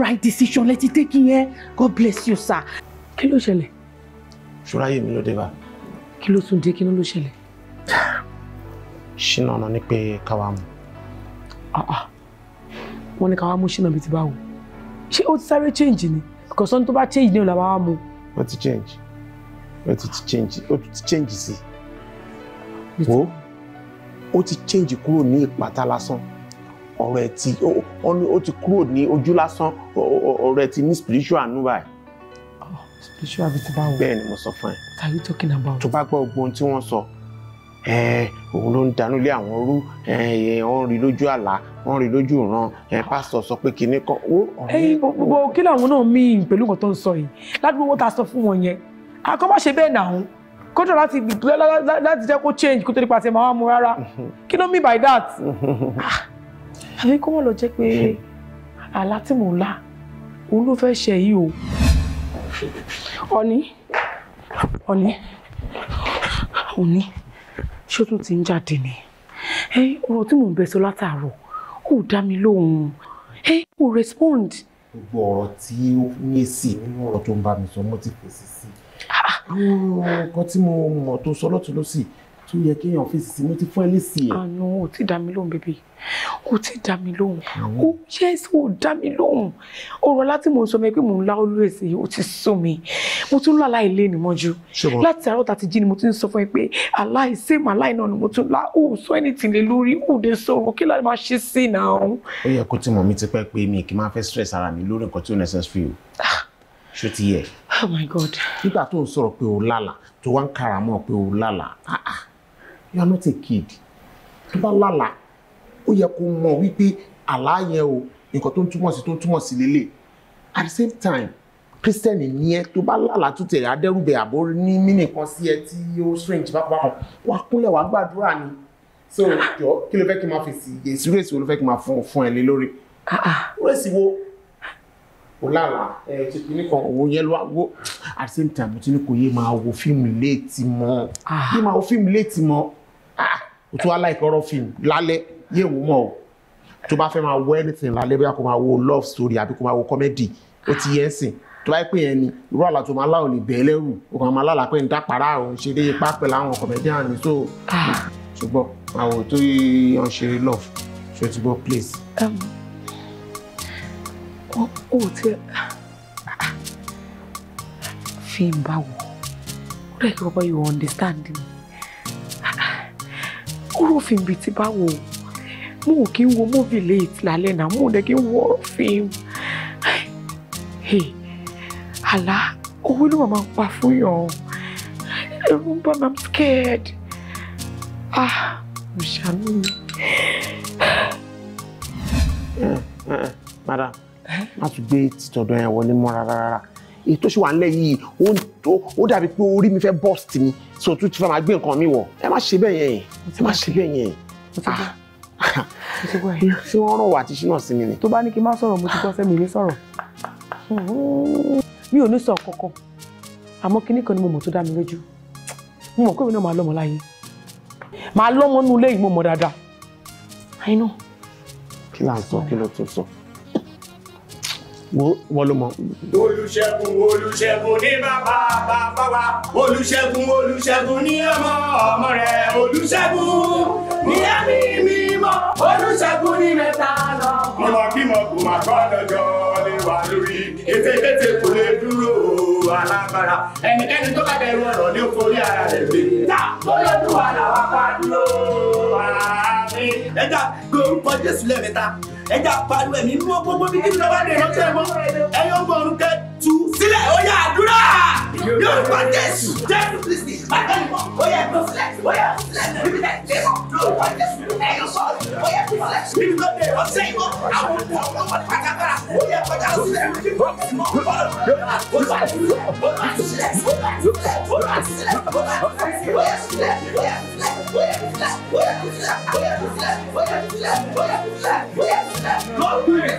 right decision lẹ ti take yẹn god bless you sir kí ló ṣẹlẹ̀. ṣọ́ra yèmí ló dé bá kí ló tún dé kí ló ló ṣẹlẹ̀. ṣínà ọ̀nà ni pé káwa mú. Ah, ah. wọ́n ní káwa ṣínà bíi ti báwo ṣé ó ti sáré change ni kọ̀sán tó bá change ní ọ̀la wa wá mú. ó ti change ó ti change ó ti change sí i wo ó ti change kúrò ní ìpátá lásán ọ̀rọ̀ ẹ̀ ti ó ti kúrò ní ojú lásán ọ̀rọ̀ ẹ̀ ti ní spiritual nù spiritual àbí ti bá wọ. bẹ́ẹ̀ mo sọ fún ẹ. what are you talking about. tó bá gbọ́ gbogbo tí wọ́n sọ òun ló ń danú lé àwọn rú wọ́n rí lójú àlá wọ́n rí lójú ìran pásítọ̀ sọ pé kinní kan. gbogbo kí làwọn náà mí pẹ̀lú nǹkan tó ń sọ yìí ládùúgbò tá sọ fún wọn yẹn àkọ́bá ṣe bẹ́ẹ̀ náà kódà láti jẹ́ kó change kó tó nípa ti máa mú rárá kí ló mean by that. Ah, àbí kó wọ́n lọ jẹ́ pé hmm. àlá tí mò ń lá òun ló fẹ́ ṣe ọ̀ní ọ̀ní ọ̀ní ṣé ó tún ti ń jáde ni ọ̀rọ̀ tí mò ń bẹ sọ látàárọ̀ ó dá mi lóhùn ó respond. gbogbo ọ̀rọ̀ tí ó ní èsì nínú ọ̀rọ̀ tó ń bá mi sọ mo ti fèsì sí ah, ah. àwọn nǹkan tí mo mọ̀ tó sọ lọ́tún lọ́sì tún yẹ kí èèyàn fèsì sí mo ti fún ẹ nísìnyí. àná ò tí dá mi lóhùn bèbè kò tí dá mi lóhùn kò oh, yes ò dá mi lóhùn ọ̀rọ̀ láti mò ń sọ mi pé mò ń lá always yìí ó ti sún mi mo tún lá aláìlé ni mọ́jú láti àárọ̀ tàti jí ni mo ti ń sọ fún ẹ pé aláìsèmọ̀ aláì náà ni mo tún lá ó sọ anything lé lórí ó dé sọ̀rọ̀ kí láti máa ṣe sí i náà. ó yẹ kó tí mọ̀ mi ti pẹ́ pé mi kì í máa fẹ́ stress ara mi lórí nǹkan tí ó necessary o ah. ṣó ti yẹ. oh my god. nígbà tó ń sọ̀rọ̀ pé o lálàá tó wá ń kára mọ́ pé o lálàá ah, ah you are not a kid tó bá lálàá ó yẹ kó mọ̀ wípé àlá yẹn o nǹkan tó ń túmọ̀ sí tó ń túmọ̀ sí lélẹ̀ at the same time christian ní ẹ tó bá lálàá tó tẹ̀lé adẹ́rùbẹ̀ àbó ní mínì kan sí ẹ tí ó strange bábá kan wàá kúnlẹ̀ wàá gbàdúrà ni so jọ kí ló fẹ́ kí n máa fèsì èsì rèsì wo ló fẹ́ kí n máa fún fún ẹ lé lórí ah, ah. rèsì wo kò lálàá ẹ ti kí ní kan òwò yẹn ló wá at the same time mo ti ní kò yé máa wo fíìmù léètì mọ́ ah. yé máa wo fíìmù léètì mọ́. Ah, o tún wá láìka ọ̀rọ̀ fíìmù lálẹ́ yé wò mọ́ o tó bá fẹ́ máa wo anything lálẹ́ bóyá kó máa wo love story àbí kó máa wo comedy O ti yẹ ẹ̀sìn tó bá pè yẹn ni irú àlá tó máa láwọn lè bẹ́ẹ̀ lẹ́rù ó kàn máa lálà pé ń dápàrà ò ń ipá pẹ̀lú àwọn comedian ni so ah. ṣùgbọ́n àwọn tó yẹ ń love ṣe ti gbọ́ place. Um, o kò tiẹ̀ ah, fi ń bá wọ ó rẹ̀ kí wọ́n bá yóò understand me ọ̀rọ̀ fíìmù bíi ti báwo mo ò kí ń wo movie late lálẹ́ náà mo ò dẹ̀ kí ń wo ọ̀rọ̀ fíìmù àlá owó ló máa ń pa fún yàn ẹ̀rù ń bà mí i'm scared ah mo ṣàánú mi. madam má tún gbé títọ̀dọ̀ yẹn wọlé mọ́ rárá rárá èyí tó ṣì wà nílẹ̀ yìí ó dàbí pé orí mi fẹ́ burst mi so tún ti fẹ́ máa gbé nǹkan mi wọ̀ ẹ má ṣe bẹ́ẹ̀ yẹn ẹ má ṣe bẹ́ẹ̀ yẹn ah. ṣé wọ́n ràn wá àti ṣínà sí mi ni. tó bá ní kí n má sọ̀rọ̀ mo ti gbọ́ sẹ́mi ní sọ̀rọ̀ mi ò ní sọ kankan àmọ́ kinní kan ni mo mọ̀ tó dá mi lójú mo mọ̀ pé náà máa lọ́mọ láyé máa lọ́mọ nínú yìí mo mọ̀ dáadáa. kí là ń sọ kí ló tún sọ wọ́n ló mọ̀. olùṣègùn olùṣègùn ní bàbá bàbá wa olùṣègùn olùṣègùn ní ọmọ ọmọ rẹ̀ olùṣègùn ní ẹ̀mí mímọ́ olùṣègùn ní mẹ́ta lọ. mo mọ kí mo kò máa kọ́ lọ́jọ́ lè wà lórí ètèkété kò lè dúró alágbára ẹnikẹ́ni tó bá bẹ̀rù ọ̀rọ̀ ní òfòrí ara rẹ̀ gbé. ta olódùwà làwọn bá dúró. ẹ dá gbé orúkọ Jésù lẹ́ẹ̀mẹ́ta ẹja pariwo ẹ̀mí mú gbogbo bí kí n lọ́wọ́ lè rántí ẹ̀ mọ́ ẹ̀yọ́ gbọ́n tú sílẹ̀ ó yá àdúrà yóò gbọ́ jésù jésù kristi bàtà ìbọn ó yá ẹ̀kọ́ sílẹ̀ ó yá sílẹ̀ níbi tẹ̀ ṣe mọ̀ yóò gbọ́ jésù ẹ̀yọ́ sọ ó yá ẹ̀kọ́ sílẹ̀ níbi tó dé ọ̀sẹ̀ ìbọn àwọn ọmọ ọmọ ọmọ pàtàkàrà ó yá ẹ̀kọ́ jà sílẹ̀ ìbọn ìbọn Go do it!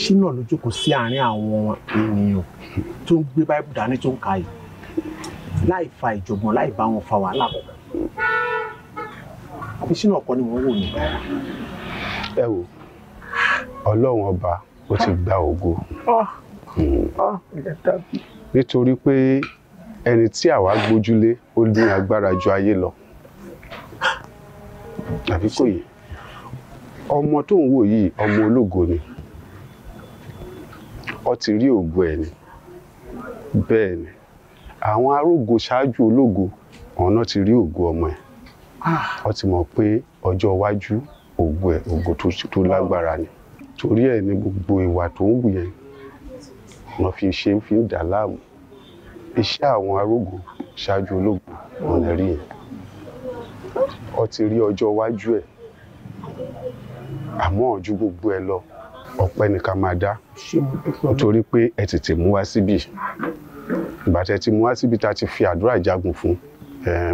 ṣínà ló jókòó sí àárín àwọn ènìyàn tó ń gbé báíbù dání tó ń ka yìí láì fa ìjọ̀gbọ̀n láì bá wọn fa wàhálà kọ àbí ṣínà ọkọ ni wọn wò ní. ẹ wo ọlọ́run ọba ó ti gba ògo ah, hmm. ah, nítorí pé ẹni tí àwa gbójúlé ó ní agbára ju ayé lọ àbí kò yìí ọmọ tó ń wò yìí ọmọ ológo ni ọ ti rí ògo ẹ̀ ni bẹ́ẹ̀ ni àwọn arógo ṣáájú ológo ọ̀nà ti rí ògo ọmọ ẹ̀ ah. ọ ti mọ̀ pé ọjọ́ iwájú ògo ẹ̀ ògo tó lágbára ni torí ẹ̀ ni gbogbo ìwà tó ń wù yẹn wọ́n fi ṣe fi ń dà láàmú iṣẹ́ àwọn arógo ṣáájú ológo ọ̀nà rí yẹn ọ ti rí ọjọ́ iwájú ẹ̀ àmọ́ ju gbogbo ẹ lọ ọpẹ́ ni ká máa dá nítorí pé ẹ tètè mú wá síbí ìgbà tẹ́ ti mú wá síbí tá a ti fi àdúrà jagun fún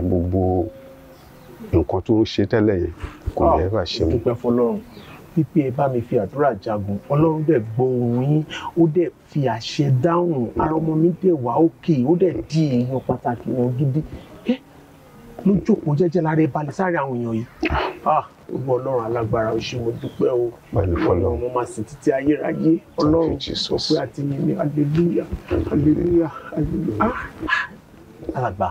gbogbo nǹkan tó ń ṣe tẹ́lẹ̀ yẹn kò ní bá ah, ṣe mọ́. dúpẹ́ fọlọ́run pípé ẹ bá mi fi àdúrà jagun ọlọ́run dẹ̀ gbọ́ ohùn yín ó dẹ̀ fi àṣẹ dáhùn ara ọmọ mi dẹ̀ wá òkè ó dẹ̀ di èèyàn pàtàkì èèyàn gidi lójókòó jẹ́jẹ́ lára ẹ balẹ̀ sáré àwọn èèyàn yìí. Ah. Ah ìwọ ọlọ́run alágbára o ṣé mo dúpẹ́ o ìwọ ni ọmọ máa sìn títí ayérayé ọlọ́run ọpẹ́ àti mímí aleluya aleluya aleluya. Ah, ah. alàgbà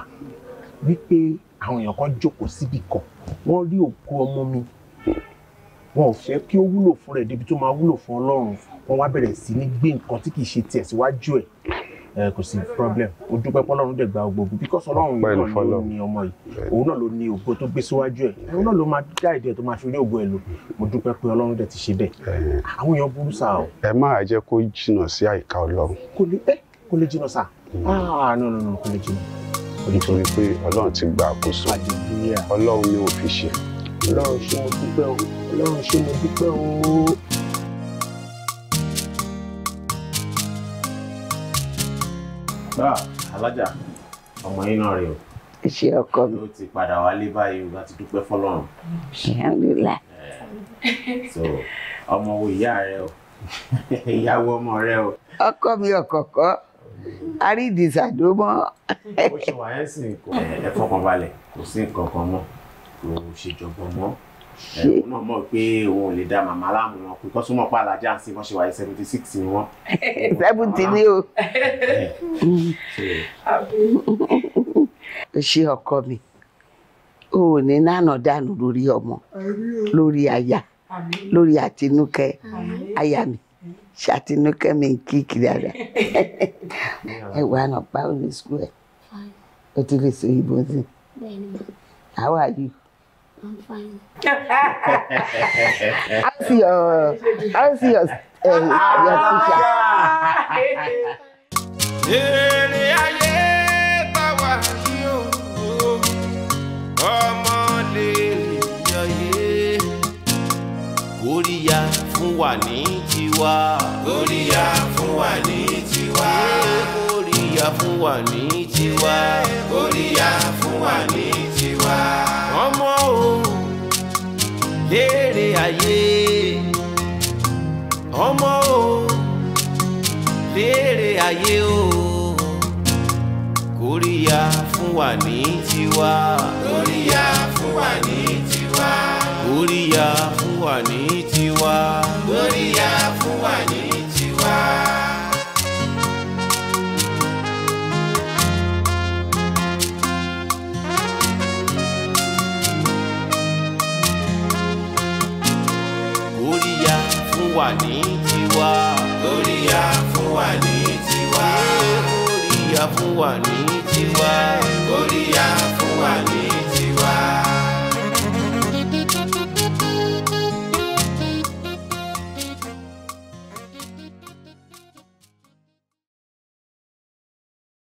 wípé àwọn èèyàn kan jókòó síbì kan wọ́n rí òkú ọmọ mi wọn ò fẹ́ kí ó wúlò fún rẹ̀ débi tó máa wúlò fún ọlọ́run wọn wá bẹ̀rẹ̀ sí ní gbé nǹkan tí kì í ṣe tiẹ̀ síwájú ẹ̀ kò sí problem ó dúpẹ́ pọ́lọ́run dẹ̀ gba gbogbo because ọlọ́run yìí náà ló ní ọmọ yìí òun náà ló ní ògo tó gbé síwájú ẹ̀ òun náà ló máa gáìdì ẹ̀ tó máa fi rí ògo ẹ̀ lò mo dúpẹ́ pé ọlọ́run dẹ̀ ti ṣe bẹ́ẹ̀ àwọn èèyàn burú sá o. ẹ máa jẹ́ kó jìnnà sí àyíká ọlọ́run. kò lè ẹ kò lè jìnnà sá hmm. ah no no no kò lè jìnnà. nítorí pé ọlọ́run ti gba àkóso ọlọ́run ni mo fi ṣe. ọlọ́run ṣé mo dúpẹ́ o ọlọ́run ṣé mo dúpẹ́ o. alájà ọmọ yín náà rèé o ṣe ọkọ mi. ó ti padà wálé báyìí o láti dúpẹ́ fọlọ́run. ṣàǹdùlà. Eh, so ọmọ wo ìyá rẹ o ìyàwó ọmọ rẹ o. ọkọ mi ọkọọkọ àrídìsàdó mọ. ó ṣe wàá ẹ̀sìn ẹ̀fọ́ kan balẹ̀ kò sí nǹkan kan mọ́ kò ṣèjọba mọ́ ẹ̀wọ̀n náà mọ̀ pé òun ò lè da màmá láàmú wọn pé kọ́sùmọ̀ pa alájà ń sin wọ́n ṣe wáyé seventy six ni wọ́n. seventy ni o. o ṣe ọkọ mi o ò ní nànà dànù lórí ọmọ lórí aya lórí àtinúkẹ́ aya mi ṣàtinúkẹ́ mi ń kí kiri ara ẹ wà náà báwo ni sukùl ẹ o ti lè sọ ìbò sí. How are you? I'm fine. I see your, uh, I see your, uh, uh, your teacher. Èrè ayé wa ní tiwa. Kóríyá fún wa ní tiwa. Yeah kóríyá fún wa ní tiwa. kóríyá fún wa ní tiwa. ọmọ o léèrè ayé ọmọ o léèrè ayé o kóríyá fún wa ní tiwa. kóríyá fún wa ní tiwa. kóríyá fún wa ní tiwa. kóríyá fún wa ní tiwa. wa ní tiwa. Kóríyá fún wa ní tiwa. Kóríyá fún wa ní tiwa. Kóríyá fún wa ní tiwa.